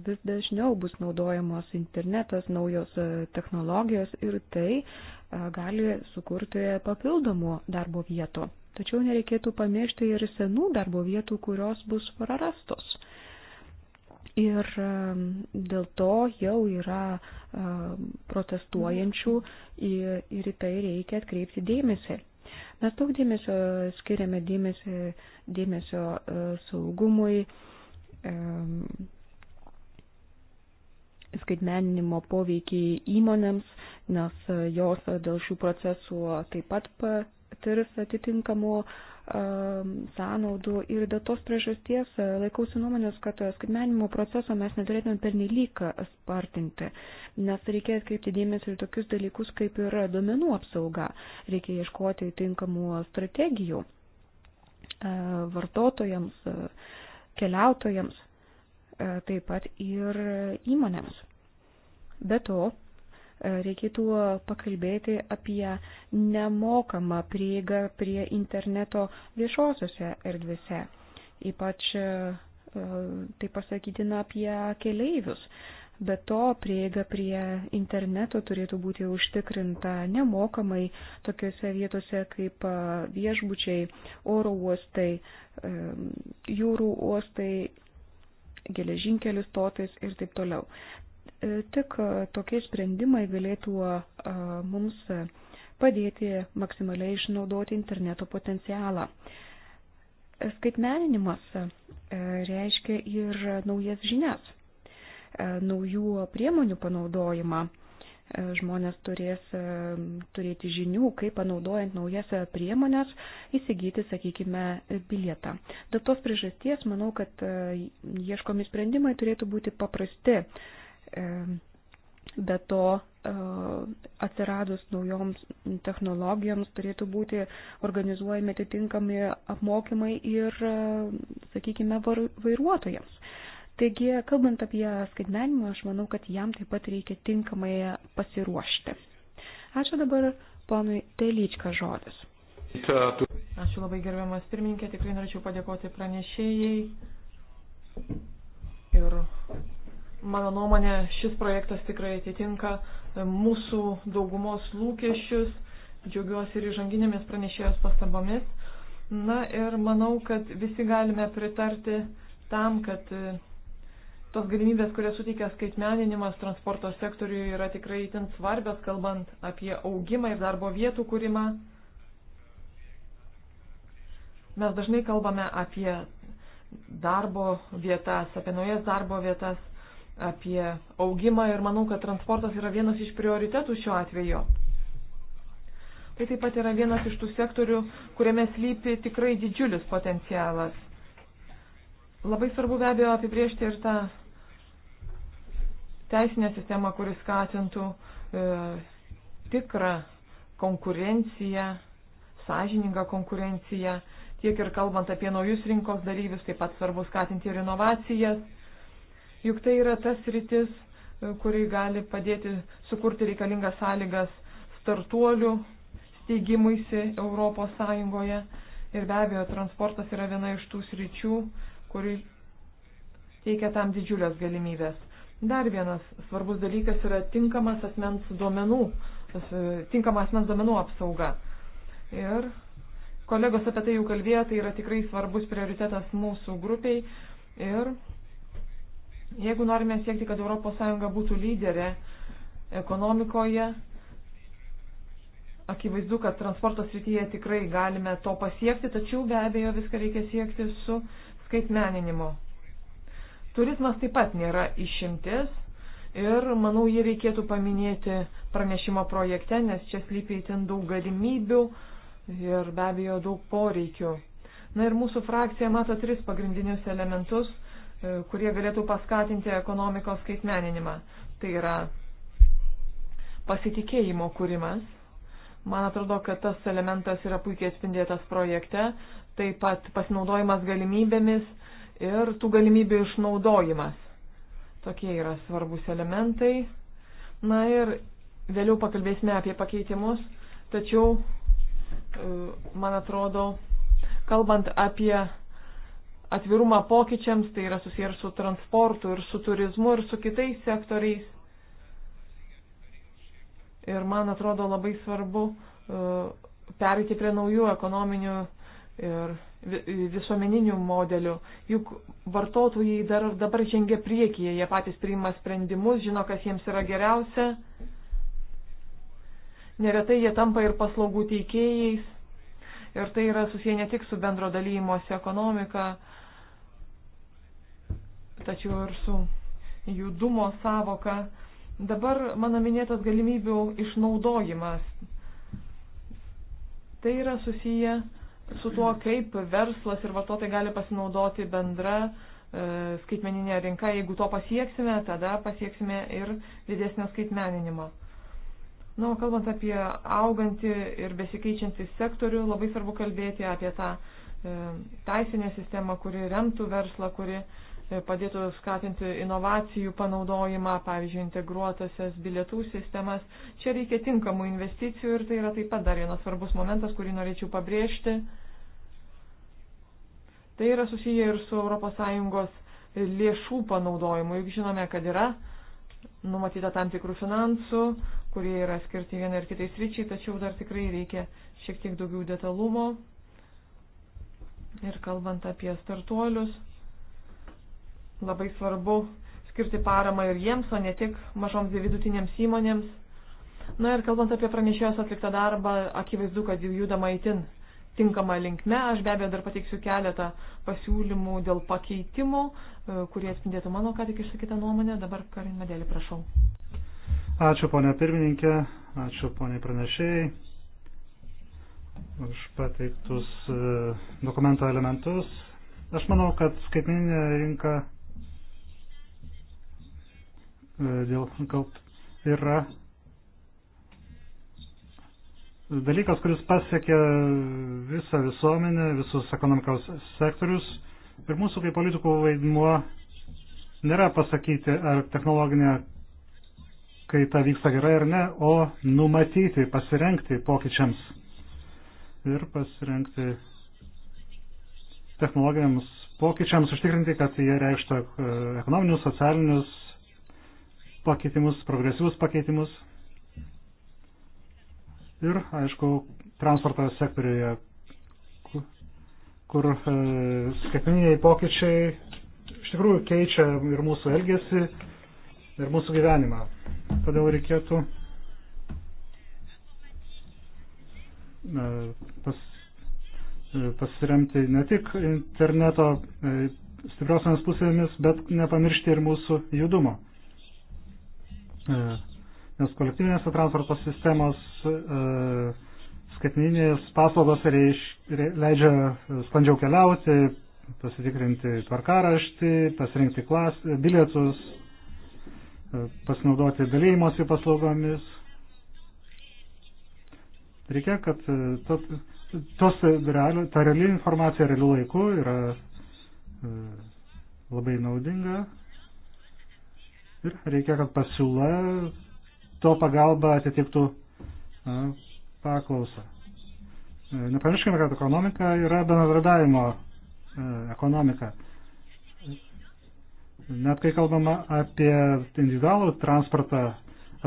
Vis dažniau bus naudojamos internetas, naujos technologijos ir tai gali sukurti papildomų darbo vietų. Tačiau nereikėtų pamiršti ir senų darbo vietų, kurios bus prarastos. Ir dėl to jau yra protestuojančių ir į tai reikia atkreipti dėmesį. Mes daug dėmesio skiriame dėmesio, dėmesio saugumui, skaitmeninimo poveikiai įmonėms, nes e, jos e, dėl šių procesų taip pat patirs atitinkamų uh, Um, sąnaudų ir dėl tos priežasties uh, laikausi nuomonės, kad uh, skaitmenimo proceso mes neturėtume pernelyg uh, spartinti, nes reikia atkreipti dėmesį ir tokius dalykus, kaip yra domenų apsauga, reikia ieškoti tinkamų strategijų vartotojams, keliautojams, taip pat ir įmonėms. Be to, E, reikėtų pakalbėti apie nemokamą prieigą prie interneto viešosiose erdvėse. Ypač e, tai pasakytina apie keleivius. Be to, prieiga prie interneto turėtų būti užtikrinta nemokamai tokiuose vietose kaip e, viešbučiai, oro uostai, jūrų uostai, geležinkelių stotis ir taip toliau. E, tik e, tokie sprendimai galėtų e, mums padėti maksimaliai išnaudoti interneto potencialą. Skaitmeninimas reiškia ir naujas žinias, naujų priemonių panaudojimą žmonės turės turėti žinių, kaip panaudojant naujas priemonės įsigyti, sakykime, bilietą. Dėl tos priežasties manau, kad ieškomi sprendimai turėtų būti paprasti, E, be to, e, atsiradus naujoms technologijoms turėtų būti organizuojami atitinkami apmokymai ir, e, sakykime, vairuotojams. Taigi, kalbant apie skaitmenimą, aš manau, kad jam taip pat reikia tinkamai pasiruošti. Ačiū dabar ponui Telyčka žodis. Ačiū labai gerbiamas pirmininkė, tikrai norėčiau padėkoti pranešėjai ir Mano nuomonė, šis projektas tikrai atitinka e, mūsų daugumos lūkesčius. Džiaugiuosi ir įžanginėmis pranešėjos pastabomis. Na ir manau, kad visi galime pritarti tam, kad e, tos galimybės, kurias suteikia skaitmeninimas transporto sektoriui, yra tikrai itin svarbios, kalbant apie augimą ir darbo vietų kūrimą. Mes dažnai kalbame apie darbo vietas, apie naujas darbo vietas, apie augimą ir manau, kad transportas yra vienas iš prioritetų šiuo atveju. Tai taip pat yra vienas iš tų sektorių, kuriame slypi tikrai didžiulis potencialas. Labai svarbu be abejo apibriežti ir tą teisinę sistemą, kuris skatintų e, tikrą konkurenciją, sąžiningą konkurenciją, tiek ir kalbant apie naujus rinkos dalyvius, taip pat svarbu skatinti ir inovacijas juk tai yra tas rytis, e, kuri gali padėti sukurti reikalingas sąlygas startuolių steigimuisi Europos Sąjungoje. Ir be abejo, transportas yra viena iš tų sričių, kuri teikia tam didžiulės galimybės. Dar vienas svarbus dalykas yra tinkamas asmens duomenų, e, tinkama asmens duomenų apsauga. Ir kolegos apie tai jau kalbėjo, tai yra tikrai svarbus prioritetas mūsų grupiai. Ir Jeigu norime siekti, kad ES būtų lyderė ekonomikoje, akivaizdu, kad transporto srityje tikrai galime to pasiekti, tačiau be abejo viską reikia siekti su skaitmeninimu. Turizmas taip pat nėra išimtis ir manau jį reikėtų paminėti pranešimo projekte, nes čia slypi įtin daug galimybių ir be abejo daug poreikių. Na ir mūsų frakcija mato tris pagrindinius elementus, E, kurie galėtų paskatinti ekonomikos skaitmeninimą. Tai yra pasitikėjimo kūrimas. Man atrodo, kad tas elementas yra puikiai atspindėtas projekte, taip pat pasinaudojimas galimybėmis ir tų galimybių išnaudojimas. Tokie yra svarbus elementai. Na ir vėliau pakalbėsime apie pakeitimus, tačiau, e, man atrodo, kalbant apie atvirumą pokyčiams, tai yra susiję ir su transportu, ir su turizmu, ir su kitais sektoriais. Ir man atrodo labai svarbu uh, perėti prie naujų ekonominių ir visuomeninių modelių. Juk vartotojai dar dabar žengia priekyje, jie patys priima sprendimus, žino, kas jiems yra geriausia. Neretai jie tampa ir paslaugų teikėjais. Ir tai yra susiję ne tik su bendro dalymosi ekonomika, tačiau ir su judumo savoka. Dabar mano minėtas galimybių išnaudojimas. Tai yra susiję su tuo, kaip verslas ir vartotojai gali pasinaudoti bendra e, skaitmeninė rinka. Jeigu to pasieksime, tada pasieksime ir didesnio skaitmeninimo. Na, nu, kalbant apie augantį ir besikeičiantį sektorių, labai svarbu kalbėti apie tą e, teisinę sistemą, kuri remtų verslą, kuri e, E, padėtų skatinti inovacijų panaudojimą, pavyzdžiui, integruotasias bilietų sistemas. Čia reikia tinkamų investicijų ir tai yra taip pat dar vienas svarbus momentas, kurį norėčiau pabrėžti. Tai yra susiję ir su ES lėšų panaudojimu. Juk žinome, kad yra numatyta tam tikrų finansų, kurie yra skirti vienai ir kitais ryčiai, tačiau dar tikrai reikia šiek tiek daugiau detalumo. Ir kalbant apie startuolius, Labai svarbu skirti paramą ir jiems, o ne tik mažoms bei vidutinėms įmonėms. Na ir kalbant apie pranešėjos atliktą darbą, akivaizdu, kad judama įtin tinkama linkme. Aš be abejo dar pateiksiu keletą pasiūlymų dėl pakeitimų, e, kurie atspindėtų mano ką tik išsakytą nuomonę. Dabar Karin Medėlį, prašau. Ačiū ponia pirmininkė, ačiū ponia pranešėjai už pateiktus e, dokumento elementus. Aš manau, kad skaitmininė rinka E, dėl kalt yra dalykas, kuris pasiekia visą visuomenę, visus ekonomikos sektorius ir mūsų kaip politikų vaidmuo nėra pasakyti, ar technologinė kaita vyksta gerai ar ne, o numatyti, pasirenkti pokyčiams ir pasirenkti technologiniams pokyčiams, užtikrinti, kad jie reiškia e, ekonominius, socialinius, pakeitimus, progresyvus pakeitimus ir, aišku, transporto sektoriuje, kur, kur e, skaitmeniniai pokyčiai iš tikrųjų keičia ir mūsų elgesį, ir mūsų gyvenimą. Todėl reikėtų e, pas, e, pasiremti ne tik interneto e, stipriosiamis pusėmis, bet nepamiršti ir mūsų judumo. E, nes kolektyvinės transporto sistemos e, skaitmininės paslaugos reiš, leidžia sklandžiau keliauti, pasitikrinti tvarkaraštį, pasirinkti klas, bilietus, e, pasinaudoti dalymosi paslaugomis. Reikia, kad to, tos, ta reali informacija realių laikų yra labai naudinga Ir reikia, kad pasiūla to pagalba atitiktų paklausą. E, nepamirškime, kad ekonomika yra bendradarbiavimo e, ekonomika. Net kai kalbama apie individualų transportą,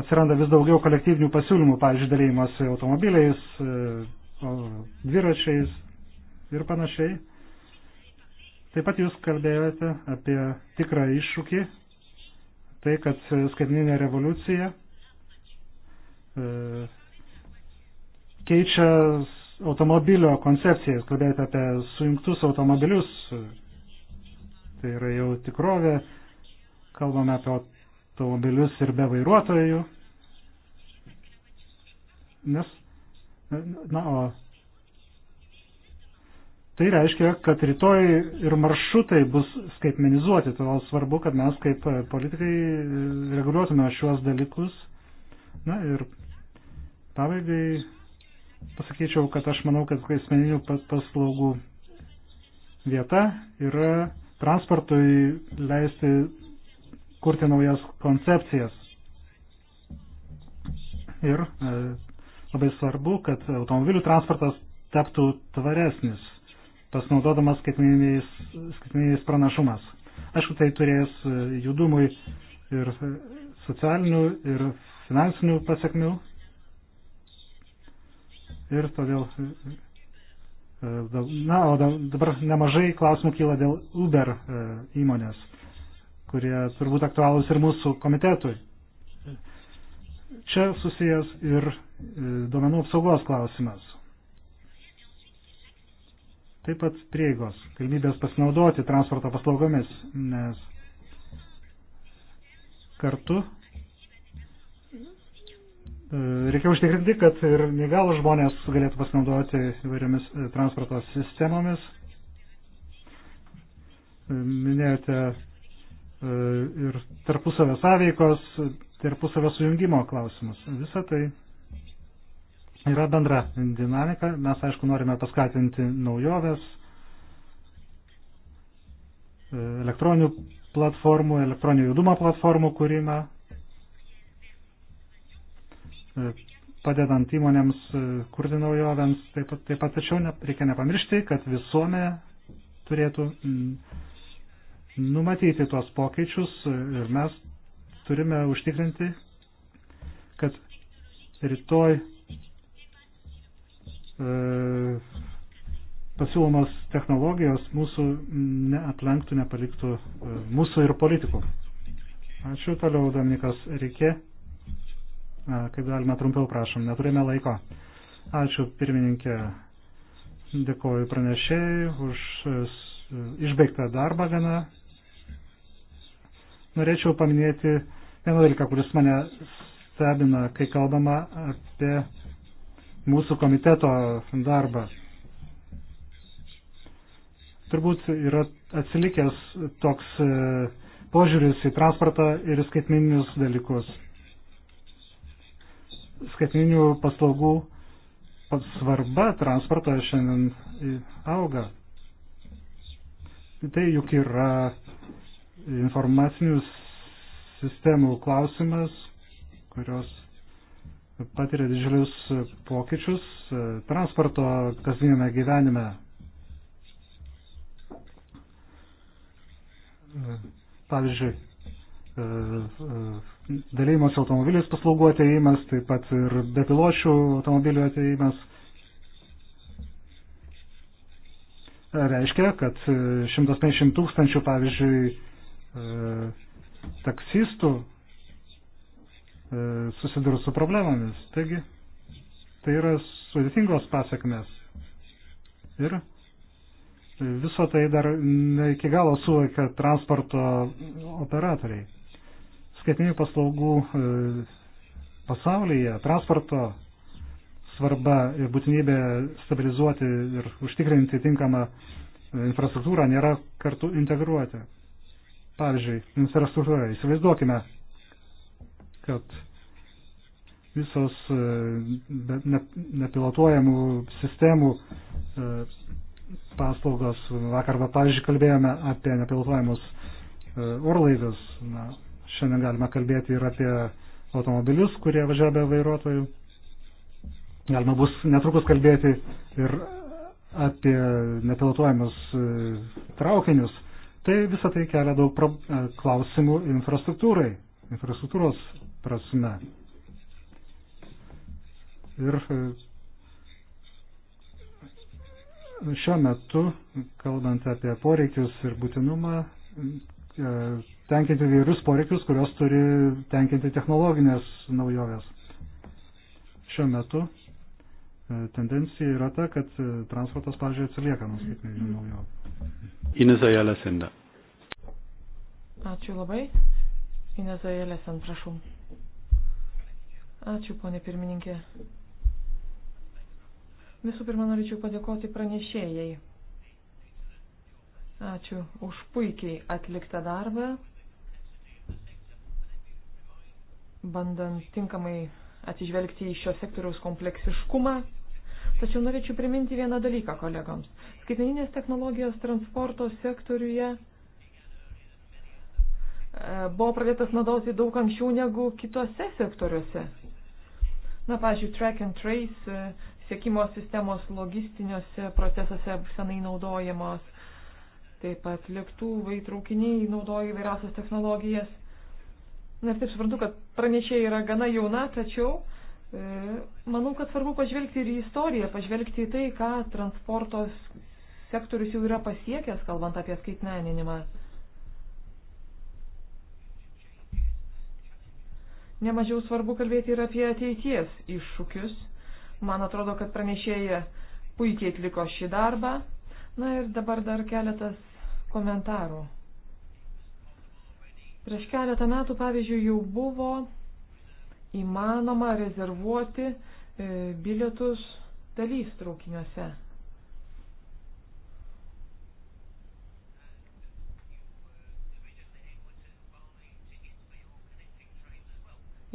atsiranda vis daugiau kolektyvinių pasiūlymų, pavyzdžiui, dalymas automobiliais, e, dviračiais ir panašiai. Taip pat jūs kalbėjote apie tikrą iššūkį tai, kad skaitmininė revoliucija e, keičia automobilio koncepcijas, kalbėti apie sujungtus automobilius, tai yra jau tikrovė, kalbame apie automobilius ir be vairuotojų, nes, na, o Tai reiškia, kad rytoj ir maršrutai bus skaitmenizuoti, todėl svarbu, kad mes kaip e, politikai e, reguliuotume šiuos dalykus. Na ir pabaigai pasakyčiau, kad aš manau, kad skaitmeninių paslaugų vieta yra transportui leisti kurti naujas koncepcijas. Ir e, labai svarbu, kad automobilių transportas taptų tvaresnis pasinaudodamas skaitmeninis pranašumas. Aišku, tai turės e, judumui ir socialinių, ir finansinių pasiekmių. Ir todėl, e, na, o dabar nemažai klausimų kyla dėl Uber e, įmonės, kurie turbūt aktualūs ir mūsų komitetui. Čia susijęs ir duomenų apsaugos klausimas. Taip pat prieigos, galimybės pasinaudoti transporto paslaugomis, nes kartu e, reikia užtikrinti, kad ir negalų žmonės galėtų pasinaudoti įvairiomis e, transporto sistemomis. E, minėjote ir tarpusavio sąveikos, tarpusavio sujungimo klausimus. Visą tai Yra bendra dinamika, mes aišku norime paskatinti naujoves, e, elektroninių platformų, elektroninio judumo platformų kūrimą, e, padedant įmonėms e, kurti naujovėms. Taip pat, taip pat tačiau ne, reikia nepamiršti, kad visuomenė turėtų mm, numatyti tuos pokyčius ir mes turime užtikrinti, kad rytoj E, pasiūlomos technologijos mūsų neatlenktų, nepaliktų e, mūsų ir politikų. Ačiū toliau, Dominikas Rikė. E, kaip galima trumpiau, prašom, neturime laiko. Ačiū pirmininkė, dėkoju pranešėjai už išbaigtą darbą gana. Norėčiau paminėti vieną dalyką, kuris mane stebina, kai kalbama apie mūsų komiteto darbą. Turbūt yra atsilikęs toks e, požiūris į transportą ir skaitmininius dalykus. Skaitmininių paslaugų svarba transporto šiandien auga. Tai juk yra informacinių sistemų klausimas, kurios patiria didžiulius pokyčius e, transporto kasdienėme gyvenime. E, pavyzdžiui, e, dalymas automobiliais paslaugų ateimas, taip pat ir bepiločių automobilių ateimas. Reiškia, kad 150 tūkstančių, pavyzdžiui, taksistų E, susidurs su problemomis. Taigi, tai yra sudėtingos pasiekmes. Ir viso tai dar ne iki galo suvokia transporto operatoriai. Skaitinių paslaugų e, pasaulyje transporto svarba ir būtinybė stabilizuoti ir užtikrinti tinkamą infrastruktūrą nėra kartu integruoti. Pavyzdžiui, infrastruktūra. Įsivaizduokime, kad visos e, nepilotuojamų sistemų e, paslaugos, vakar, va, pavyzdžiui, kalbėjome apie nepilotuojamus e, orlaivius, na, šiandien galima kalbėti ir apie automobilius, kurie važiuoja be vairuotojų. Galima bus netrukus kalbėti ir apie nepilotuojamus traukinius. Tai visą tai kelia daug klausimų infrastruktūrai, infrastruktūros prasme. Ir e, šiuo metu, kalbant apie poreikius ir būtinumą, e, tenkinti vyrius poreikius, kurios turi tenkinti technologinės naujovės. Šiuo metu e, tendencija yra ta, kad transportas, pavyzdžiui, atsilieka nuo skaitmeninių mhm. naujovių. Ines Ajalė Senda. Ačiū labai. Ines Ajalė Senda, prašau. Ačiū, ponė pirmininkė. Visų pirma, norėčiau padėkoti pranešėjai. Ačiū už puikiai atliktą darbą, bandant tinkamai atsižvelgti į šio sektoriaus kompleksiškumą. Tačiau norėčiau priminti vieną dalyką kolegoms. Skaitmeninės technologijos transporto sektoriuje e, buvo pradėtas naudoti daug anksčiau negu kitose sektoriuose. Na, pažiūrėjau, track and trace e, sėkimo sistemos logistiniuose procesuose senai naudojamos. Taip pat lėktuvai, traukiniai naudoja įvairiausias technologijas. Na ir taip suprantu, kad pranešėja yra gana jauna, tačiau e, manau, kad svarbu pažvelgti ir į istoriją, pažvelgti į tai, ką transporto sektorius jau yra pasiekęs, kalbant apie skaitmeninimą. Nemažiau svarbu kalbėti ir apie ateities iššūkius. Man atrodo, kad pranešėja puikiai atliko šį darbą. Na ir dabar dar keletas komentarų. Prieš keletą metų, pavyzdžiui, jau buvo įmanoma rezervuoti e, bilietus dalys traukiniuose.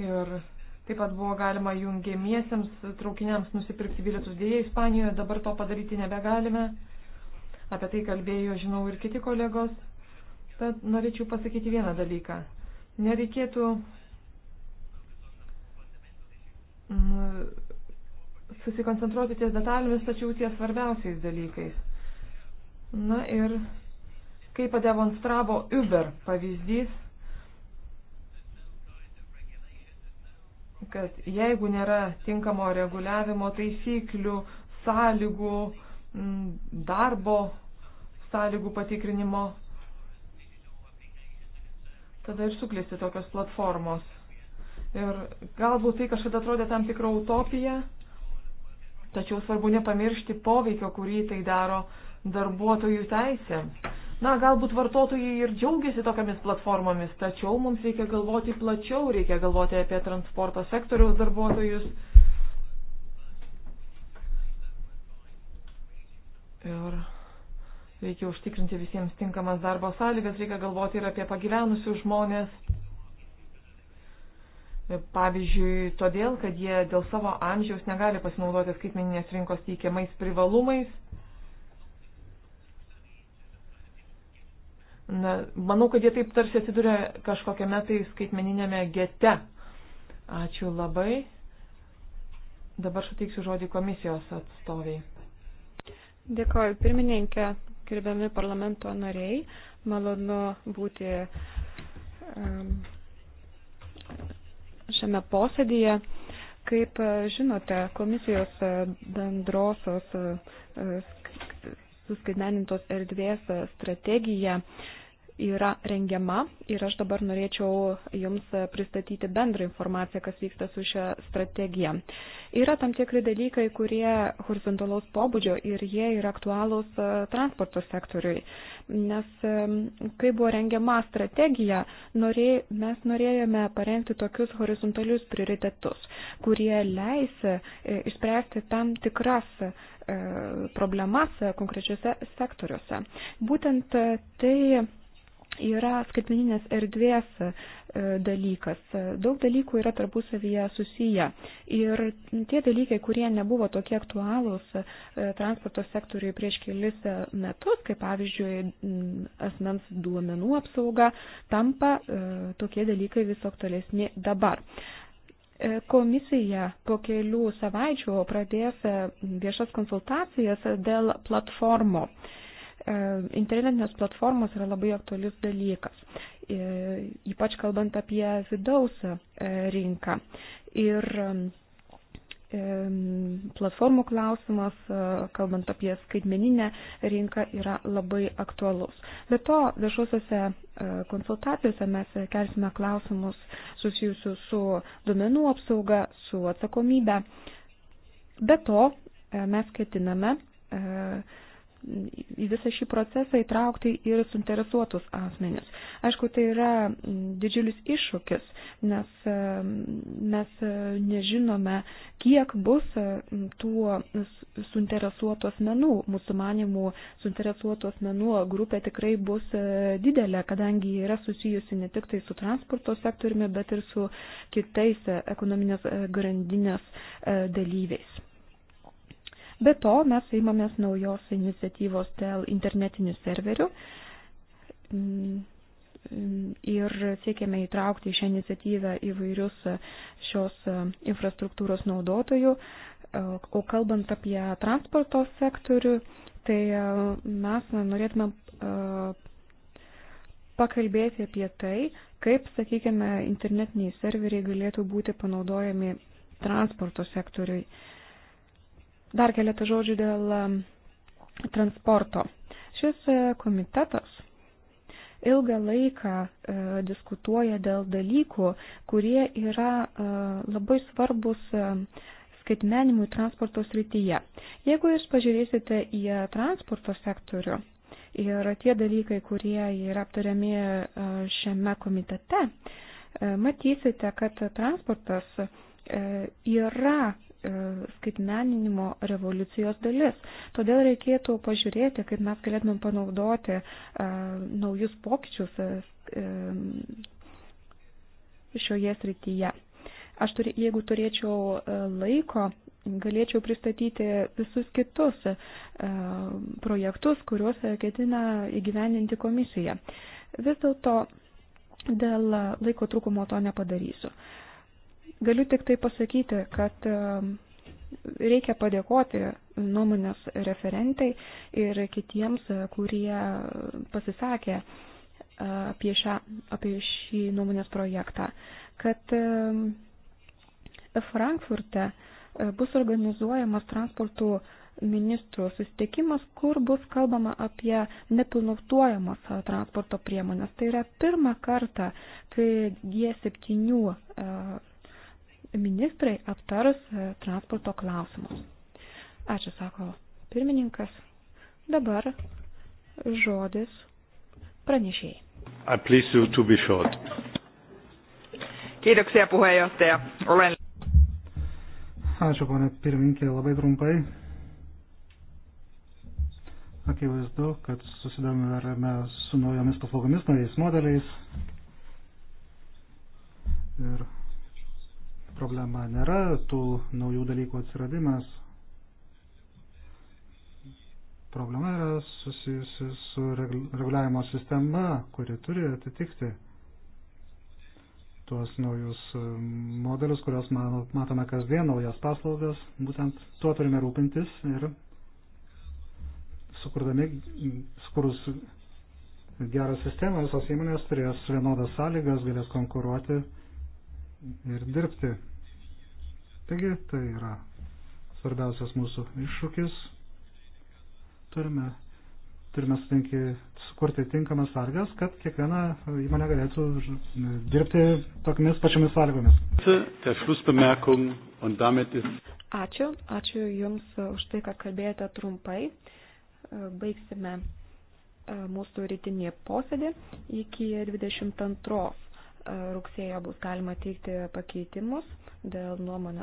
Ir taip pat buvo galima jungiamiesiems traukiniams nusipirkti bilietus dėje Ispanijoje, dabar to padaryti nebegalime. Apie tai kalbėjo, žinau, ir kiti kolegos. Tad norėčiau pasakyti vieną dalyką. Nereikėtų mm, susikoncentruoti ties detalėmis, tačiau ties svarbiausiais dalykais. Na ir kaip pademonstravo Uber pavyzdys, kad jeigu nėra tinkamo reguliavimo taisyklių, sąlygų, darbo sąlygų patikrinimo, tada ir suklėsi tokios platformos. Ir galbūt tai kažkada atrodė tam tikrą utopiją, tačiau svarbu nepamiršti poveikio, kurį tai daro darbuotojų teisėms. Na, galbūt vartotojai ir džiaugiasi tokiamis platformomis, tačiau mums reikia galvoti plačiau, reikia galvoti apie transporto sektoriaus darbuotojus. Ir reikia užtikrinti visiems tinkamas darbo sąlygas, reikia galvoti ir apie pagyvenusius žmonės. Pavyzdžiui, todėl, kad jie dėl savo amžiaus negali pasinaudoti skaitmeninės rinkos teikiamais privalumais. Na, manau, kad jie taip tarsi atsiduria kažkokiame tai skaitmeninėme gete. Ačiū labai. Dabar suteiksiu žodį komisijos atstoviai. Dėkoju pirmininkė, gerbiami parlamento nariai. Malonu būti um, šiame posėdėje. Kaip e, žinote, komisijos e, bendrosios e, suskaitmenintos erdvės strategija yra rengiama ir aš dabar norėčiau Jums pristatyti bendrą informaciją, kas vyksta su šia strategija. Yra tam tikri dalykai, kurie horizontalaus pobūdžio ir jie yra aktualūs e, transporto sektoriui, nes kai buvo rengiama strategija, norė, mes norėjome parengti tokius horizontalius prioritetus, kurie leis e, išspręsti tam tikras E, problemas konkrečiuose sektoriuose. Būtent tai yra skaitmeninės erdvės e, dalykas. Daug dalykų yra tarpusavyje susiję. Ir tie dalykai, kurie nebuvo tokie aktualūs e, transporto sektoriui prieš kelis metus, kaip pavyzdžiui mm, asmens duomenų apsauga, tampa tokie dalykai vis aktualesni dabar. E, komisija po kelių savaičių pradės e, viešas konsultacijas dėl platformų. E, internetinės platformos yra labai aktualius dalykas, ypač kalbant apie vidaus rinką. Ir platformų klausimas, e, kalbant apie skaitmeninę rinką, yra labai aktualus. Be to, viešuosiuose e, konsultacijose mes kelsime klausimus susijusius su duomenų apsauga, su atsakomybė. Be to, e, mes ketiname į visą šį procesą įtraukti ir suinteresuotus asmenis. Aišku, tai yra didžiulis iššūkis, nes e, mes e, nežinome, kiek bus e, tų suinteresuotų asmenų. Mūsų manimų suinteresuotų asmenų grupė tikrai bus didelė, kadangi jie yra susijusi ne tik tai su transporto sektoriumi, bet ir su kitais ekonominės grandinės dalyviais. Be to, mes įmamės naujos iniciatyvos dėl internetinių serverių ir siekiame įtraukti į šią iniciatyvą įvairius šios infrastruktūros naudotojų. O kalbant apie transporto sektorių, tai mes norėtume pakalbėti apie tai, kaip, sakykime, internetiniai serveriai galėtų būti panaudojami transporto sektoriui. Uh, Dar keletą žodžių dėl transporto. Šis e, komitetas ilgą laiką e, diskutuoja dėl dalykų, kurie yra e, labai svarbus e, skaitmenimui transporto srityje. Jeigu jūs pažiūrėsite į transporto sektorių ir tie dalykai, kurie yra aptariami e, šiame komitete, e, matysite, kad transportas e, yra E, skaitmeninimo revoliucijos dalis. Todėl reikėtų pažiūrėti, kaip mes galėtumėm panaudoti e, naujus pokyčius e, šioje srityje. Aš turi, jeigu turėčiau laiko, galėčiau pristatyti visus kitus projektus, kuriuos ketina įgyveninti komisija. Vis dėlto dėl laiko trūkumo to nepadarysiu. Galiu tik tai pasakyti, kad reikia padėkoti nuomonės referentai ir kitiems, e, kurie pasisakė e, apie, šią, apie šį nuomonės projektą, kad Frankfurte e, bus organizuojamas transportų ministrų susitikimas, kur bus kalbama apie nepilnautuojamas transporto priemonės. Tai yra pirmą kartą, kai G7 ministrai aptars e, transporto klausimus. Ačiū, sako pirmininkas. Dabar žodis pranešėjai. I please you to be short. Kiitoksia puheenjohtaja. Olen... Ačiū, ponė pirmininkė, labai trumpai. Akivaizdu, kad susidomėjome su naujomis paslaugomis, naujais modeliais. Ir problema nėra tų naujų dalykų atsiradimas. Problema yra susijusi su reguliavimo sistema, kuri turi atitikti tuos naujus um, modelius, kuriuos matome kasdien, naujas paslaugas. Būtent tuo turime rūpintis ir sukurdami, sukūrus gerą sistemą, visos įmonės turės vienodas sąlygas, galės konkuruoti ir dirbti. Taigi tai yra svarbiausias mūsų iššūkis. Turime, turime sutinki, sukurti tinkamas sąlygas, kad kiekviena įmonė galėtų dirbti tokiamis pačiamis sąlygomis. Ačiū, ačiū Jums už tai, kad kalbėjote trumpai. Baigsime e, mūsų rytinį posėdį iki 22 rugsėjo bus galima teikti pakeitimus dėl nuomonę,